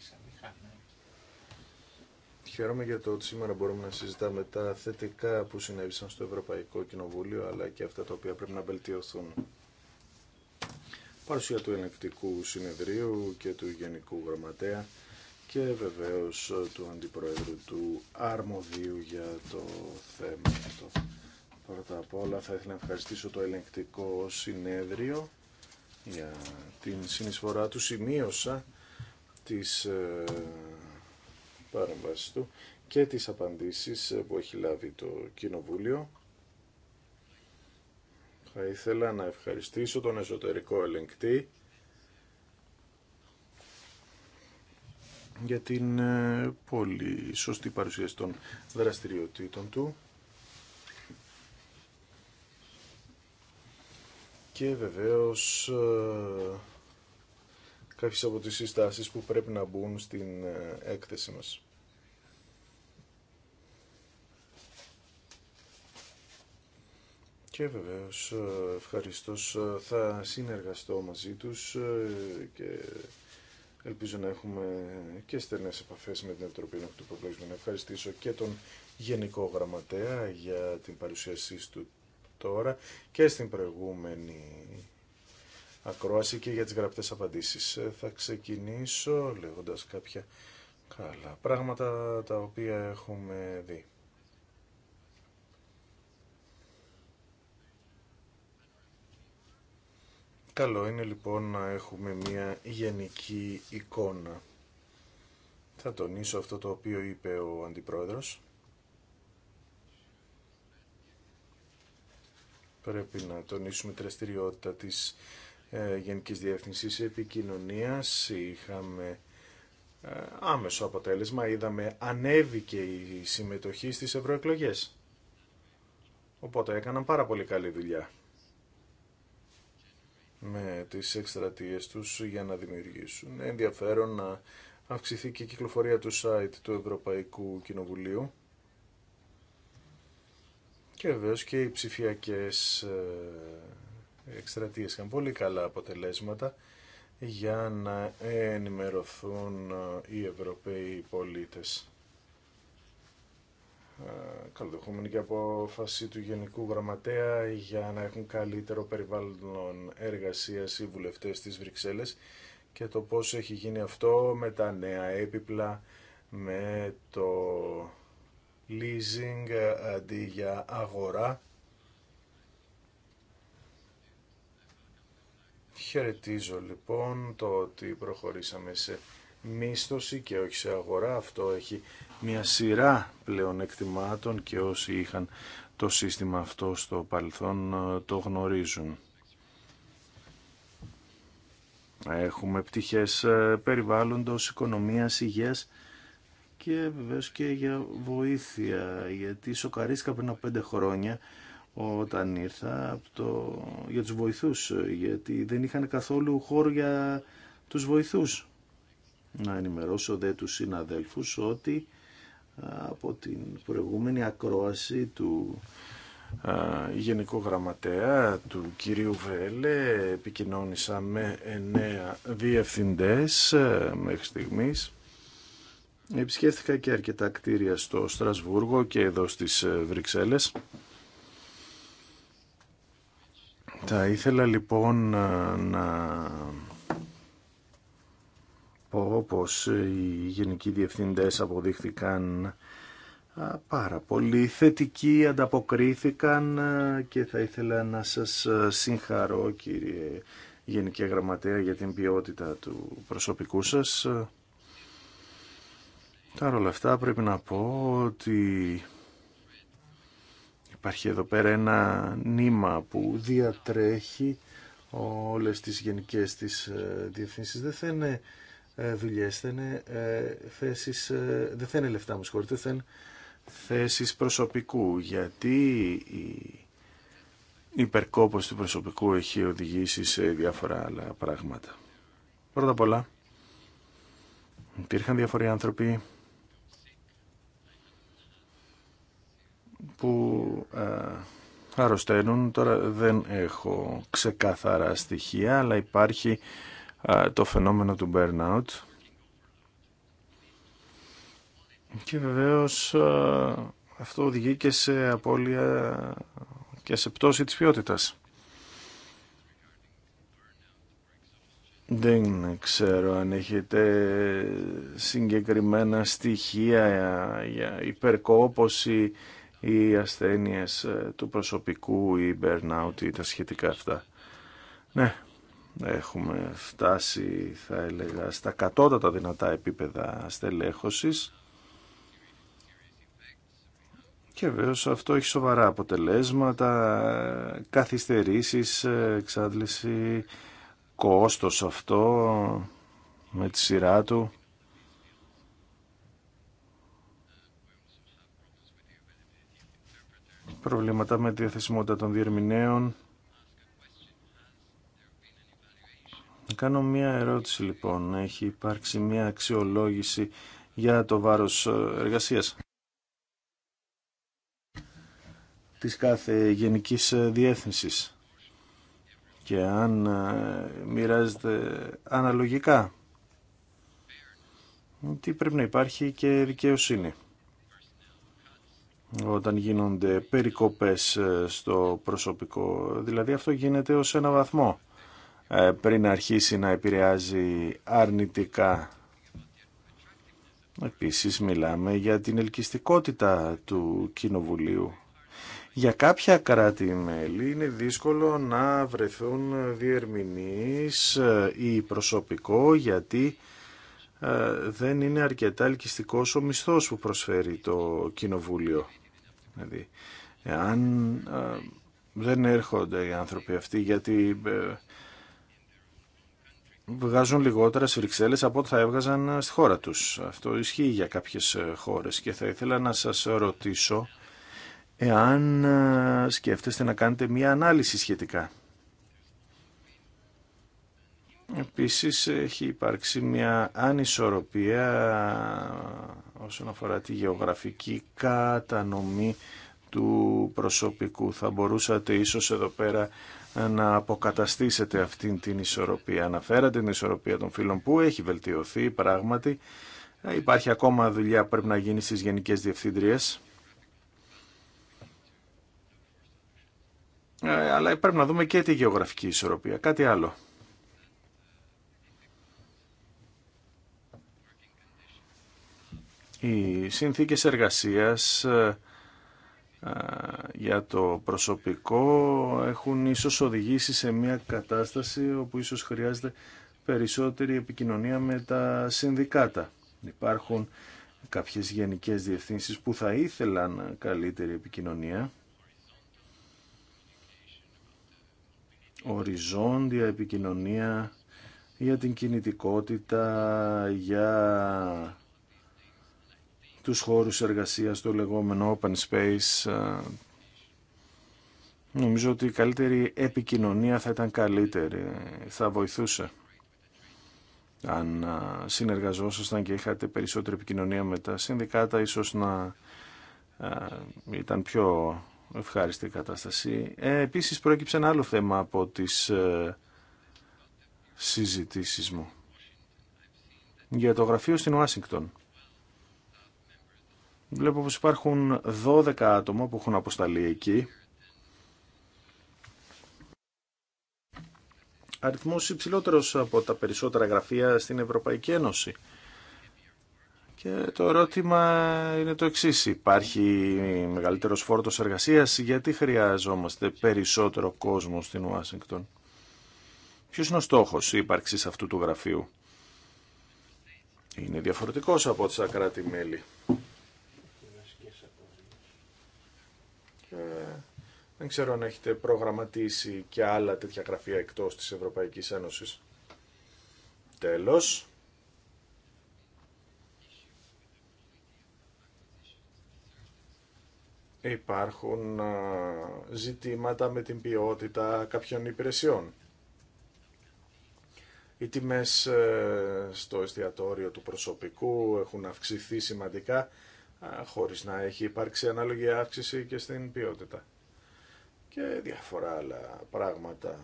Χαίρομαι για το ότι σήμερα μπορούμε να συζητάμε τα θετικά που συνέβησαν στο Ευρωπαϊκό Κοινοβούλιο, αλλά και αυτά τα οποία πρέπει να βελτιωθούν. Παρουσία του Ελεκτικού Συνεδρίου και του Γενικού Γραμματέα και βεβαίως του Αντιπρόεδρου του Αρμοδίου για το θέμα αυτό. Πρώτα απ' όλα θα ήθελα να ευχαριστήσω το Ελεκτικό Συνέδριο για την συνεισφορά του. Σημείωσα τις ε, παρεμβάσεις του και τις απαντήσεις ε, που έχει λάβει το Κοινοβούλιο. Θα ήθελα να ευχαριστήσω τον εσωτερικό ελεγκτή για την ε, πολύ σωστή παρουσίαση των δραστηριοτήτων του. Και βεβαίως ε, κάποιες από τις συστάσεις που πρέπει να μπουν στην έκθεση μας. Και βεβαίω, ε, ευχαριστώ ε, θα συνεργαστώ μαζί τους ε, και ελπίζω να έχουμε και στενέ επαφέ με την Επιτροπή του Να ευχαριστήσω και τον Γενικό Γραμματέα για την παρουσίασή του τώρα και στην προηγούμενη ακρόαση και για τις γραπτές απαντήσεις. Θα ξεκινήσω λέγοντας κάποια καλά πράγματα τα οποία έχουμε δει. Καλό είναι λοιπόν να έχουμε μια γενική εικόνα. Θα τονίσω αυτό το οποίο είπε ο Αντιπρόεδρος. Πρέπει να τονίσουμε τη δραστηριότητα της ε, Γενικής Διεύθυνσης Επικοινωνίας. Είχαμε ε, άμεσο αποτέλεσμα. Είδαμε ανέβηκε η συμμετοχή στις ευρωεκλογές. Οπότε έκαναν πάρα πολύ καλή δουλειά με τις εκστρατείε τους για να δημιουργήσουν ενδιαφέρον να αυξηθεί και η κυκλοφορία του site του Ευρωπαϊκού Κοινοβουλίου και βεβαίω και οι ψηφιακές ε, εκστρατείε. είχαν πολύ καλά αποτελέσματα για να ενημερωθούν ε, οι Ευρωπαίοι πολίτες. Ε, καλοδεχούμενη και απόφαση του Γενικού Γραμματέα για να έχουν καλύτερο περιβάλλον εργασίας οι βουλευτές της Βρυξέλλες και το πώς έχει γίνει αυτό με τα νέα έπιπλα, με το leasing ε, αντί για αγορά. Χαιρετίζω λοιπόν το ότι προχωρήσαμε σε μίσθωση και όχι σε αγορά. Αυτό έχει μια σειρά πλέον εκτιμάτων και όσοι είχαν το σύστημα αυτό στο παρελθόν ε, το γνωρίζουν. Έχουμε πτυχές ε, περιβάλλοντος, οικονομίας, υγείας και βεβαίως και για βοήθεια, γιατί σοκαρίστηκα πριν από πέντε χρόνια όταν ήρθα από το... για τους βοηθούς, γιατί δεν είχαν καθόλου χώρο για τους βοηθούς. Να ενημερώσω δε τους συναδέλφους ότι από την προηγούμενη ακρόαση του Γενικού Γραμματέα του κυρίου Βέλε επικοινώνησα με εννέα διευθυντές μέχρι στιγμής επισκέφθηκα και αρκετά κτίρια στο Στρασβούργο και εδώ στις ε, Βρυξέλλες θα ήθελα λοιπόν να όπως πως οι γενικοί διευθυντές αποδείχθηκαν πάρα πολύ θετικοί, ανταποκρίθηκαν και θα ήθελα να σας συγχαρώ κύριε Γενική Γραμματέα για την ποιότητα του προσωπικού σας. Τα όλα αυτά πρέπει να πω ότι υπάρχει εδώ πέρα ένα νήμα που διατρέχει όλες τις γενικές της ε, διευθύνσεις. Δεν θα είναι ε, Δουλειέ θα ε, θέσεις, ε, δεν θα είναι λεφτά μου συγχωρείτε, θα θέσεις προσωπικού, γιατί η υπερκόπωση του προσωπικού έχει οδηγήσει σε διάφορα άλλα πράγματα. Πρώτα απ' όλα, υπήρχαν διάφοροι άνθρωποι που αρρωσταίνουν. Τώρα δεν έχω ξεκάθαρα στοιχεία, αλλά υπάρχει το φαινόμενο του burnout. Και βεβαίως αυτό οδηγεί και σε απώλεια και σε πτώση της ποιότητας. Δεν ξέρω αν έχετε συγκεκριμένα στοιχεία για υπερκόπωση ή ασθένειες ε, του προσωπικού ή burnout ή τα σχετικά αυτά. Ναι, έχουμε φτάσει θα έλεγα στα κατώτατα δυνατά επίπεδα στελέχωσης και βέβαια αυτό έχει σοβαρά αποτελέσματα, καθυστερήσεις, εξάντληση, κόστος αυτό με τη σειρά του. Προβλήματα με τη διαθεσιμότητα των διερμηνέων. Να κάνω μία ερώτηση λοιπόν. Έχει υπάρξει μία αξιολόγηση για το βάρος ε, εργασίας της κάθε γενικής ε, διεύθυνσης και αν ε, μοιράζεται αναλογικά τι πρέπει να υπάρχει και δικαιοσύνη όταν γίνονται περικοπές στο προσωπικό. Δηλαδή αυτό γίνεται ως ένα βαθμό. Ε, πριν αρχίσει να επηρεάζει αρνητικά. Επίσης μιλάμε για την ελκυστικότητα του Κοινοβουλίου. Για κάποια κράτη-μέλη είναι δύσκολο να βρεθούν διερμηνείς ε, ή προσωπικό γιατί ε, δεν είναι αρκετά ελκυστικός ο μισθός που προσφέρει το Κοινοβούλιο. Δηλαδή, αν δεν έρχονται οι άνθρωποι αυτοί γιατί βγάζουν λιγότερα στι Βρυξέλλες από ό,τι θα έβγαζαν ε, στη χώρα τους. Αυτό ισχύει για κάποιες ε, χώρες και θα ήθελα να σας ρωτήσω εάν ε, σκέφτεστε να κάνετε μία ανάλυση σχετικά. Επίσης έχει υπάρξει μια ανισορροπία όσον αφορά τη γεωγραφική κατανομή του προσωπικού. Θα μπορούσατε ίσως εδώ πέρα να αποκαταστήσετε αυτήν την ισορροπία. Αναφέρατε την ισορροπία των φύλων που έχει βελτιωθεί πράγματι. Ε, υπάρχει ακόμα δουλειά που πρέπει να γίνει στις γενικές διευθύντριες. Ε, αλλά πρέπει να δούμε και τη γεωγραφική ισορροπία. Κάτι άλλο. Οι συνθήκες εργασίας ε, για το προσωπικό έχουν ίσως οδηγήσει σε μια κατάσταση όπου ίσως χρειάζεται περισσότερη επικοινωνία με τα συνδικάτα. Υπάρχουν κάποιες γενικές διευθύνσεις που θα ήθελαν καλύτερη επικοινωνία. Οριζόντια επικοινωνία για την κινητικότητα, για τους χώρους εργασίας, το λεγόμενο open space. Ε, νομίζω ότι η καλύτερη επικοινωνία θα ήταν καλύτερη, θα βοηθούσε. Αν ε, συνεργαζόσασταν και είχατε περισσότερη επικοινωνία με τα συνδικάτα, ίσως να ε, ήταν πιο ευχάριστη η κατάσταση. Ε, επίσης πρόκειψε ένα άλλο θέμα από τις συζητήσεις μου για το γραφείο στην Ουάσιγκτον. Βλέπω πως υπάρχουν 12 άτομα που έχουν αποσταλεί εκεί. Αριθμός υψηλότερος από τα περισσότερα γραφεία στην Ευρωπαϊκή Ένωση. Και το ερώτημα είναι το εξής. Υπάρχει μεγαλύτερος φόρτος εργασίας. Γιατί χρειάζομαστε περισσότερο κόσμο στην Ουάσιγκτον. Ποιος είναι ο στόχος ύπαρξης αυτού του γραφείου. Είναι διαφορετικός από τις ακράτη μέλη. Δεν ξέρω αν έχετε προγραμματίσει και άλλα τέτοια γραφεία εκτός της Ευρωπαϊκής Ένωσης. Τέλος. Υπάρχουν ζητήματα με την ποιότητα κάποιων υπηρεσιών. Οι τιμές ε, στο εστιατόριο του προσωπικού έχουν αυξηθεί σημαντικά χωρίς να έχει υπάρξει ανάλογη αύξηση και στην ποιότητα και διάφορα άλλα πράγματα.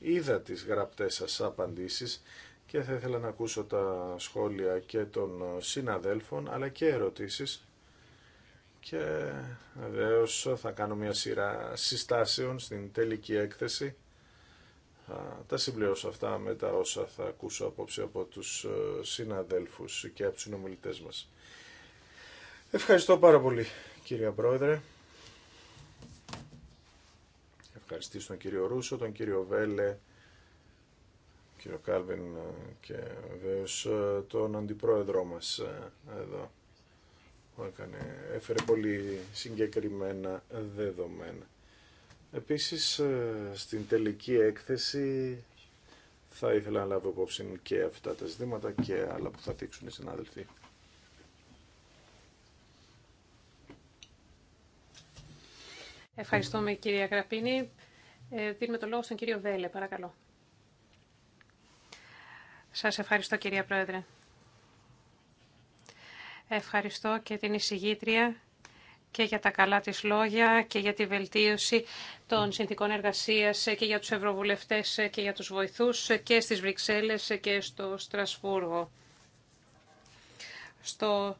Είδα τις γραπτές σας απαντήσεις και θα ήθελα να ακούσω τα σχόλια και των συναδέλφων αλλά και ερωτήσεις και βεβαίω θα κάνω μια σειρά συστάσεων στην τελική έκθεση. Θα τα συμπληρώσω αυτά με τα όσα θα ακούσω απόψε από τους ε, συναδέλφους και από τους συνομιλητές μας. Ευχαριστώ πάρα πολύ κύριε Πρόεδρε ευχαριστήσω τον κύριο Ρούσο, τον κύριο Βέλε, τον κύριο Κάλβιν ε, και βεβαίω ε, τον αντιπρόεδρό μας ε, εδώ. Έκανε, έφερε πολύ συγκεκριμένα δεδομένα. Επίσης στην τελική έκθεση θα ήθελα να λάβω υπόψη και αυτά τα ζητήματα και άλλα που θα δείξουν οι συνάδελφοι.
Ευχαριστούμε κυρία Ε, Δίνουμε το λόγο στον κύριο Βέλε, παρακαλώ. Σας ευχαριστώ κυρία Πρόεδρε. Ευχαριστώ και την εισηγήτρια και για τα καλά της λόγια και για τη βελτίωση των συνθήκων εργασίας και για τους ευρωβουλευτές και για τους βοηθούς και στις Βρυξέλλες και στο Στρασβούργο. Στο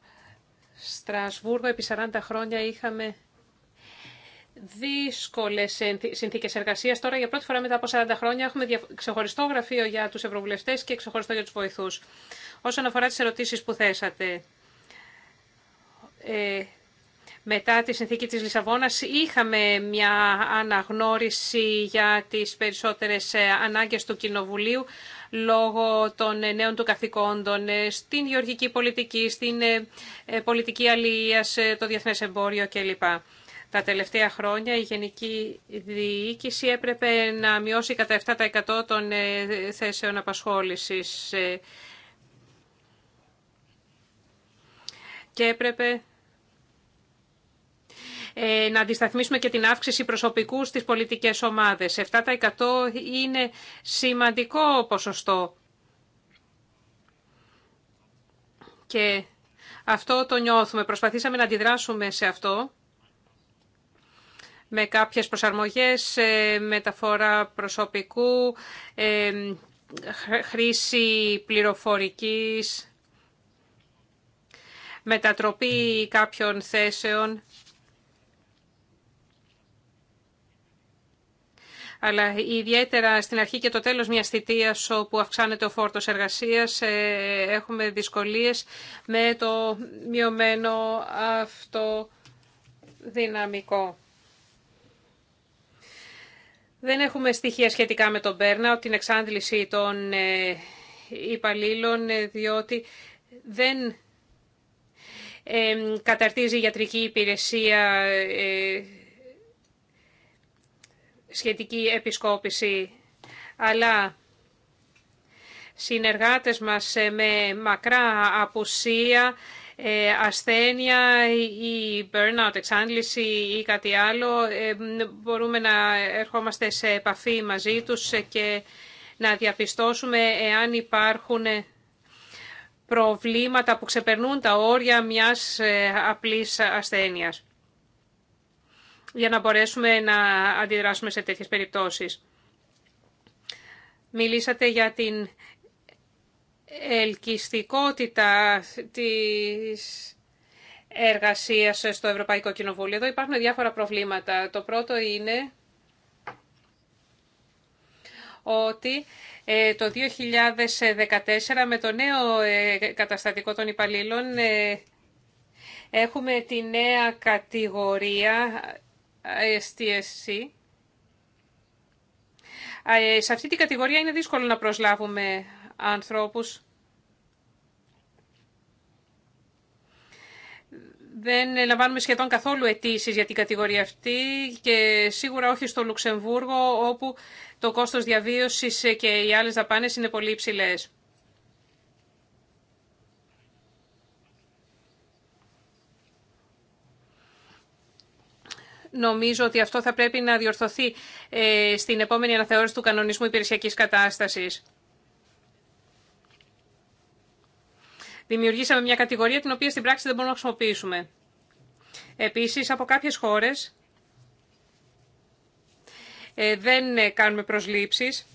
Στρασβούργο επί 40 χρόνια είχαμε Δύσκολε συνθήκες εργασίας. Τώρα για πρώτη φορά μετά από 40 χρόνια έχουμε ξεχωριστό γραφείο για τους ευρωβουλευτέ και ξεχωριστό για τους βοηθού. Όσον αφορά τις ερωτήσεις που θέσατε, ε, μετά τη συνθήκη της Λισαβόνας είχαμε μια αναγνώριση για τις περισσότερες ε, ανάγκες του Κοινοβουλίου λόγω των ε, νέων του καθηκόντων ε, στην γεωργική πολιτική, στην πολιτική αλληλείας, το διεθνές εμπόριο κλπ. Τα τελευταία χρόνια η Γενική Διοίκηση έπρεπε να μειώσει κατά 7% των ε, θέσεων απασχόλησης ε, και έπρεπε ε, να αντισταθμίσουμε και την αύξηση προσωπικού στις πολιτικές ομάδες. 7% είναι σημαντικό ποσοστό. Και αυτό το νιώθουμε. Προσπαθήσαμε να αντιδράσουμε σε αυτό με κάποιες προσαρμογές, ε, μεταφορά προσωπικού, ε, χρήση πληροφορικής, μετατροπή κάποιων θέσεων. αλλά ιδιαίτερα στην αρχή και το τέλος μιας θητείας όπου αυξάνεται ο φόρτος εργασίας ε, έχουμε δυσκολίες με το μειωμένο αυτό δυναμικό. Δεν έχουμε στοιχεία σχετικά με τον Μπέρνα, την εξάντληση των ε, υπαλλήλων, ε, διότι δεν καταρτίζει γιατρική υπηρεσία ε, σχετική επισκόπηση, αλλά συνεργάτες μας με μακρά απουσία ε, ασθένεια ή burnout, εξάντληση ή κάτι άλλο, ε, μπορούμε να ερχόμαστε σε επαφή μαζί τους και να διαπιστώσουμε εάν υπάρχουν προβλήματα που ξεπερνούν τα όρια μιας ε, απλής ασθένειας για να μπορέσουμε να αντιδράσουμε σε τέτοιες περιπτώσεις. Μιλήσατε για την ελκυστικότητα της εργασίας στο Ευρωπαϊκό Κοινοβούλιο. Εδώ υπάρχουν διάφορα προβλήματα. Το πρώτο είναι ότι ε, το 2014 με το νέο ε, καταστατικό των υπαλλήλων ε, έχουμε τη νέα κατηγορία STSC. Σε αυτή τη κατηγορία είναι δύσκολο να προσλάβουμε ανθρώπους Δεν λαμβάνουμε σχεδόν καθόλου αιτήσει για την κατηγορία αυτή και σίγουρα όχι στο Λουξεμβούργο όπου το κόστος διαβίωσης και οι άλλες δαπάνες είναι πολύ υψηλέ. Νομίζω ότι αυτό θα πρέπει να διορθωθεί ε, στην επόμενη αναθεώρηση του κανονισμού υπηρεσιακής κατάστασης. δημιουργήσαμε μια κατηγορία την οποία στην πράξη δεν μπορούμε να χρησιμοποιήσουμε. Επίσης, από κάποιες χώρες ε, δεν ε, κάνουμε προσλήψεις.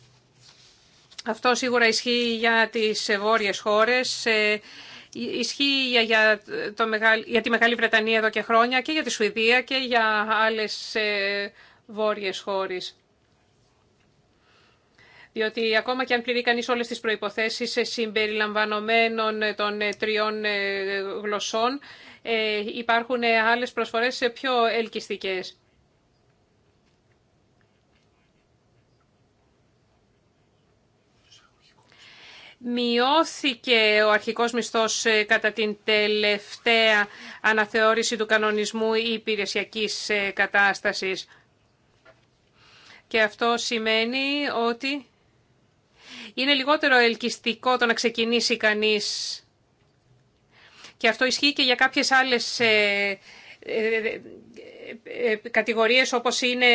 Αυτό σίγουρα ισχύει για τις ε, βόρειες χώρες, ισχύει για, το για τη Μεγάλη Βρετανία εδώ και χρόνια και για τη Σουηδία και για άλλες βόρειες χώρες διότι ακόμα και αν πληρεί κανείς όλες τις προϋποθέσεις ε, συμπεριλαμβανομένων ε, των ε, τριών γλωσσών, υπάρχουν άλλες προσφορές πιο ελκυστικές. Μειώθηκε ο αρχικός μισθός κατά την τελευταία αναθεώρηση του κανονισμού υπηρεσιακής κατάστασης. Και αυτό σημαίνει ότι είναι λιγότερο ελκυστικό το να ξεκινήσει κανείς. Και αυτό ισχύει και για κάποιες άλλες ε, ε, ε, κατηγορίες όπως είναι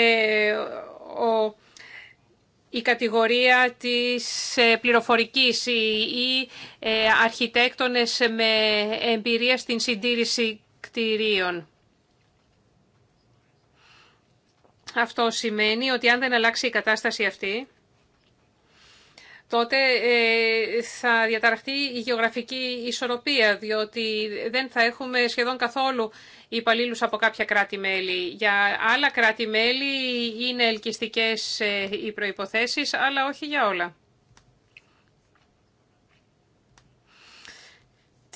η κατηγορία της πληροφορικής ή αρχιτέκτονες με εμπειρία στην συντήρηση κτηρίων. Αυτό σημαίνει ότι αν δεν αλλάξει η κατάσταση αυτή, τότε ε, θα διαταραχτεί η γεωγραφική ισορροπία, διότι δεν θα έχουμε σχεδόν καθόλου υπαλλήλου από κάποια κράτη-μέλη. Για άλλα κράτη-μέλη είναι ελκυστικές ε, οι προϋποθέσεις, αλλά όχι για όλα.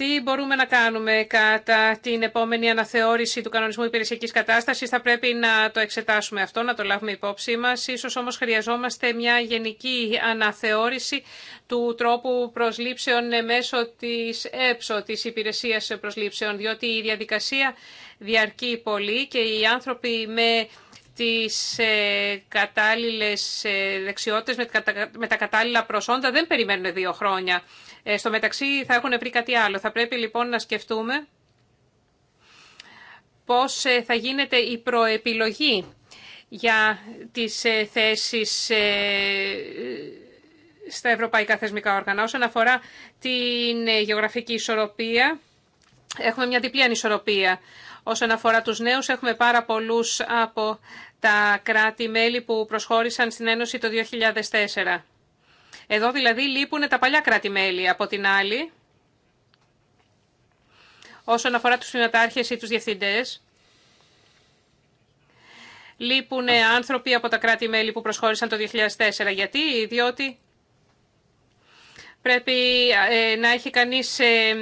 Τι μπορούμε να κάνουμε κατά την επόμενη αναθεώρηση του κανονισμού υπηρεσιακή κατάσταση. Θα πρέπει να το εξετάσουμε αυτό, να το λάβουμε υπόψη μα. σω όμω χρειαζόμαστε μια γενική αναθεώρηση του τρόπου προσλήψεων μέσω τη ΕΠΣΟ, τη Υπηρεσία Προσλήψεων, διότι η διαδικασία διαρκεί πολύ και οι άνθρωποι με τις ε, κατάλληλες ε, δεξιότητες, με τα κατάλληλα προσόντα δεν περιμένουν δύο χρόνια. Ε, στο μεταξύ θα έχουν βρει κάτι άλλο. Θα πρέπει λοιπόν να σκεφτούμε πώς ε, θα γίνεται η προεπιλογή για τις ε, θέσεις στα ευρωπαϊκά θεσμικά όργανα. Όσον αφορά την γεωγραφική ισορροπία, έχουμε μια διπλή ανισορροπία. Όσον αφορά τους νέους, έχουμε πάρα πολλούς από τα κράτη-μέλη που προσχώρησαν στην Ένωση το 2004. Εδώ δηλαδή λείπουν τα παλιά κράτη-μέλη. Από την άλλη, όσον αφορά τους φυνατάρχες ή τους διευθυντές, λείπουν άνθρωποι από τα κράτη-μέλη που προσχώρησαν το 2004. Γιατί, διότι πρέπει ε, να έχει κανείς... Ε,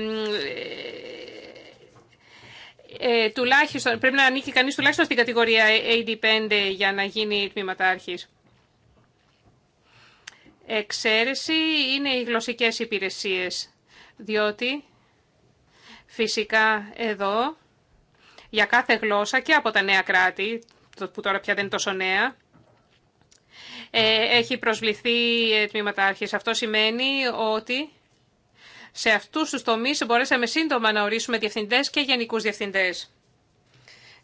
ε, τουλάχιστον, πρέπει να ανήκει κανείς τουλάχιστον στην κατηγορία AD5 για να γίνει τμήματάρχης εξαίρεση είναι οι γλωσσικές υπηρεσίες, διότι φυσικά εδώ για κάθε γλώσσα και από τα νέα κράτη, που τώρα πια δεν είναι τόσο νέα, ε, έχει προσβληθεί ε, τμήματα άρχης. Αυτό σημαίνει ότι σε αυτούς τους τομείς μπορέσαμε σύντομα να ορίσουμε διευθυντές και γενικούς διευθυντές.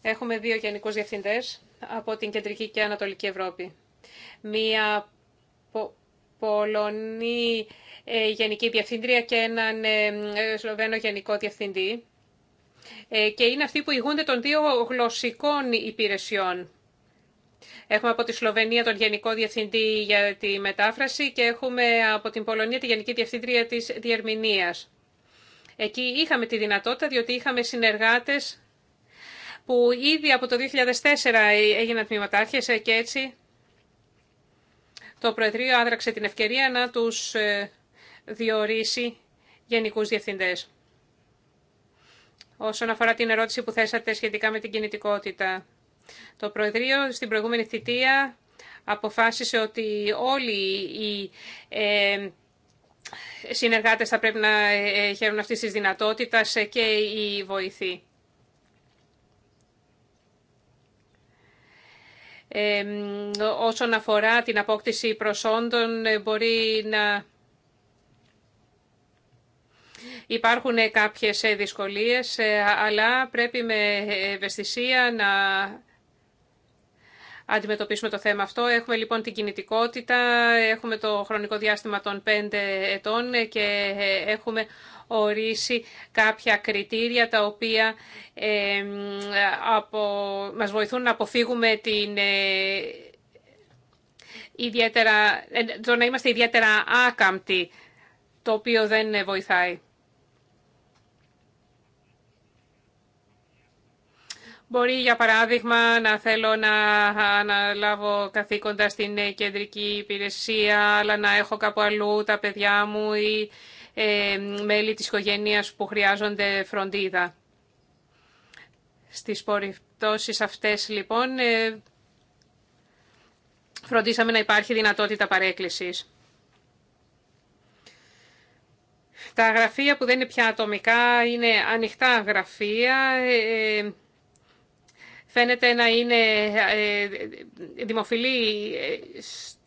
Έχουμε δύο γενικούς διευθυντές από την Κεντρική και Ανατολική Ευρώπη. Μία Πολωνή ε, Γενική Διευθύντρια και έναν ε, Σλοβαίνο Γενικό Διευθυντή. Ε, και είναι αυτοί που ηγούνται των δύο γλωσσικών υπηρεσιών. Έχουμε από τη Σλοβενία τον Γενικό Διευθυντή για τη μετάφραση και έχουμε από την Πολωνία τη Γενική Διευθύντρια της Διερμηνίας. Εκεί είχαμε τη δυνατότητα διότι είχαμε συνεργάτες που ήδη από το 2004 έγιναν τμήματάρχες και έτσι το Προεδρείο άδραξε την ευκαιρία να τους ε, διορίσει γενικούς διευθυντές. Όσον αφορά την ερώτηση που θέσατε σχετικά με την κινητικότητα, το Προεδρείο στην προηγούμενη θητεία αποφάσισε ότι όλοι οι ε, συνεργάτες θα πρέπει να ε, χαίρουν αυτής της δυνατότητας και οι βοηθοί. όσον αφορά την απόκτηση προσόντων ε, μπορεί να υπάρχουν κάποιες ε, δυσκολίες, ε, αλλά πρέπει με ευαισθησία να αντιμετωπίσουμε το θέμα αυτό. Έχουμε λοιπόν την κινητικότητα, έχουμε το χρονικό διάστημα των 5 ετών και έχουμε ορίσει κάποια κριτήρια τα οποία από, μας βοηθούν να αποφύγουμε την ε, ιδιαίτερα, ε, το να είμαστε ιδιαίτερα άκαμπτοι, το οποίο δεν βοηθάει. Μπορεί, για παράδειγμα, να θέλω να αναλάβω καθήκοντα στην κεντρική υπηρεσία, αλλά να έχω κάπου αλλού τα παιδιά μου ή ε, μέλη της οικογένειας που χρειάζονται φροντίδα. Στις περιπτώσεις αυτές λοιπόν ε, φροντίσαμε να υπάρχει δυνατότητα παρέκκλησης. Τα γραφεία που δεν είναι πια ατομικά είναι ανοιχτά γραφεία. Ε, φαίνεται να είναι δημοφιλή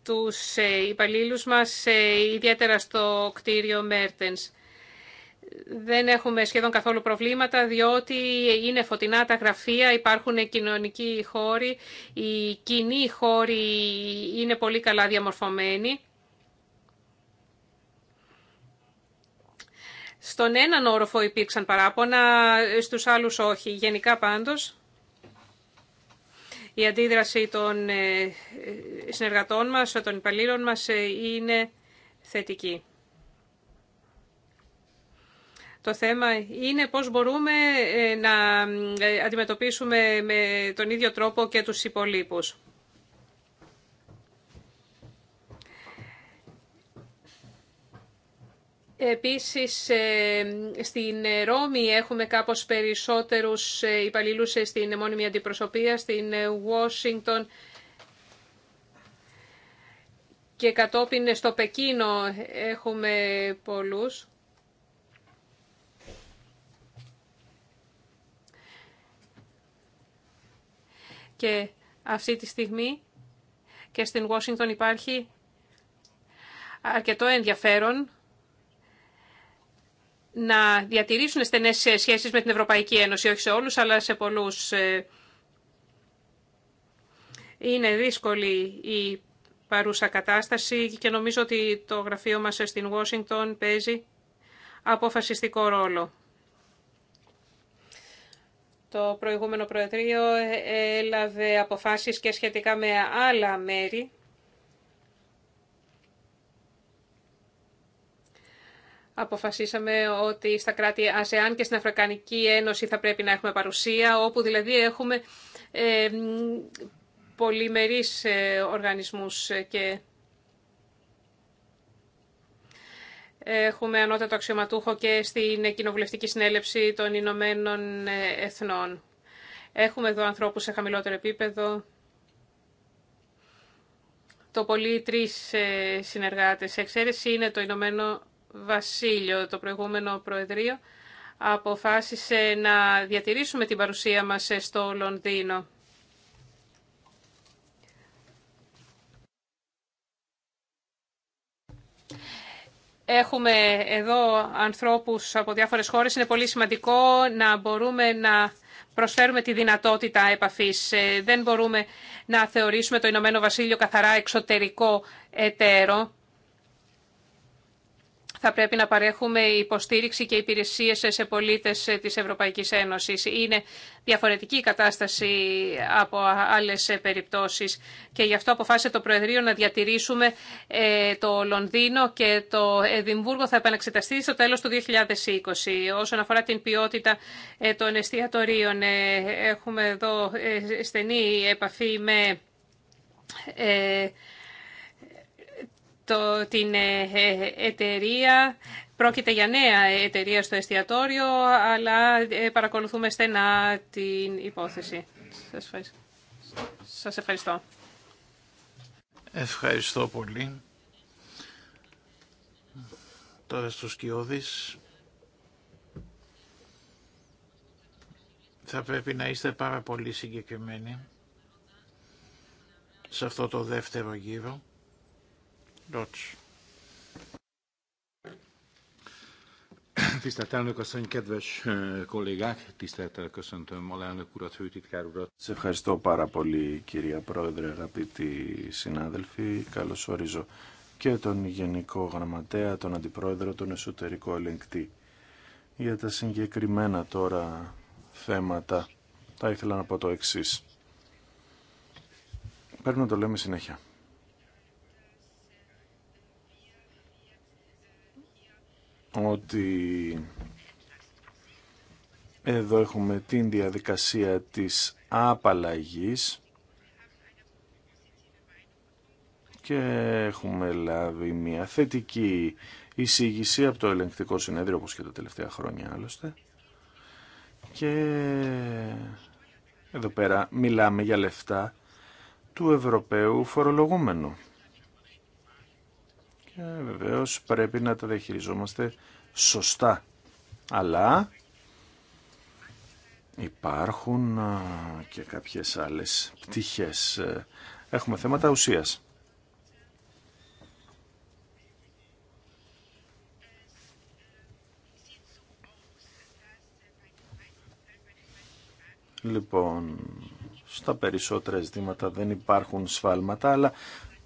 τους ε, υπαλλήλους μας, ε, ιδιαίτερα στο κτίριο Μέρτενς. Δεν έχουμε σχεδόν καθόλου προβλήματα, διότι είναι φωτεινά τα γραφεία, υπάρχουν κοινωνικοί χώροι, οι κοινοί χώροι είναι πολύ καλά διαμορφωμένοι. Στον έναν όροφο υπήρξαν παράπονα, ε, στους άλλους όχι. Γενικά πάντως, η αντίδραση των ε, ε, συνεργατών μας, των υπαλλήλων μας ε, είναι θετική. Το θέμα είναι πώς μπορούμε να αντιμετωπίσουμε με τον ίδιο τρόπο και τους υπολείπους. Επίσης, ε, στην Ρώμη έχουμε κάπως περισσότερους ε, υπαλλήλους ε, στην μόνιμη αντιπροσωπεία, στην Ουάσιγκτον και κατόπιν στο Πεκίνο έχουμε πολλούς. Και αυτή τη στιγμή και στην Ουάσιγκτον υπάρχει αρκετό ενδιαφέρον να διατηρήσουν στενές σχέσεις με την Ευρωπαϊκή Ένωση, όχι σε όλου, αλλά σε πολλού. Ε, είναι δύσκολη η παρούσα κατάσταση και νομίζω ότι το γραφείο μας στην Ουάσιγκτον παίζει αποφασιστικό ρόλο. Το προηγούμενο Προεδρείο έλαβε αποφάσεις και σχετικά με άλλα μέρη αποφασίσαμε ότι στα κράτη ΑΣΕΑΝ και στην Αφρικανική Ένωση θα πρέπει να έχουμε παρουσία, όπου δηλαδή έχουμε ε, πολυμερείς ε, οργανισμούς και έχουμε ανώτατο αξιωματούχο και στην Κοινοβουλευτική Συνέλευση των Ηνωμένων ε, Εθνών. Έχουμε εδώ ανθρώπους σε χαμηλότερο επίπεδο, το πολύ τρεις ε, συνεργάτες. Εξαίρεση είναι το Ηνωμένο Βασίλειο, το προηγούμενο Προεδρείο, αποφάσισε να διατηρήσουμε την παρουσία μας στο Λονδίνο. Έχουμε εδώ ανθρώπους από διάφορες χώρες. Είναι πολύ σημαντικό να μπορούμε να προσφέρουμε τη δυνατότητα επαφής. Ε, δεν μπορούμε να θεωρήσουμε το Ηνωμένο Βασίλειο καθαρά εξωτερικό εταίρο θα πρέπει να παρέχουμε υποστήριξη και υπηρεσίες σε πολίτε της Ευρωπαϊκής Ένωσης. Είναι διαφορετική η κατάσταση από άλλες περιπτώσει. και γι' αυτό αποφάσισε το Προεδρείο να διατηρήσουμε ε, το Λονδίνο και το Εδιμβούργο θα επαναξεταστεί στο τέλος του 2020. Όσον αφορά την ποιότητα ε, των εστιατορίων, ε, έχουμε εδώ στενή επαφή με το, την ε, ε, εταιρεία. Πρόκειται για νέα εταιρεία στο εστιατόριο, αλλά ε, παρακολουθούμε στενά την υπόθεση. Σας ευχαριστώ. Σας ευχαριστώ.
Ευχαριστώ πολύ. Τώρα στους Σκιώδης. Θα πρέπει να είστε πάρα πολύ συγκεκριμένοι σε αυτό το δεύτερο γύρο. Dodge. Tisztelt elnök asszony, kedves kollégák, tisztelettel köszöntöm
Σε ευχαριστώ πάρα πολύ κυρία Πρόεδρε, αγαπητοί συνάδελφοι. Καλώς ορίζω και τον Γενικό Γραμματέα, τον Αντιπρόεδρο, τον Εσωτερικό Ελεγκτή. Για τα συγκεκριμένα τώρα θέματα θα ήθελα να πω το εξή. Πρέπει να το λέμε συνέχεια. ότι εδώ έχουμε την διαδικασία της απαλλαγής και έχουμε λάβει μια θετική εισήγηση από το ελεγκτικό συνέδριο όπως και τα τελευταία χρόνια άλλωστε και εδώ πέρα μιλάμε για λεφτά του Ευρωπαίου φορολογούμενου. Ε, βεβαίως πρέπει να τα διαχειριζόμαστε σωστά. Αλλά υπάρχουν και κάποιες άλλες πτυχές. Ε, έχουμε θέματα ουσίας. Λοιπόν, στα περισσότερα ζητήματα δεν υπάρχουν σφάλματα, αλλά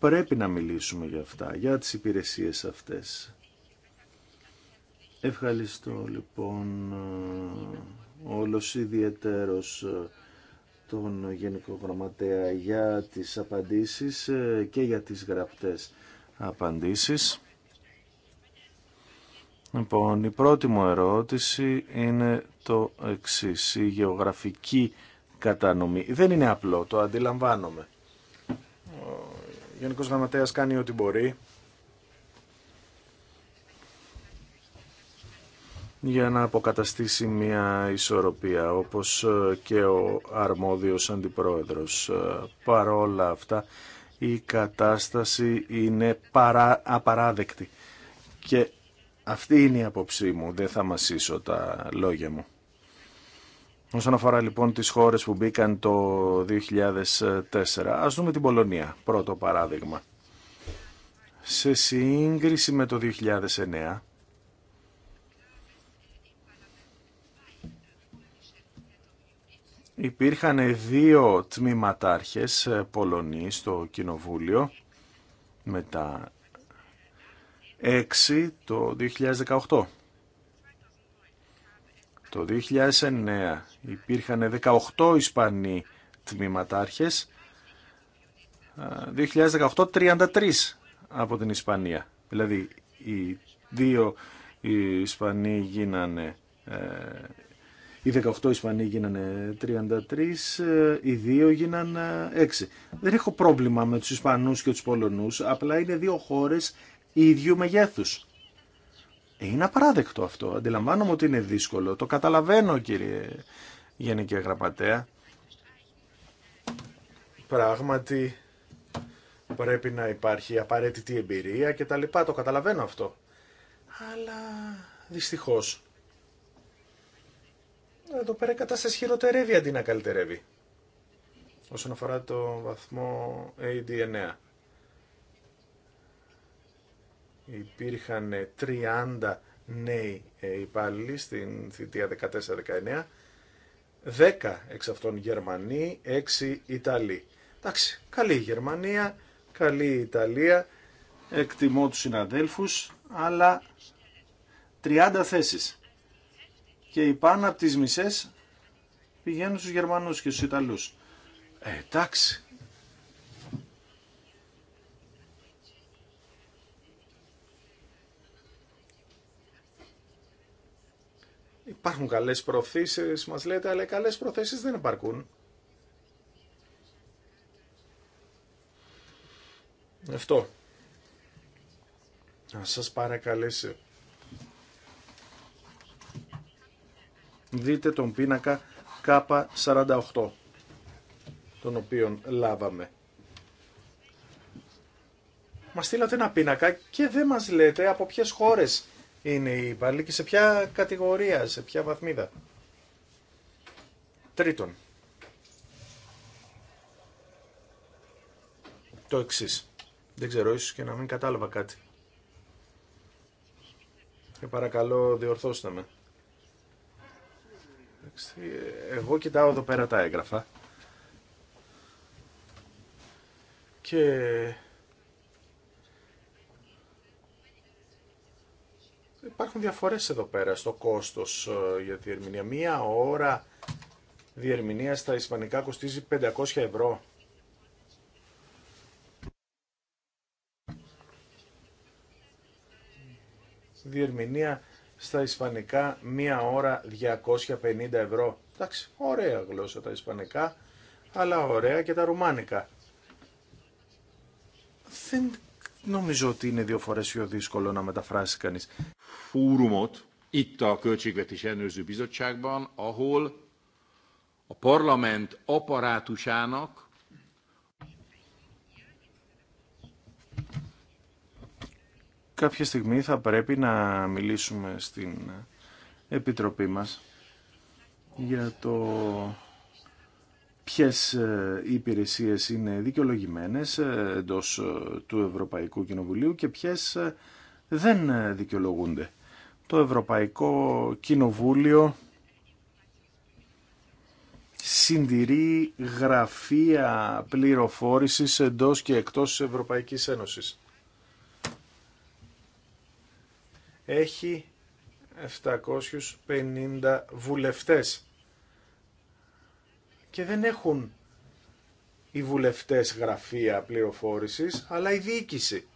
πρέπει να μιλήσουμε για αυτά, για τις υπηρεσίες αυτές. Ευχαριστώ λοιπόν όλος ιδιαίτερος ε, τον Γενικό Γραμματέα για τις απαντήσεις ε, και για τις γραπτές απαντήσεις. Λοιπόν, η πρώτη μου ερώτηση είναι το εξή. η γεωγραφική κατανομή. Δεν είναι απλό, το αντιλαμβάνομαι. Γενικός Γραμματέας κάνει ό,τι μπορεί για να αποκαταστήσει μια ισορροπία, όπως ε, και ο αρμόδιος αντιπρόεδρος. Ε, παρόλα αυτά, η κατάσταση είναι παρά, απαράδεκτη. Και αυτή είναι η απόψή μου, δεν θα μασίσω τα λόγια μου. Όσον αφορά λοιπόν τις χώρες που μπήκαν το 2004, ας δούμε την Πολωνία, πρώτο παράδειγμα. Σε σύγκριση με το 2009, υπήρχαν δύο τμήματάρχες ε, Πολωνοί στο Κοινοβούλιο, μετά έξι το 2018. Το 2009 υπήρχαν 18 Ισπανοί τμήματάρχες, 2018 33 από την Ισπανία. Δηλαδή οι δύο οι Ισπανοί γίνανε, ε, οι 18 Ισπανοί γίνανε 33, ε, οι δύο γίνανε 6. Δεν έχω πρόβλημα με τους Ισπανούς και τους Πολωνούς, απλά είναι δύο χώρες ίδιου μεγέθους. Είναι απαράδεκτο αυτό. Αντιλαμβάνομαι ότι είναι δύσκολο. Το καταλαβαίνω κύριε Γενική Γραμματέα. Πράγματι πρέπει να υπάρχει απαραίτητη εμπειρία και τα λοιπά. Το καταλαβαίνω αυτό. Αλλά δυστυχώς εδώ πέρα η κατάσταση χειροτερεύει αντί να καλυτερεύει όσον αφορά το βαθμό AD9 υπήρχαν 30 ε, νέοι ε, υπάλληλοι στην θητεία 14-19, 10 εξ αυτών Γερμανοί, 6 Ιταλοί. Εντάξει, καλή η Γερμανία, καλή η Ιταλία, εκτιμώ τους συναδέλφους, αλλά 30 θέσεις. Και οι πάνω από τις μισές πηγαίνουν στους Γερμανούς και στους Ιταλούς. Ε, εντάξει, Υπάρχουν καλές προθέσεις, μας λέτε, αλλά οι καλές προθέσεις δεν επαρκούν. Αυτό. Να σας παρακαλέσει. Δείτε τον πίνακα K48, τον οποίον λάβαμε. Μας στείλατε ένα πίνακα και δεν μας λέτε από ποιες χώρες είναι η υπάλληλοι και σε ποια κατηγορία, σε ποια βαθμίδα. Τρίτον, το εξή. Δεν ξέρω, ίσως και να μην κατάλαβα κάτι. Και ε, παρακαλώ διορθώστε με. Εγώ κοιτάω εδώ πέρα τα έγγραφα. Και Υπάρχουν διαφορές εδώ πέρα στο κόστος ε, για τη διερμηνία. Μία ώρα διερμηνία στα ισπανικά κοστίζει 500 ευρώ. Διερμηνία στα ισπανικά μία ώρα 250 ευρώ. Εντάξει, ωραία γλώσσα τα ισπανικά, αλλά ωραία και τα ρουμάνικα. Νομίζω ότι είναι δύο φορές πιο δύσκολο να μεταφράσει κανείς. Fórumot
itt a Költségvetés Ellenőrző Bizottságban, ahol a parlament apparátusának
Κάποια στιγμή θα πρέπει να μιλήσουμε στην Επιτροπή μας για το ποιες ε, υπηρεσίες είναι δικαιολογημένες ε, εντός ε, του Ευρωπαϊκού Κοινοβουλίου και ποιες δεν δικαιολογούνται. Το Ευρωπαϊκό Κοινοβούλιο συντηρεί γραφεία πληροφόρησης εντός και εκτός της Ευρωπαϊκής Ένωσης. Έχει 750 βουλευτές και δεν έχουν οι βουλευτές γραφεία πληροφόρησης, αλλά η διοίκηση.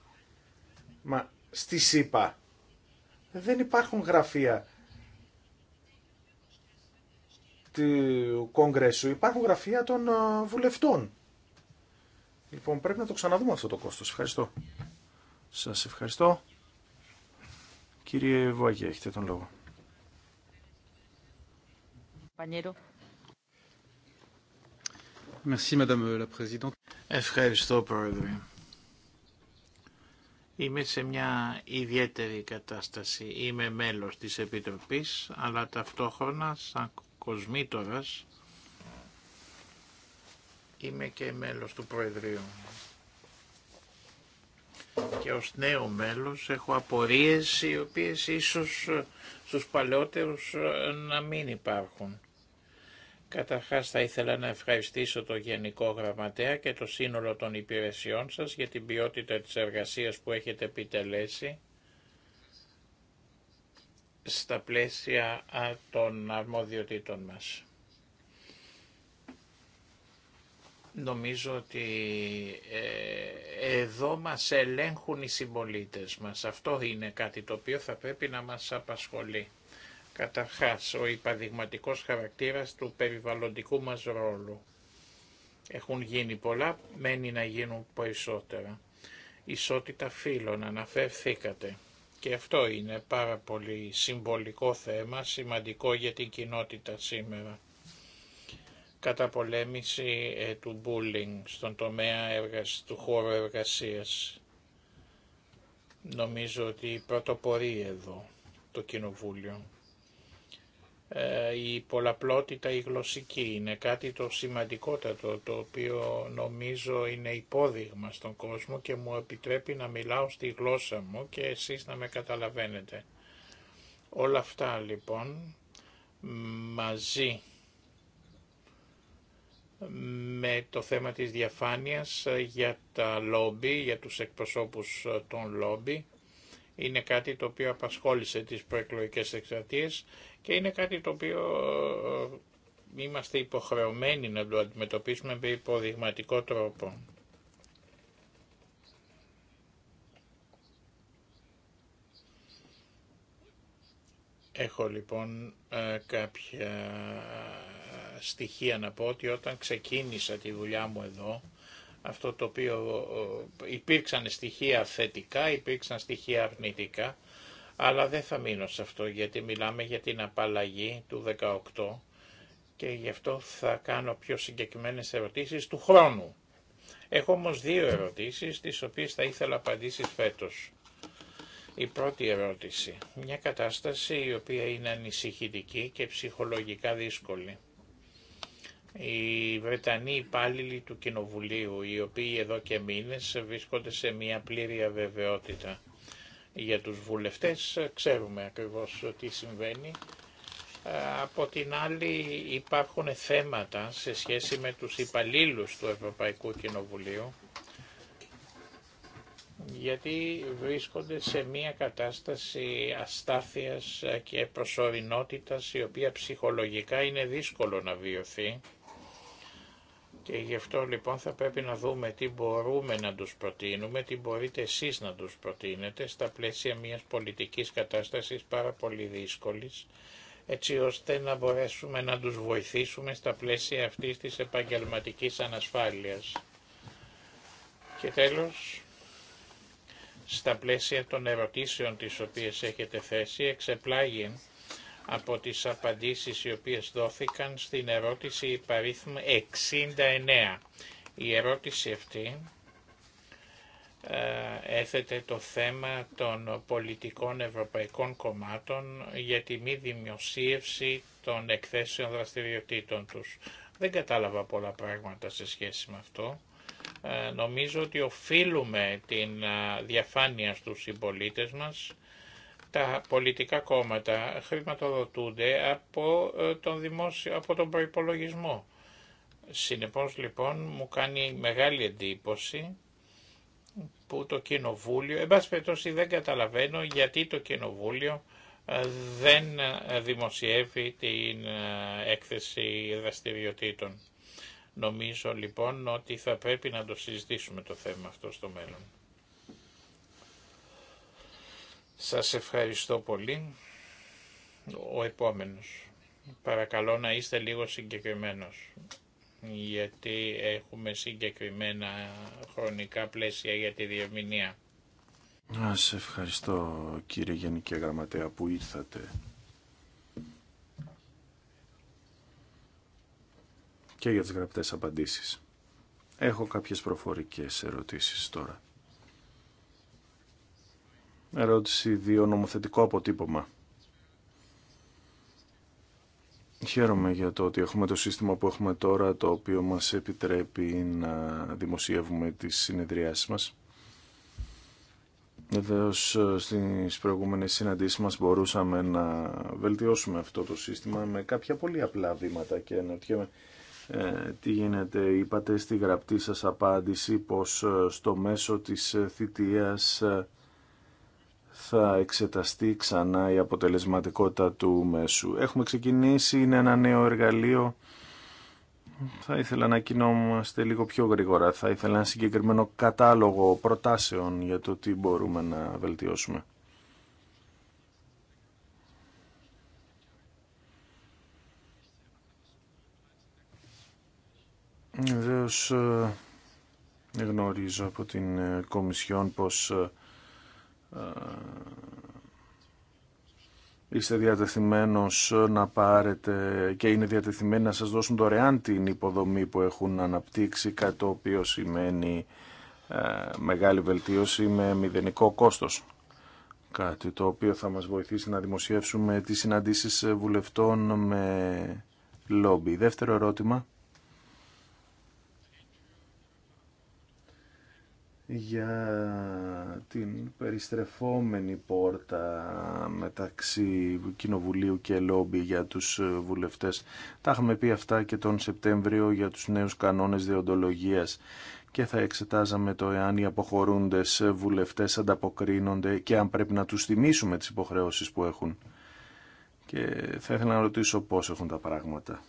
Μα στη ΣΥΠΑ δεν υπάρχουν γραφεία του Κόγκρεσου, υπάρχουν γραφεία των βουλευτών. Λοιπόν, πρέπει να το ξαναδούμε αυτό το κόστος. Ευχαριστώ. Σας ευχαριστώ. Κύριε Βουαγέ, έχετε τον λόγο.
Ευχαριστώ, Πρόεδρε. Είμαι σε μια ιδιαίτερη κατάσταση. Είμαι μέλος της Επιτροπής, αλλά ταυτόχρονα σαν κοσμήτορας είμαι και μέλος του Προεδρείου. Και ως νέο μέλος έχω απορίες οι οποίες ίσως ε, στους παλαιότερους ε, να μην υπάρχουν. Καταρχάς θα ήθελα να ευχαριστήσω το Γενικό Γραμματέα και το σύνολο των υπηρεσιών σας για την ποιότητα της εργασίας που έχετε επιτελέσει στα πλαίσια των αρμοδιοτήτων μας. Νομίζω ότι ε, εδώ μας ελέγχουν οι συμπολίτε μας. Αυτό είναι κάτι το οποίο θα πρέπει να μας απασχολεί. Καταρχάς, ο υπαδειγματικός χαρακτήρας του περιβαλλοντικού μας ρόλου. Έχουν γίνει πολλά, μένει να γίνουν περισσότερα. Ισότητα φύλων, αναφερθήκατε. Και αυτό είναι πάρα πολύ συμβολικό θέμα, σημαντικό για την κοινότητα σήμερα. Καταπολέμηση ε, του bullying στον τομέα εργασ... του χώρου εργασίας. Νομίζω ότι πρωτοπορεί εδώ το Κοινοβούλιο. Ε, η πολλαπλότητα η γλωσσική είναι κάτι το σημαντικότατο το οποίο νομίζω είναι υπόδειγμα στον κόσμο και μου επιτρέπει να μιλάω στη γλώσσα μου και εσείς να με καταλαβαίνετε. Όλα αυτά λοιπόν μαζί με το θέμα της διαφάνειας για τα λόμπι, για τους εκπροσώπους των λόμπι, είναι κάτι το οποίο απασχόλησε τις προεκλογικές εκστρατείες και είναι κάτι το οποίο ε, είμαστε υποχρεωμένοι να το αντιμετωπίσουμε με υποδειγματικό τρόπο. Έχω λοιπόν ε, κάποια στοιχεία να πω ότι όταν ξεκίνησα τη δουλειά μου εδώ αυτό το οποίο υπήρξαν στοιχεία θετικά, υπήρξαν στοιχεία αρνητικά, αλλά δεν θα μείνω σε αυτό γιατί μιλάμε για την απαλλαγή του 18 και γι' αυτό θα κάνω πιο συγκεκριμένες ερωτήσεις του χρόνου. Έχω όμω δύο ερωτήσεις, τις οποίες θα ήθελα απαντήσεις φέτος. Η πρώτη ερώτηση. Μια κατάσταση η οποία είναι ανησυχητική και ψυχολογικά δύσκολη. Οι Βρετανοί υπάλληλοι του Κοινοβουλίου, οι οποίοι εδώ και μήνες βρίσκονται σε μια πλήρη αβεβαιότητα για τους βουλευτές, ξέρουμε ακριβώς τι συμβαίνει. Από την άλλη υπάρχουν θέματα σε σχέση με τους υπαλλήλους του Ευρωπαϊκού Κοινοβουλίου, γιατί βρίσκονται σε μια κατάσταση αστάθειας και προσωρινότητας η οποία ψυχολογικά είναι δύσκολο να βιωθεί και γι' αυτό λοιπόν θα πρέπει να δούμε τι μπορούμε να τους προτείνουμε, τι μπορείτε εσείς να τους προτείνετε στα πλαίσια μιας πολιτικής κατάστασης πάρα πολύ δύσκολης, έτσι ώστε να μπορέσουμε να τους βοηθήσουμε στα πλαίσια αυτής της επαγγελματικής ανασφάλειας. Και τέλος, στα πλαίσια των ερωτήσεων τις οποίες έχετε θέσει, εξεπλάγει από τις απαντήσεις οι οποίες δόθηκαν στην ερώτηση υπαρίθμου 69. Η ερώτηση αυτή ε, έθετε το θέμα των πολιτικών ευρωπαϊκών κομμάτων για τη μη δημοσίευση των εκθέσεων δραστηριοτήτων τους. Δεν κατάλαβα πολλά πράγματα σε σχέση με αυτό. Ε, νομίζω ότι οφείλουμε την ε, διαφάνεια στους συμπολίτε μας τα πολιτικά κόμματα χρηματοδοτούνται από ε, τον, δημόσιο, από τον προϋπολογισμό. Συνεπώς λοιπόν μου κάνει μεγάλη εντύπωση που το κοινοβούλιο, εν πάση περιπτώσει δεν καταλαβαίνω γιατί το κοινοβούλιο ε, δεν ε, δημοσιεύει την έκθεση δραστηριοτήτων. Νομίζω λοιπόν ότι θα πρέπει να το συζητήσουμε το θέμα αυτό στο μέλλον. Σας ευχαριστώ πολύ. Ο επόμενος. Παρακαλώ να είστε λίγο συγκεκριμένος γιατί έχουμε συγκεκριμένα χρονικά πλαίσια για τη διευμηνία.
Να ευχαριστώ κύριε Γενική Γραμματέα που ήρθατε. Και για τις γραπτές απαντήσεις. Έχω κάποιες προφορικές ερωτήσεις τώρα. Ερώτηση 2. Νομοθετικό αποτύπωμα. Χαίρομαι για το ότι έχουμε το σύστημα που έχουμε τώρα, το οποίο μας επιτρέπει να δημοσιεύουμε τις συνεδριάσεις μας. Βεβαίω στις προηγούμενες συναντήσεις μας μπορούσαμε να βελτιώσουμε αυτό το σύστημα με κάποια πολύ απλά βήματα και αναρωτιέμαι ε, τι γίνεται, είπατε στη γραπτή σας απάντηση πως ε, στο μέσο της θητείας ε, θα εξεταστεί ξανά η αποτελεσματικότητα του μέσου. Έχουμε ξεκινήσει, είναι ένα νέο εργαλείο. Θα ήθελα να κοινόμαστε λίγο πιο γρήγορα. Θα ήθελα ένα συγκεκριμένο κατάλογο προτάσεων για το τι μπορούμε να βελτιώσουμε. Βεβαίω ε, γνωρίζω από την ε, Κομισιόν πως ε, ε, είστε διατεθειμένος να πάρετε και είναι διατεθειμένοι να σας δώσουν δωρεάν την υποδομή που έχουν αναπτύξει, κάτι το οποίο σημαίνει ε, μεγάλη βελτίωση με μηδενικό κόστος. Κάτι το οποίο θα μας βοηθήσει να δημοσιεύσουμε τις συναντήσεις βουλευτών με λόμπι. Δεύτερο ερώτημα για την περιστρεφόμενη πόρτα μεταξύ Κοινοβουλίου και Λόμπι για τους ε, βουλευτές. Τα είχαμε πει αυτά και τον Σεπτέμβριο για τους νέους κανόνες διοντολογίας και θα εξετάζαμε το εάν οι αποχωρούντες ε, βουλευτές ανταποκρίνονται και αν πρέπει να τους θυμίσουμε τις υποχρεώσεις που έχουν. Και θα ήθελα να ρωτήσω πώς έχουν τα πράγματα.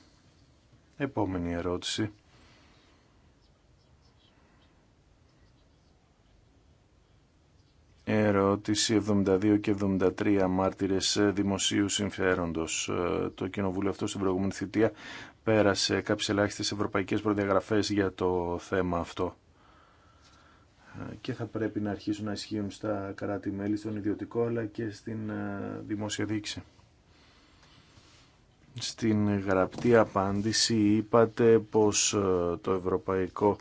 Επόμενη ερώτηση. Ερώτηση 72 και 73 μάρτυρες δημοσίου συμφέροντος. Ε, το κοινοβούλιο αυτό στην προηγούμενη θητεία πέρασε κάποιες ελάχιστες ευρωπαϊκές προδιαγραφές για το θέμα αυτό ε, και θα πρέπει να αρχίσουν να ισχύουν στα κράτη-μέλη, στον ιδιωτικό αλλά και στην ε, δημόσια δίκηση. Στην γραπτή απάντηση είπατε πως το Ευρωπαϊκό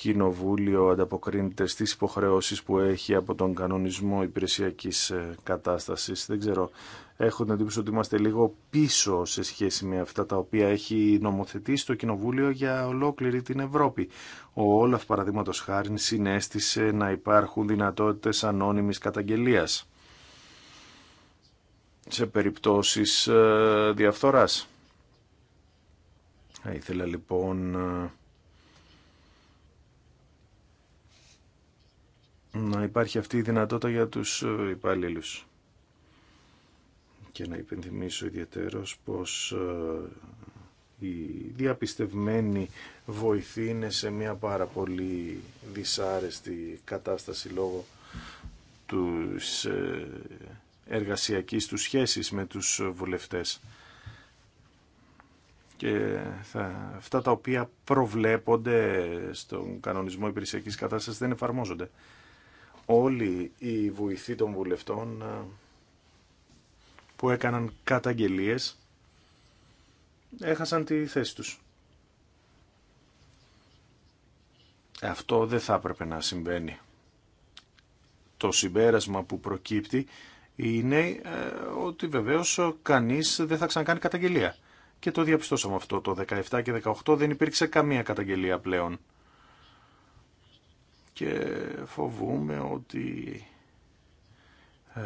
Κοινοβούλιο ανταποκρίνεται στις υποχρεώσεις που έχει από τον κανονισμό υπηρεσιακής ε, κατάστασης. Δεν ξέρω, έχω την εντύπωση ότι είμαστε λίγο πίσω σε σχέση με αυτά τα οποία έχει νομοθετήσει το Κοινοβούλιο για ολόκληρη την Ευρώπη. Ο Όλαφ παραδείγματο χάρη συνέστησε να υπάρχουν δυνατότητες ανώνυμης καταγγελίας σε περιπτώσεις ε, διαφθοράς. Θα ήθελα λοιπόν ε, να υπάρχει αυτή η δυνατότητα για τους ε, υπαλλήλου. Και να υπενθυμίσω ιδιαίτερος πως ε, η διαπιστευμένη βοηθή είναι σε μια πάρα πολύ δυσάρεστη κατάσταση λόγω τους ε, εργασιακής του σχέσης με τους βουλευτές και αυτά τα οποία προβλέπονται στον κανονισμό υπηρεσιακής κατάστασης δεν εφαρμόζονται όλοι οι βοηθοί των βουλευτών ε, που έκαναν καταγγελίες έχασαν τη θέση τους. Αυτό δεν θα έπρεπε να συμβαίνει. Το συμπέρασμα που προκύπτει είναι ε, ότι βεβαίως κανείς δεν θα ξανακάνει καταγγελία. Και το διαπιστώσαμε αυτό το 17 και 18 δεν υπήρξε καμία καταγγελία πλέον και φοβούμε ότι ε,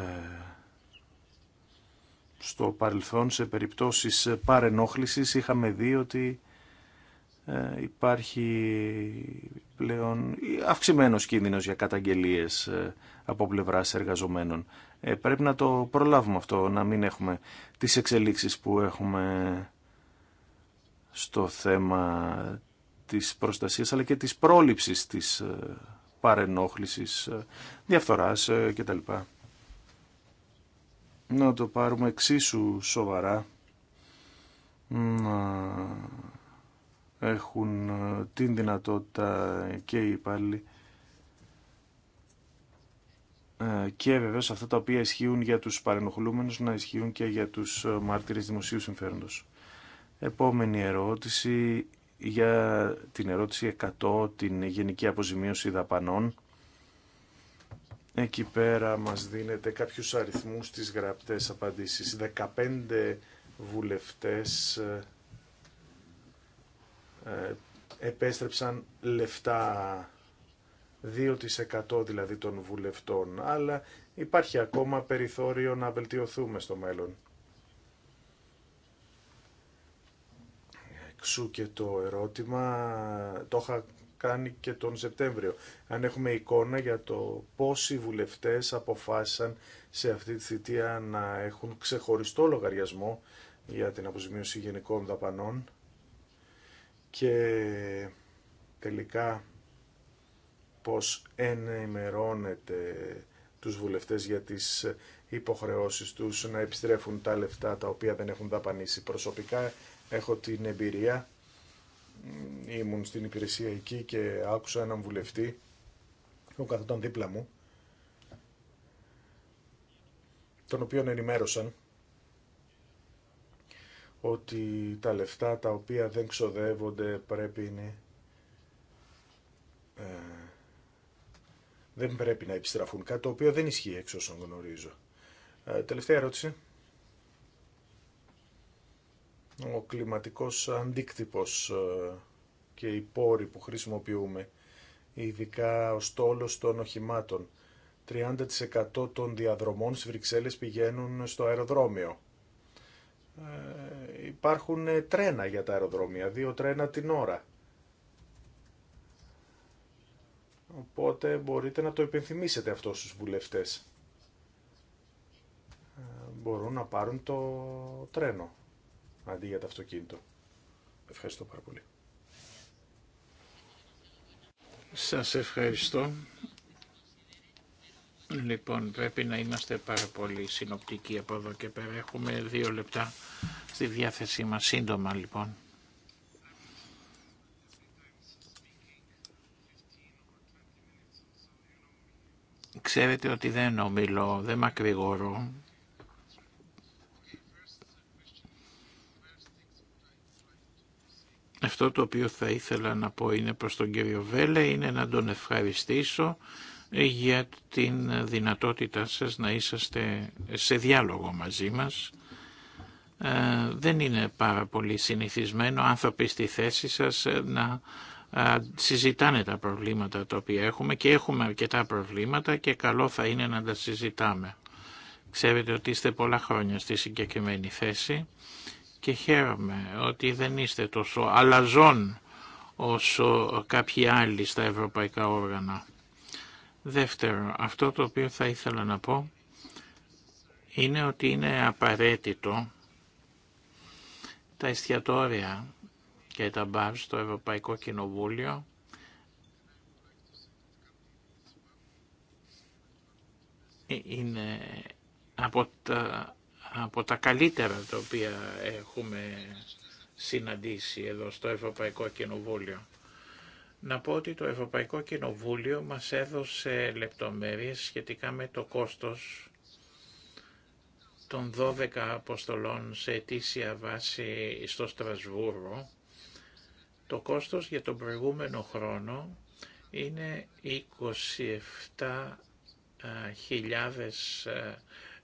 στο παρελθόν σε περιπτώσεις παρενόχλησης είχαμε δει ότι ε, υπάρχει πλέον αυξημένος κίνδυνος για καταγγελίες ε, από πλευράς εργαζομένων. Ε, πρέπει να το προλάβουμε αυτό, να μην έχουμε τις εξελίξεις που έχουμε στο θέμα της προστασίας αλλά και της πρόληψης της παρενόχλησης, ε, διαφθοράς ε, κτλ. Να το πάρουμε εξίσου σοβαρά. Να έχουν ε, την δυνατότητα και οι υπάλληλοι και βεβαίως αυτά τα οποία ισχύουν για τους παρενοχλούμενους να ισχύουν και για τους μάρτυρες δημοσίου συμφέροντος. Επόμενη ερώτηση για την ερώτηση 100, την γενική αποζημίωση δαπανών. Εκεί πέρα μας δίνεται κάποιους αριθμούς στις γραπτές απαντήσεις. 15 βουλευτές ε, επέστρεψαν λεφτά 2% δηλαδή των βουλευτών, αλλά υπάρχει ακόμα περιθώριο να βελτιωθούμε στο μέλλον. Σου και το ερώτημα, το είχα κάνει και τον Σεπτέμβριο. Αν έχουμε εικόνα για το οι βουλευτές αποφάσισαν σε αυτή τη θητεία να έχουν ξεχωριστό λογαριασμό για την αποζημίωση γενικών δαπανών και τελικά πως ενημερώνεται τους βουλευτές για τις υποχρεώσεις τους να επιστρέφουν τα λεφτά τα οποία δεν έχουν δαπανίσει. Προσωπικά έχω την εμπειρία, ήμουν στην υπηρεσία εκεί και άκουσα έναν βουλευτή που καθόταν δίπλα μου, τον οποίο ενημέρωσαν ότι τα λεφτά τα οποία δεν ξοδεύονται πρέπει να ε, δεν πρέπει να επιστραφούν, κάτι το οποίο δεν ισχύει έξω όσων γνωρίζω. Ε, τελευταία ερώτηση ο κλιματικός αντίκτυπος ε, και οι πόροι που χρησιμοποιούμε, ειδικά ο στόλος των οχημάτων. 30% των διαδρομών στις Βρυξέλλες πηγαίνουν στο αεροδρόμιο. Ε, υπάρχουν ε, τρένα για τα αεροδρόμια, δύο τρένα την ώρα. Οπότε μπορείτε να το υπενθυμίσετε αυτό στους βουλευτές. Ε, μπορούν να πάρουν το τρένο αντί για το αυτοκίνητο. Ευχαριστώ πάρα πολύ.
Σας ευχαριστώ. Λοιπόν, πρέπει να είμαστε πάρα πολύ συνοπτικοί από εδώ και πέρα. Έχουμε δύο λεπτά στη διάθεσή μας. Σύντομα, λοιπόν. Ξέρετε ότι δεν ομιλώ, δεν μακρηγορώ. Αυτό το οποίο θα ήθελα να πω είναι προς τον κύριο Βέλε, είναι να τον ευχαριστήσω για την δυνατότητά σας να είσαστε σε διάλογο μαζί μας. Ε, δεν είναι πάρα πολύ συνηθισμένο άνθρωποι στη θέση σας να συζητάνε τα προβλήματα τα οποία έχουμε και έχουμε αρκετά προβλήματα και καλό θα είναι να τα συζητάμε. Ξέρετε ότι είστε πολλά χρόνια στη συγκεκριμένη θέση και χαίρομαι ότι δεν είστε τόσο αλαζόν όσο κάποιοι άλλοι στα ευρωπαϊκά όργανα. Δεύτερο, αυτό το οποίο θα ήθελα να πω είναι ότι είναι απαραίτητο τα εστιατόρια και τα μπαρ στο Ευρωπαϊκό Κοινοβούλιο ε, είναι από τα από τα καλύτερα τα οποία έχουμε συναντήσει εδώ στο Ευρωπαϊκό Κοινοβούλιο. Να πω ότι το Ευρωπαϊκό Κοινοβούλιο μας έδωσε λεπτομέρειες σχετικά με το κόστος των 12 αποστολών σε αιτήσια βάση στο Στρασβούργο. Το κόστος για τον προηγούμενο χρόνο είναι 27.000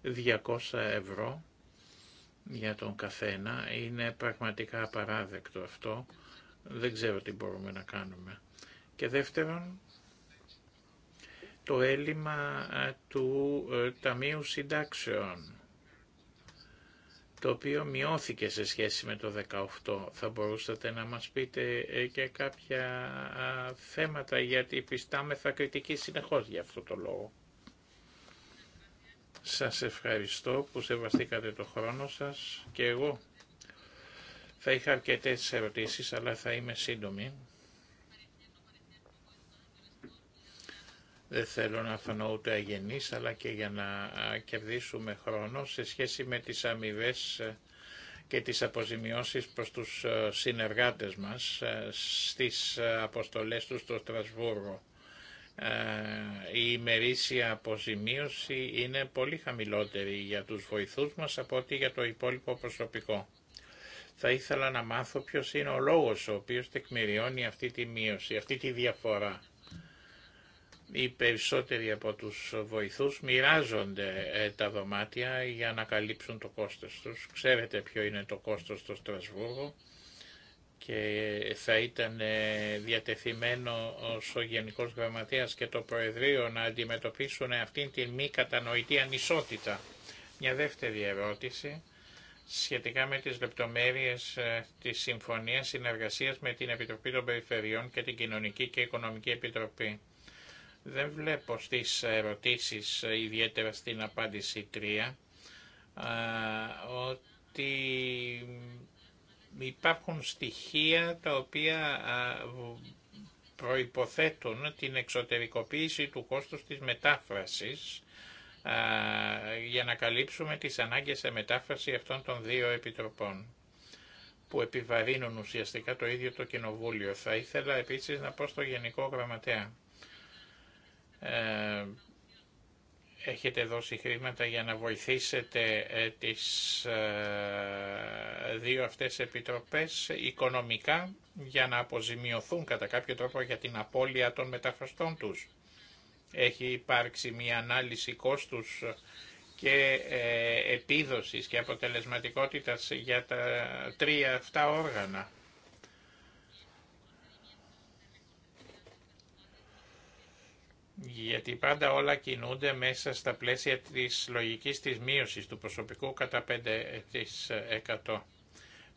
200 ευρώ για τον καθένα. Είναι πραγματικά απαράδεκτο αυτό. Δεν ξέρω τι μπορούμε να κάνουμε. Και δεύτερον, το έλλειμμα ε, του ε, Ταμείου Συντάξεων, το οποίο μειώθηκε σε σχέση με το 18. Θα μπορούσατε να μας πείτε ε, και κάποια θέματα, γιατί πιστάμε θα κριτική συνεχώς για αυτό το λόγο. Σας ευχαριστώ που σεβαστήκατε το χρόνο σας και εγώ θα είχα αρκετέ ερωτήσεις αλλά θα είμαι σύντομη. Δεν θέλω να φανώ ούτε αγενής αλλά και για να κερδίσουμε χρόνο σε σχέση με τις αμοιβέ και τις αποζημιώσεις προς τους συνεργάτες μας ε, στις αποστολές τους στο Στρασβούργο. Ε, η ημερήσια αποζημίωση είναι πολύ χαμηλότερη για τους βοηθούς μας από ό,τι για το υπόλοιπο προσωπικό. Θα ήθελα να μάθω ποιος είναι ο λόγος ο οποίος τεκμηριώνει αυτή τη μείωση, αυτή τη διαφορά. Οι περισσότεροι από τους βοηθούς μοιράζονται ε, τα δωμάτια για να καλύψουν το κόστος τους. Ξέρετε ποιο είναι το κόστος στο Στρασβούργο και θα ήταν ε, διατεθειμένο ο Γενικός Γραμματέας και το Προεδρείο να αντιμετωπίσουν αυτήν την μη κατανοητή ανισότητα. Μια δεύτερη ερώτηση σχετικά με τις λεπτομέρειες ε, της Συμφωνίας Συνεργασίας με την Επιτροπή των Περιφερειών και την Κοινωνική και Οικονομική Επιτροπή. Δεν βλέπω στις ερωτήσεις, ε, ιδιαίτερα στην απάντηση 3, ότι Υπάρχουν στοιχεία τα οποία προϋποθέτουν την εξωτερικοποίηση του κόστους της μετάφρασης για να καλύψουμε τις ανάγκες σε μετάφραση αυτών των δύο επιτροπών που επιβαρύνουν ουσιαστικά το ίδιο το Κοινοβούλιο. Θα ήθελα επίσης να πω στο Γενικό Γραμματέα. Ε, έχετε δώσει χρήματα για να βοηθήσετε ε, τις ε, δύο αυτές επιτροπές οικονομικά για να αποζημιωθούν κατά κάποιο τρόπο για την απώλεια των μεταφραστών τους. Έχει υπάρξει μια ανάλυση κόστους και ε, επίδοσης και αποτελεσματικότητας για τα τρία αυτά όργανα. γιατί πάντα όλα κινούνται μέσα στα πλαίσια της λογικής της μείωσης του προσωπικού κατά 5%.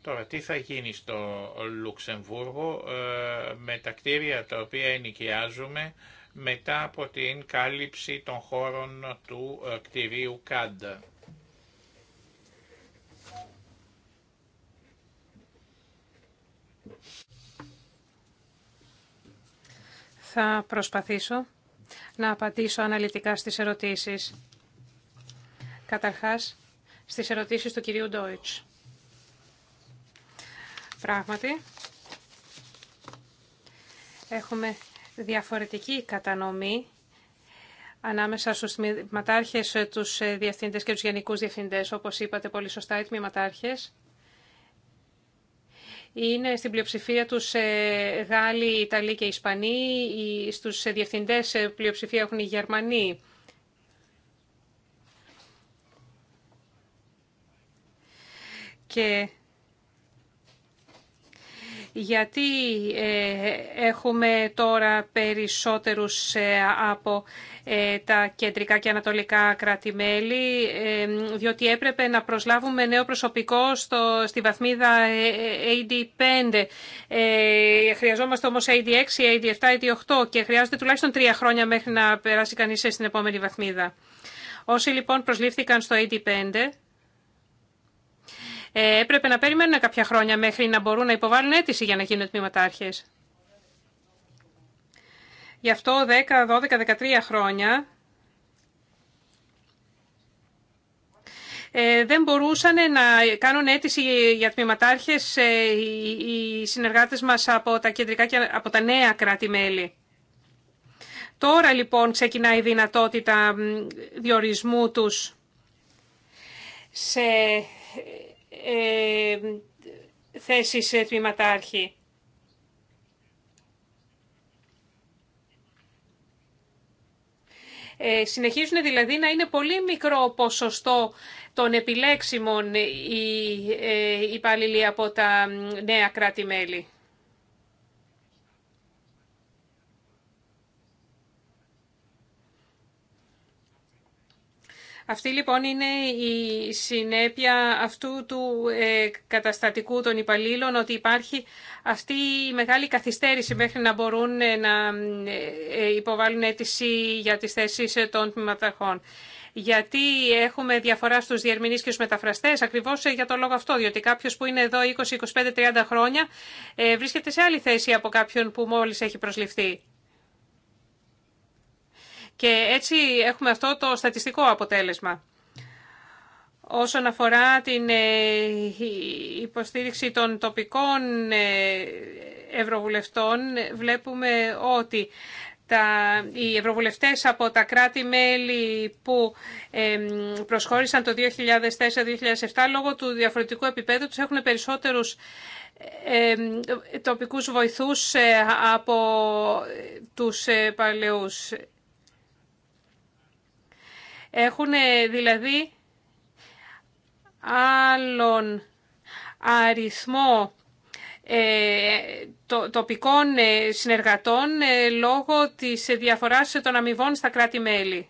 Τώρα, τι θα γίνει στο Λουξεμβούργο ε, με τα κτίρια τα οποία ενοικιάζουμε μετά από την κάλυψη των χώρων του ε, κτηρίου Κάντα.
Θα προσπαθήσω να απαντήσω αναλυτικά στις ερωτήσεις. Καταρχάς, στις ερωτήσεις του κυρίου Ντόιτς. Πράγματι, έχουμε διαφορετική κατανομή ανάμεσα στους τμήματάρχες, ε, τους ε, διευθυντές και τους γενικούς διευθυντές, όπως είπατε πολύ σωστά, οι τμήματάρχες είναι στην πλειοψηφία τους ε, Γάλλοι, Ιταλοί και Ισπανοί. Στους διευθυντές ε, πλειοψηφία έχουν οι Γερμανοί. Και γιατί ε, έχουμε τώρα περισσότερους ε, από ε, τα κεντρικά και ανατολικά κράτη-μέλη, διότι έπρεπε να προσλάβουμε νέο προσωπικό στο, στη βαθμίδα AD5. Χρειαζόμαστε όμως AD6, AD7, AD8 και χρειάζεται τουλάχιστον τρία χρόνια μέχρι να περάσει κανείς στην επόμενη βαθμίδα. Όσοι λοιπόν προσλήφθηκαν στο AD5, ε, έπρεπε να περιμένουν κάποια χρόνια μέχρι να μπορούν να υποβάλουν αίτηση για να γίνουν τμήματάρχε. Γι' αυτό 10, 12, 13 χρόνια ε, δεν μπορούσαν να κάνουν αίτηση για τμήματάρχες ε, οι συνεργάτες μας από τα κεντρικά και από τα νέα κράτη-μέλη. Τώρα λοιπόν ξεκινάει η δυνατότητα διορισμού τους σε ε, θέσεις τμήματάρχη. Ε, συνεχίζουν δηλαδή να είναι πολύ μικρό ποσοστό των επιλέξιμων οι ε, υπάλληλοι από τα νέα κράτη-μέλη. Αυτή λοιπόν είναι η συνέπεια αυτού του ε, καταστατικού των υπαλλήλων, ότι υπάρχει αυτή η μεγάλη καθυστέρηση μέχρι να μπορούν ε, να ε, υποβάλουν αίτηση για τις θέσεις των τμήματαρχών. Γιατί έχουμε διαφορά στους διερμηνείς και στους μεταφραστές, ακριβώς για το λόγο αυτό, διότι κάποιος που είναι εδώ 20, 25, 30 χρόνια βρίσκεται σε άλλη θέση από κάποιον που μόλις έχει προσληφθεί. Και έτσι έχουμε αυτό το στατιστικό αποτέλεσμα. Όσον αφορά την ε, υποστήριξη των τοπικών ε, ευρωβουλευτών, βλέπουμε ότι τα, οι ευρωβουλευτές από τα κράτη-μέλη που προσχώρησαν το 2004-2007 λόγω του διαφορετικού επίπεδου τους έχουν περισσότερους ε, τοπικούς βοηθούς ε, από τους παλαιούς. Έχουν ε, δηλαδή άλλον αριθμό ε, τοπικών ε, συνεργατών λόγω της διαφοράς των αμοιβών στα κράτη-μέλη.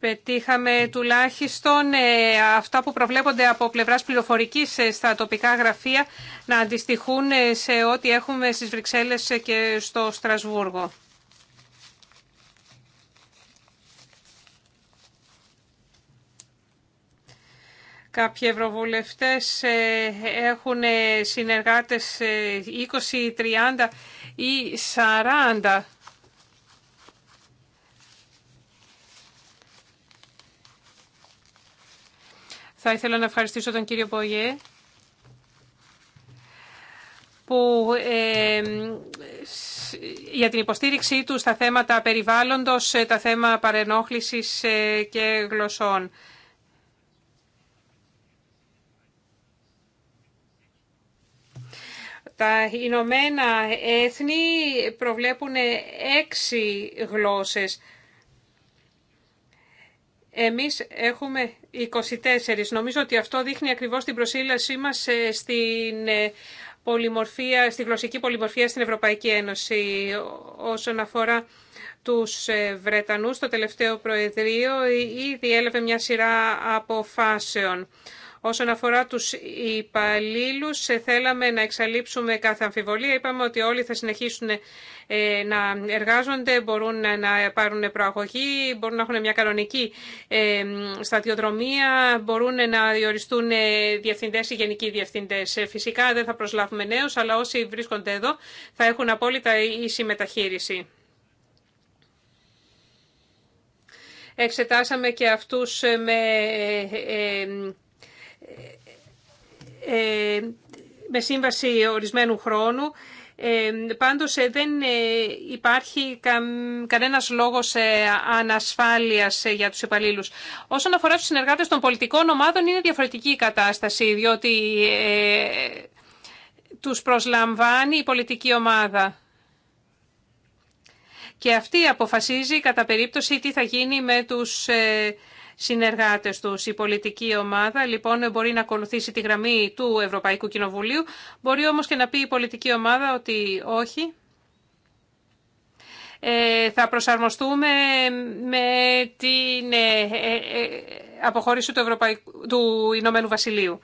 Πετύχαμε τουλάχιστον ε, αυτά που προβλέπονται από πλευράς πληροφορικής ε, στα τοπικά γραφεία να αντιστοιχούν ε, σε ό,τι έχουμε στις Βρυξέλλες και στο Στρασβούργο. Κάποιοι ευρωβουλευτές έχουν συνεργάτες 20, 30 ή 40 Θα ήθελα να ευχαριστήσω τον κύριο Πογέ που για την υποστήριξή του στα θέματα περιβάλλοντος, τα θέματα παρενόχλησης ε, και γλωσσών. Τα Ηνωμένα Έθνη προβλέπουν έξι γλώσσες. Εμείς έχουμε 24. Νομίζω ότι αυτό δείχνει ακριβώς την προσήλωσή μας ε, στην ε, πολυμορφία, στη γλωσσική πολυμορφία στην Ευρωπαϊκή Ένωση. Όσον αφορά τους ε, Βρετανούς, το τελευταίο Προεδρείο ήδη έλαβε μια σειρά αποφάσεων. Όσον αφορά τους υπαλλήλου, ε, θέλαμε να εξαλείψουμε κάθε αμφιβολία. Είπαμε ότι όλοι θα συνεχίσουν ε, να εργάζονται, μπορούν να πάρουν προαγωγή, μπορούν να έχουν μια κανονική ε, σταδιοδρομία, μπορούν να διοριστούν διευθυντέ, ή γενικοί διευθυντέ. Φυσικά δεν θα προσλάβουμε νέου, αλλά όσοι βρίσκονται εδώ θα έχουν απόλυτα ίση μεταχείριση. Εξετάσαμε και αυτούς με ε, με σύμβαση ορισμένου χρόνου. Ε, πάντως ε, δεν υπάρχει κανένας λόγος ανασφάλειας για τους υπαλλήλους. Όσον αφορά τους συνεργάτες των πολιτικών ομάδων είναι διαφορετική η κατάσταση, διότι τους προσλαμβάνει η πολιτική ομάδα. Και αυτή αποφασίζει κατά περίπτωση τι θα γίνει με τους συνεργάτες του. Η πολιτική ομάδα λοιπόν μπορεί να ακολουθήσει τη γραμμή του Ευρωπαϊκού Κοινοβουλίου, μπορεί όμως και να πει η πολιτική ομάδα ότι όχι, ε, θα προσαρμοστούμε με την ε, ε, αποχώρηση του, Ευρωπαϊκού, του Ηνωμένου Βασιλείου.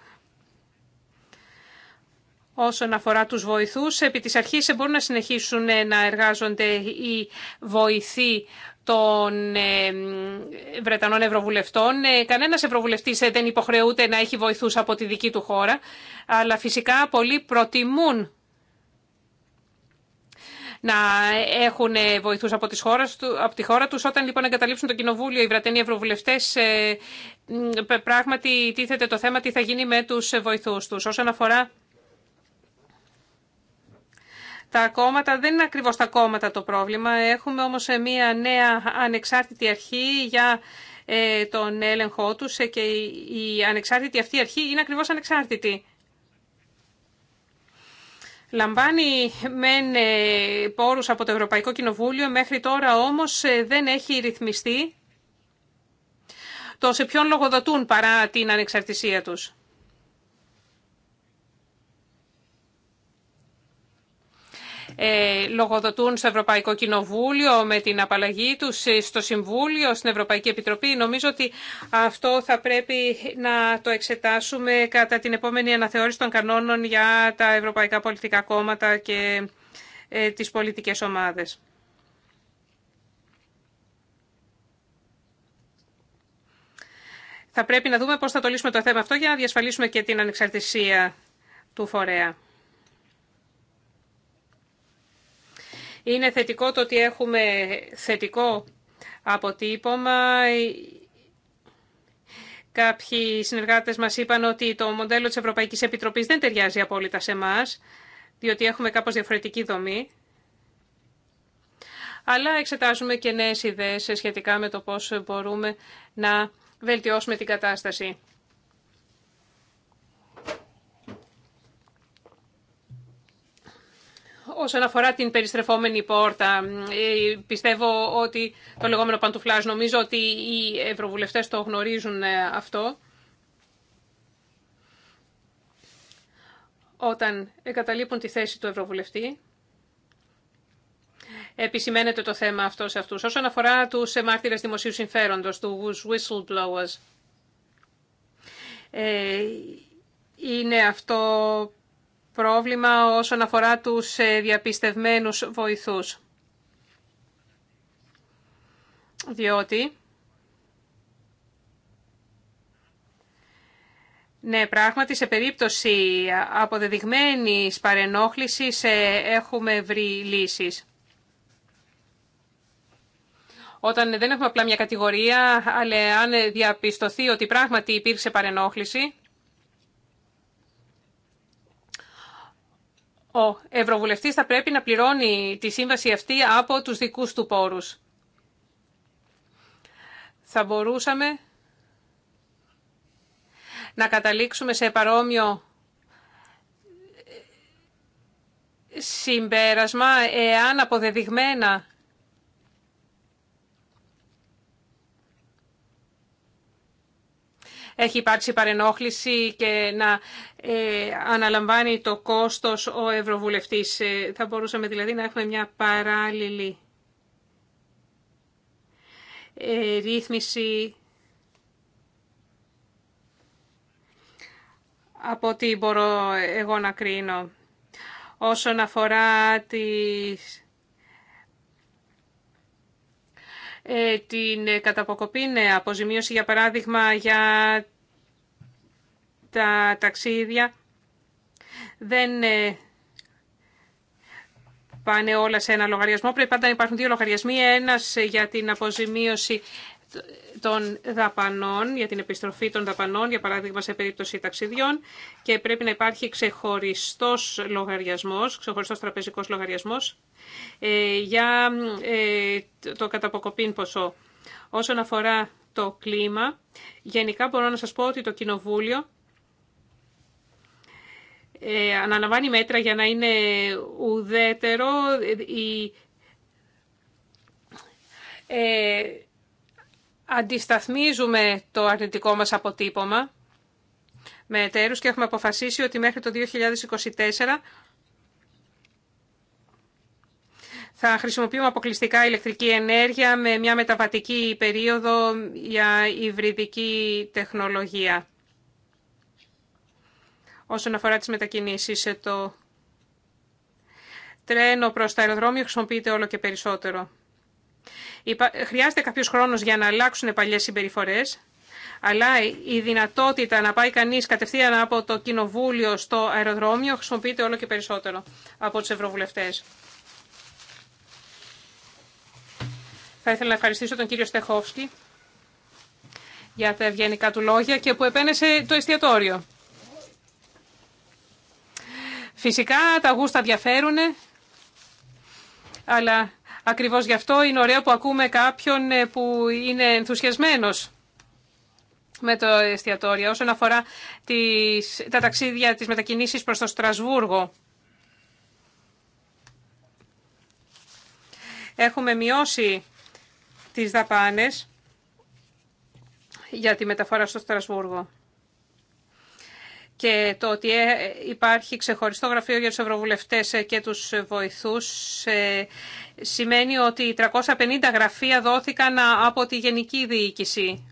Όσον αφορά τους βοηθούς, επί της αρχής μπορούν να συνεχίσουν να εργάζονται οι βοηθοί των Βρετανών Ευρωβουλευτών. Ε, κανένας Ευρωβουλευτής ε, δεν υποχρεούται να έχει βοηθούς από τη δική του χώρα, αλλά φυσικά πολλοί προτιμούν να έχουν ε, βοηθούς από, τις χώρες, από τη χώρα τους. Όταν λοιπόν εγκαταλείψουν το Κοινοβούλιο οι Βρετανοί Ευρωβουλευτές, πράγματι τίθεται το θέμα τι θα γίνει με τους βοηθούς τους. Όσον αφορά τα κόμματα δεν είναι ακριβώ τα κόμματα το πρόβλημα. Έχουμε όμω ε, μια νέα ανεξάρτητη αρχή για ε, τον έλεγχό τους ε, και η ανεξάρτητη αυτή αρχή είναι ακριβώ ανεξάρτητη. Λαμβάνει μεν πόρους από το Ευρωπαϊκό Κοινοβούλιο, μέχρι τώρα όμως δεν έχει ρυθμιστεί το σε ποιον λογοδοτούν παρά την ανεξαρτησία τους. Ε, λογοδοτούν στο Ευρωπαϊκό Κοινοβούλιο με την απαλλαγή τους ε, στο Συμβούλιο, στην Ευρωπαϊκή Επιτροπή. Νομίζω ότι αυτό θα πρέπει να το εξετάσουμε κατά την επόμενη αναθεώρηση των κανόνων για τα ευρωπαϊκά πολιτικά κόμματα και ε, τις πολιτικές ομάδες. Θα πρέπει να δούμε πώς θα το λύσουμε το θέμα αυτό για να διασφαλίσουμε και την ανεξαρτησία του φορέα. Είναι θετικό το ότι έχουμε θετικό αποτύπωμα. Κάποιοι συνεργάτες μας είπαν ότι το μοντέλο της Ευρωπαϊκής Επιτροπής δεν ταιριάζει απόλυτα σε εμά, διότι έχουμε κάπως διαφορετική δομή. Αλλά εξετάζουμε και νέες ιδέες σχετικά με το πώς μπορούμε να βελτιώσουμε την κατάσταση. Όσον αφορά την περιστρεφόμενη πόρτα, ε, πιστεύω ότι το λεγόμενο παντουφλάζ, νομίζω ότι οι ευρωβουλευτές το γνωρίζουν ε, αυτό. Όταν εγκαταλείπουν τη θέση του ευρωβουλευτή, επισημαίνεται το θέμα αυτό σε αυτούς. Όσον αφορά τους ε, μάρτυρες δημοσίου συμφέροντος, τους whistleblowers, είναι αυτό πρόβλημα όσον αφορά τους ε, διαπιστευμένους βοηθούς. Διότι... Ναι, πράγματι, σε περίπτωση αποδεδειγμένης παρενόχλησης ε, έχουμε βρει λύσεις. Όταν δεν έχουμε απλά μια κατηγορία, αλλά αν διαπιστωθεί ότι πράγματι υπήρξε παρενόχληση, ο Ευρωβουλευτής θα πρέπει να πληρώνει τη σύμβαση αυτή από τους δικούς του πόρους. Θα μπορούσαμε να καταλήξουμε σε παρόμοιο συμπέρασμα εάν αποδεδειγμένα έχει υπάρξει παρενόχληση και να ε, αναλαμβάνει το κόστος ο Ευρωβουλευτής. Ε, θα μπορούσαμε δηλαδή να έχουμε μια παράλληλη ε, ρύθμιση από ό,τι μπορώ εγώ να κρίνω. Όσον αφορά τις Ε, την καταποκοπή, ναι, αποζημίωση, για παράδειγμα, για τα ταξίδια. Δεν ε, πάνε όλα σε ένα λογαριασμό. Πρέπει πάντα να υπάρχουν δύο λογαριασμοί. Ένας για την αποζημίωση των δαπανών, για την επιστροφή των δαπανών, για παράδειγμα σε περίπτωση ταξιδιών και πρέπει να υπάρχει ξεχωριστός λογαριασμός, ξεχωριστός τραπεζικός λογαριασμός ε, για ε, το καταποκοπήν ποσό. Όσον αφορά το κλίμα, γενικά μπορώ να σας πω ότι το Κοινοβούλιο ε, αναλαμβάνει μέτρα για να είναι ουδέτερο η ε, αντισταθμίζουμε το αρνητικό μας αποτύπωμα με εταίρους και έχουμε αποφασίσει ότι μέχρι το 2024 θα χρησιμοποιούμε αποκλειστικά ηλεκτρική ενέργεια με μια μεταβατική περίοδο για υβριδική τεχνολογία. Όσον αφορά τις μετακινήσεις, το τρένο προς τα αεροδρόμια χρησιμοποιείται όλο και περισσότερο. Χρειάζεται κάποιο χρόνος για να αλλάξουν παλιές συμπεριφορές, αλλά η δυνατότητα να πάει κανείς κατευθείαν από το κοινοβούλιο στο αεροδρόμιο χρησιμοποιείται όλο και περισσότερο από του ευρωβουλευτέ. Θα ήθελα να ευχαριστήσω τον κύριο Στεχόφσκι για τα ευγενικά του λόγια και που επένεσε το εστιατόριο. Φυσικά τα γούστα διαφέρουν, αλλά Ακριβώ γι' αυτό είναι ωραίο που ακούμε κάποιον ε, που είναι ενθουσιασμένο με το εστιατόριο όσον αφορά τις, τα ταξίδια, της μετακινήσεις προς το Στρασβούργο. Έχουμε μειώσει τις δαπάνες για τη μεταφορά στο Στρασβούργο και το ότι ε, υπάρχει ξεχωριστό γραφείο για τους ευρωβουλευτές ε, και τους βοηθούς ε, σημαίνει ότι 350 γραφεία δόθηκαν από τη Γενική Διοίκηση.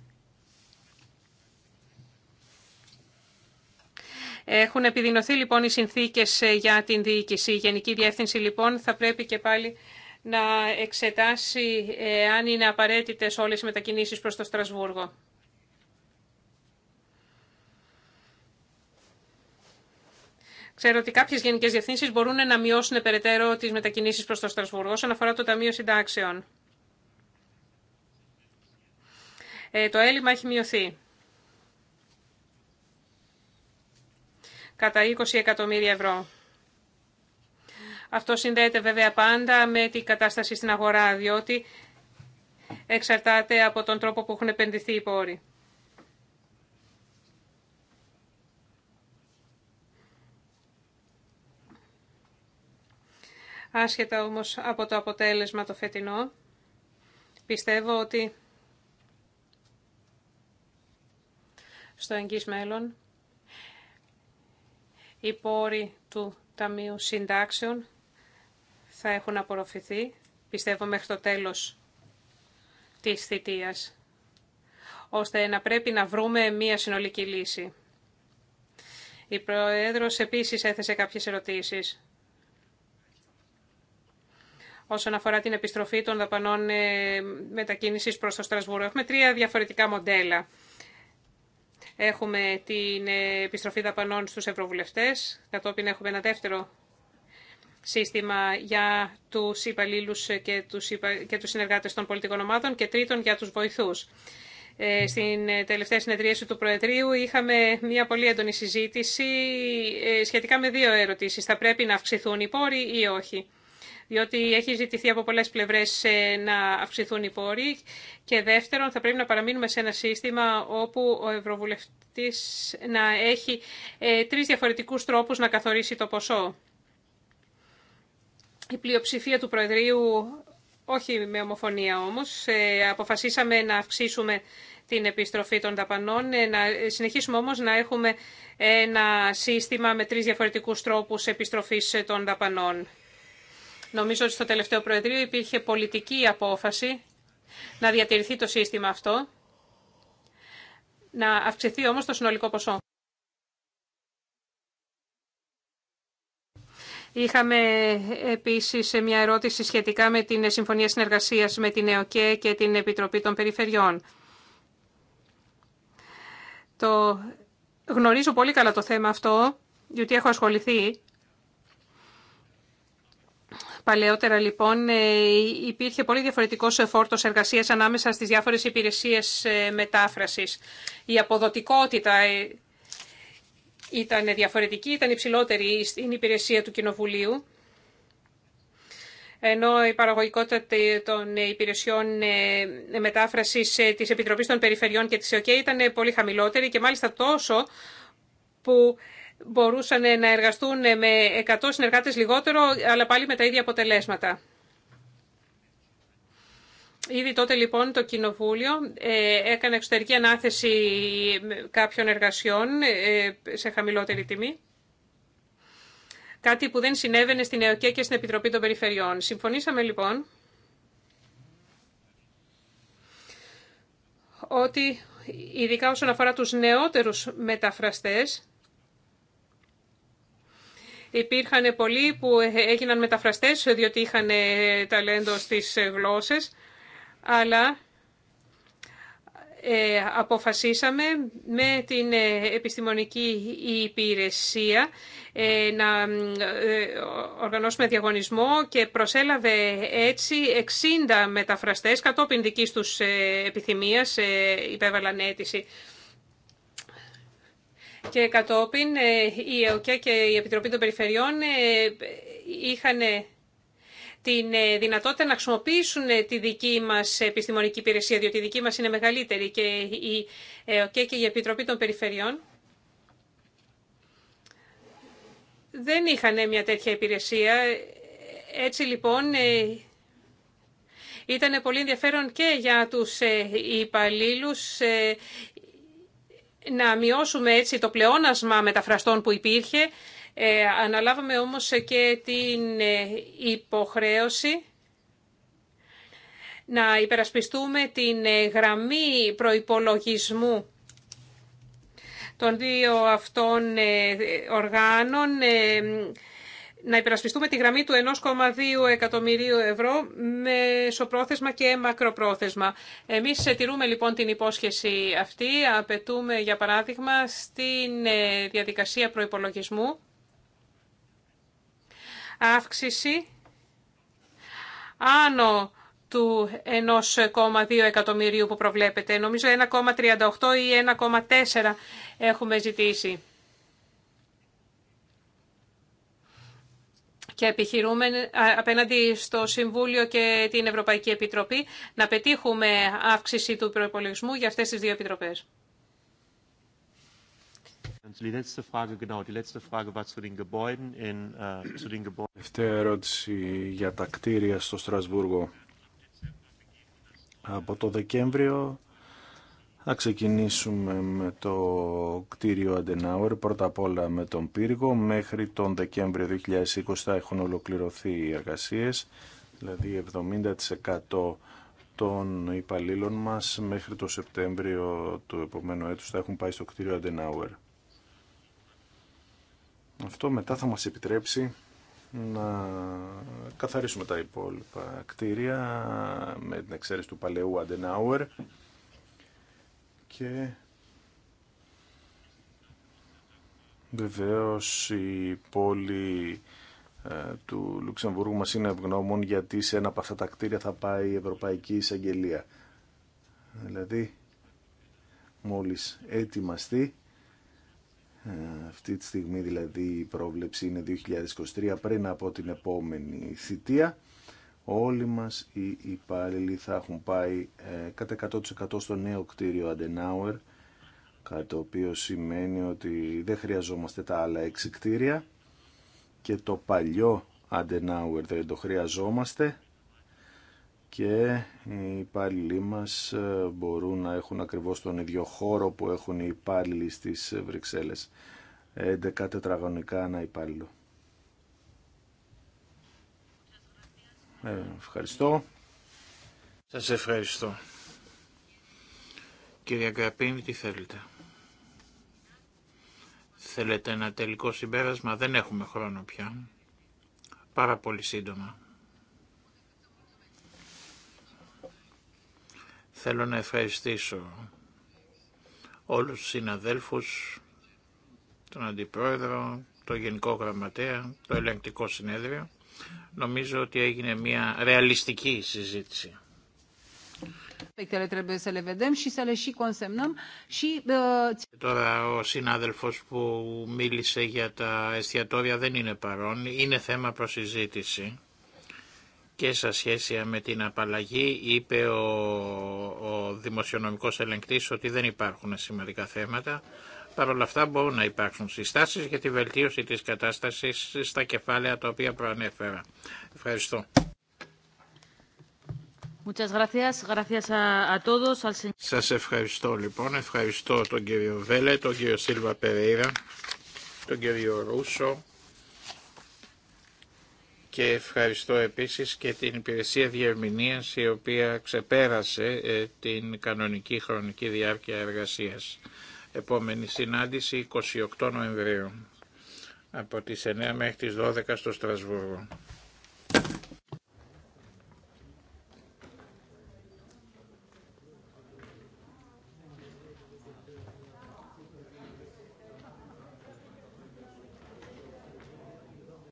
Έχουν επιδεινωθεί λοιπόν οι συνθήκες για την διοίκηση. Η Γενική Διεύθυνση λοιπόν θα πρέπει και πάλι να εξετάσει αν είναι απαραίτητες όλες οι μετακινήσεις προς το Στρασβούργο. Ξέρω ότι κάποιε γενικέ διευθύνσει μπορούν να μειώσουν περαιτέρω τι μετακινήσει προ το Στρασβούργο όσον αφορά το Ταμείο Συντάξεων. Ε, το έλλειμμα έχει μειωθεί. Κατά 20 εκατομμύρια ευρώ. Αυτό συνδέεται βέβαια πάντα με την κατάσταση στην αγορά, διότι εξαρτάται από τον τρόπο που έχουν επενδυθεί οι πόροι. Άσχετα όμως από το αποτέλεσμα το φετινό, πιστεύω ότι στο εγγύς μέλλον οι πόροι του Ταμείου Συντάξεων θα έχουν απορροφηθεί, πιστεύω μέχρι το τέλος της θητείας, ώστε να πρέπει να βρούμε μία συνολική λύση. Η Προέδρος επίσης έθεσε κάποιες ερωτήσεις όσον αφορά την επιστροφή των δαπανών ε, μετακίνησης προς το Στρασβούργο. Έχουμε τρία διαφορετικά μοντέλα. Έχουμε την ε, επιστροφή δαπανών στους ευρωβουλευτές, κατόπιν έχουμε ένα δεύτερο σύστημα για τους υπαλλήλου ε, και τους, και συνεργάτες των πολιτικών ομάδων και τρίτον για τους βοηθούς. στην τελευταία συνεδρίαση του Προεδρείου είχαμε μια πολύ έντονη συζήτηση σχετικά με δύο ερωτήσεις. Θα πρέπει να αυξηθούν οι πόροι ή όχι διότι έχει ζητηθεί από πολλές πλευρές ε, να αυξηθούν οι πόροι και δεύτερον θα πρέπει να παραμείνουμε σε ένα σύστημα όπου ο Ευρωβουλευτής να έχει ε, τρεις διαφορετικούς τρόπους να καθορίσει το ποσό. Η πλειοψηφία του Προεδρείου, όχι με ομοφωνία όμως, ε, αποφασίσαμε να αυξήσουμε την επιστροφή των δαπανών. Να συνεχίσουμε όμως να έχουμε ένα σύστημα με τρεις διαφορετικούς τρόπους επιστροφής των δαπανών. Νομίζω ότι στο τελευταίο Προεδρείο υπήρχε πολιτική απόφαση να διατηρηθεί το σύστημα αυτό, να αυξηθεί όμως το συνολικό ποσό. Είχαμε επίσης μια ερώτηση σχετικά με την Συμφωνία Συνεργασίας με την ΕΟΚΕ και την Επιτροπή των Περιφερειών. Το γνωρίζω πολύ καλά το θέμα αυτό, διότι έχω ασχοληθεί Παλαιότερα λοιπόν ε, υπήρχε πολύ διαφορετικός εφόρτος εργασίας ανάμεσα στις διάφορες υπηρεσίες ε, μετάφρασης. Η αποδοτικότητα ε, ήταν διαφορετική, ήταν υψηλότερη στην υπηρεσία του Κοινοβουλίου ενώ η παραγωγικότητα των υπηρεσιών μετάφρασης της Επιτροπής των Περιφερειών και της ΕΟΚΕ ήταν πολύ χαμηλότερη και μάλιστα τόσο που μπορούσαν να εργαστούν με 100 συνεργάτες λιγότερο, αλλά πάλι με τα ίδια αποτελέσματα. Ήδη τότε λοιπόν το Κοινοβούλιο ε, έκανε εξωτερική ανάθεση κάποιων εργασιών ε, σε χαμηλότερη τιμή. Κάτι που δεν συνέβαινε στην ΕΟΚΕ και στην Επιτροπή των Περιφερειών. Συμφωνήσαμε λοιπόν ότι ειδικά όσον αφορά τους νεότερους μεταφραστές Υπήρχαν πολλοί που έγιναν μεταφραστές διότι είχαν ε, ταλέντο στις ε, γλώσσες, αλλά ε, αποφασίσαμε με την επιστημονική υπηρεσία να οργανώσουμε διαγωνισμό και προσέλαβε έτσι 60 μεταφραστές κατόπιν δικής τους επιθυμίας υπέβαλαν αίτηση και κατόπιν ε, η ΕΟΚΕ και η Επιτροπή των Περιφερειών ε, είχαν ε, την δυνατότητα να χρησιμοποιήσουν τη δική μας επιστημονική υπηρεσία, διότι η δική μας είναι μεγαλύτερη και η ΕΟΚΕ και η Επιτροπή των Περιφερειών δεν είχαν μια τέτοια υπηρεσία. Έτσι λοιπόν ήταν πολύ ενδιαφέρον και για τους υπαλλήλους να μειώσουμε έτσι το πλεόνασμα μεταφραστών που υπήρχε. Ε, αναλάβαμε όμως και την ε, υποχρέωση να υπερασπιστούμε την ε, γραμμή προϋπολογισμού των δύο αυτών ε, οργάνων να υπερασπιστούμε τη γραμμή του 1,2 εκατομμυρίου ευρώ μεσοπρόθεσμα και μακροπρόθεσμα. Εμείς τηρούμε λοιπόν την υπόσχεση αυτή, απαιτούμε για παράδειγμα στην ε, διαδικασία προϋπολογισμού αύξηση άνω του 1,2 εκατομμυρίου που προβλέπεται. Νομίζω 1,38 ή 1,4 έχουμε ζητήσει. και επιχειρούμε απέναντι στο Συμβούλιο και την Ευρωπαϊκή Επιτροπή να πετύχουμε αύξηση του προπολογισμού για αυτές τις δύο επιτροπές.
Äh, ερώτηση για τα στο Στρασβούργο. Από το Δεκέμβριο θα ξεκινήσουμε με το κτίριο Αντενάουερ, πρώτα απ' όλα με τον πύργο. Μέχρι τον Δεκέμβριο 2020 θα έχουν ολοκληρωθεί οι εργασίες, δηλαδή 70% των υπαλλήλων μας μέχρι το Σεπτέμβριο του επόμενου έτους θα έχουν πάει στο κτίριο Αντενάουερ. Αυτό μετά θα μας επιτρέψει να καθαρίσουμε τα υπόλοιπα κτίρια με την εξαίρεση του παλαιού Αντενάουερ και βεβαίως η πόλη ε, του Λουξεμβούργου μας είναι ευγνώμων γιατί σε ένα από αυτά τα κτίρια θα πάει η Ευρωπαϊκή Εισαγγελία. Δηλαδή, μόλις έτοιμαστεί, ε, αυτή τη στιγμή δηλαδή η πρόβλεψη είναι 2023 πριν από την επόμενη θητεία, όλοι μας οι υπάλληλοι θα έχουν πάει ε, κατά 100% στο νέο κτίριο Adenauer, κάτι το οποίο σημαίνει ότι δεν χρειαζόμαστε τα άλλα έξι κτίρια και το παλιό Adenauer δεν το χρειαζόμαστε και οι υπάλληλοι μας ε, μπορούν να έχουν ακριβώς τον ίδιο χώρο που έχουν οι υπάλληλοι στις Βρυξέλλες. 11 τετραγωνικά ένα υπάλληλο. Ε, ευχαριστώ.
Σας ευχαριστώ. Κύριε Γκραπίνη, τι θέλετε. Θέλετε ένα τελικό συμπέρασμα, δεν έχουμε χρόνο πια. Πάρα πολύ σύντομα. Θέλω να ευχαριστήσω όλους τους συναδέλφους, τον Αντιπρόεδρο, το Γενικό Γραμματέα, το Ελεγκτικό Συνέδριο. Νομίζω ότι έγινε μια ρεαλιστική συζήτηση. Τώρα ο συνάδελφος που μίλησε για τα εστιατόρια δεν είναι παρόν. Είναι θέμα προσυζήτηση και σε σχέση με την απαλλαγή είπε ο, ο δημοσιονομικός ελεγκτής ότι δεν υπάρχουν σημαντικά θέματα. Παρ' όλα αυτά μπορούν να υπάρξουν συστάσεις για τη βελτίωση της κατάστασης στα κεφάλαια τα οποία προανέφερα. Ευχαριστώ. Σας ευχαριστώ λοιπόν. Ευχαριστώ τον κύριο Βέλε, τον κύριο Σίλβα Περέιρα, τον κύριο Ρούσο και ευχαριστώ επίσης και την υπηρεσία διερμηνίας η οποία ξεπέρασε ε, την κανονική χρονική διάρκεια εργασίας. Επόμενη συνάντηση 28 Νοεμβρίου από τις 9 μέχρι τις 12 στο Στρασβούργο.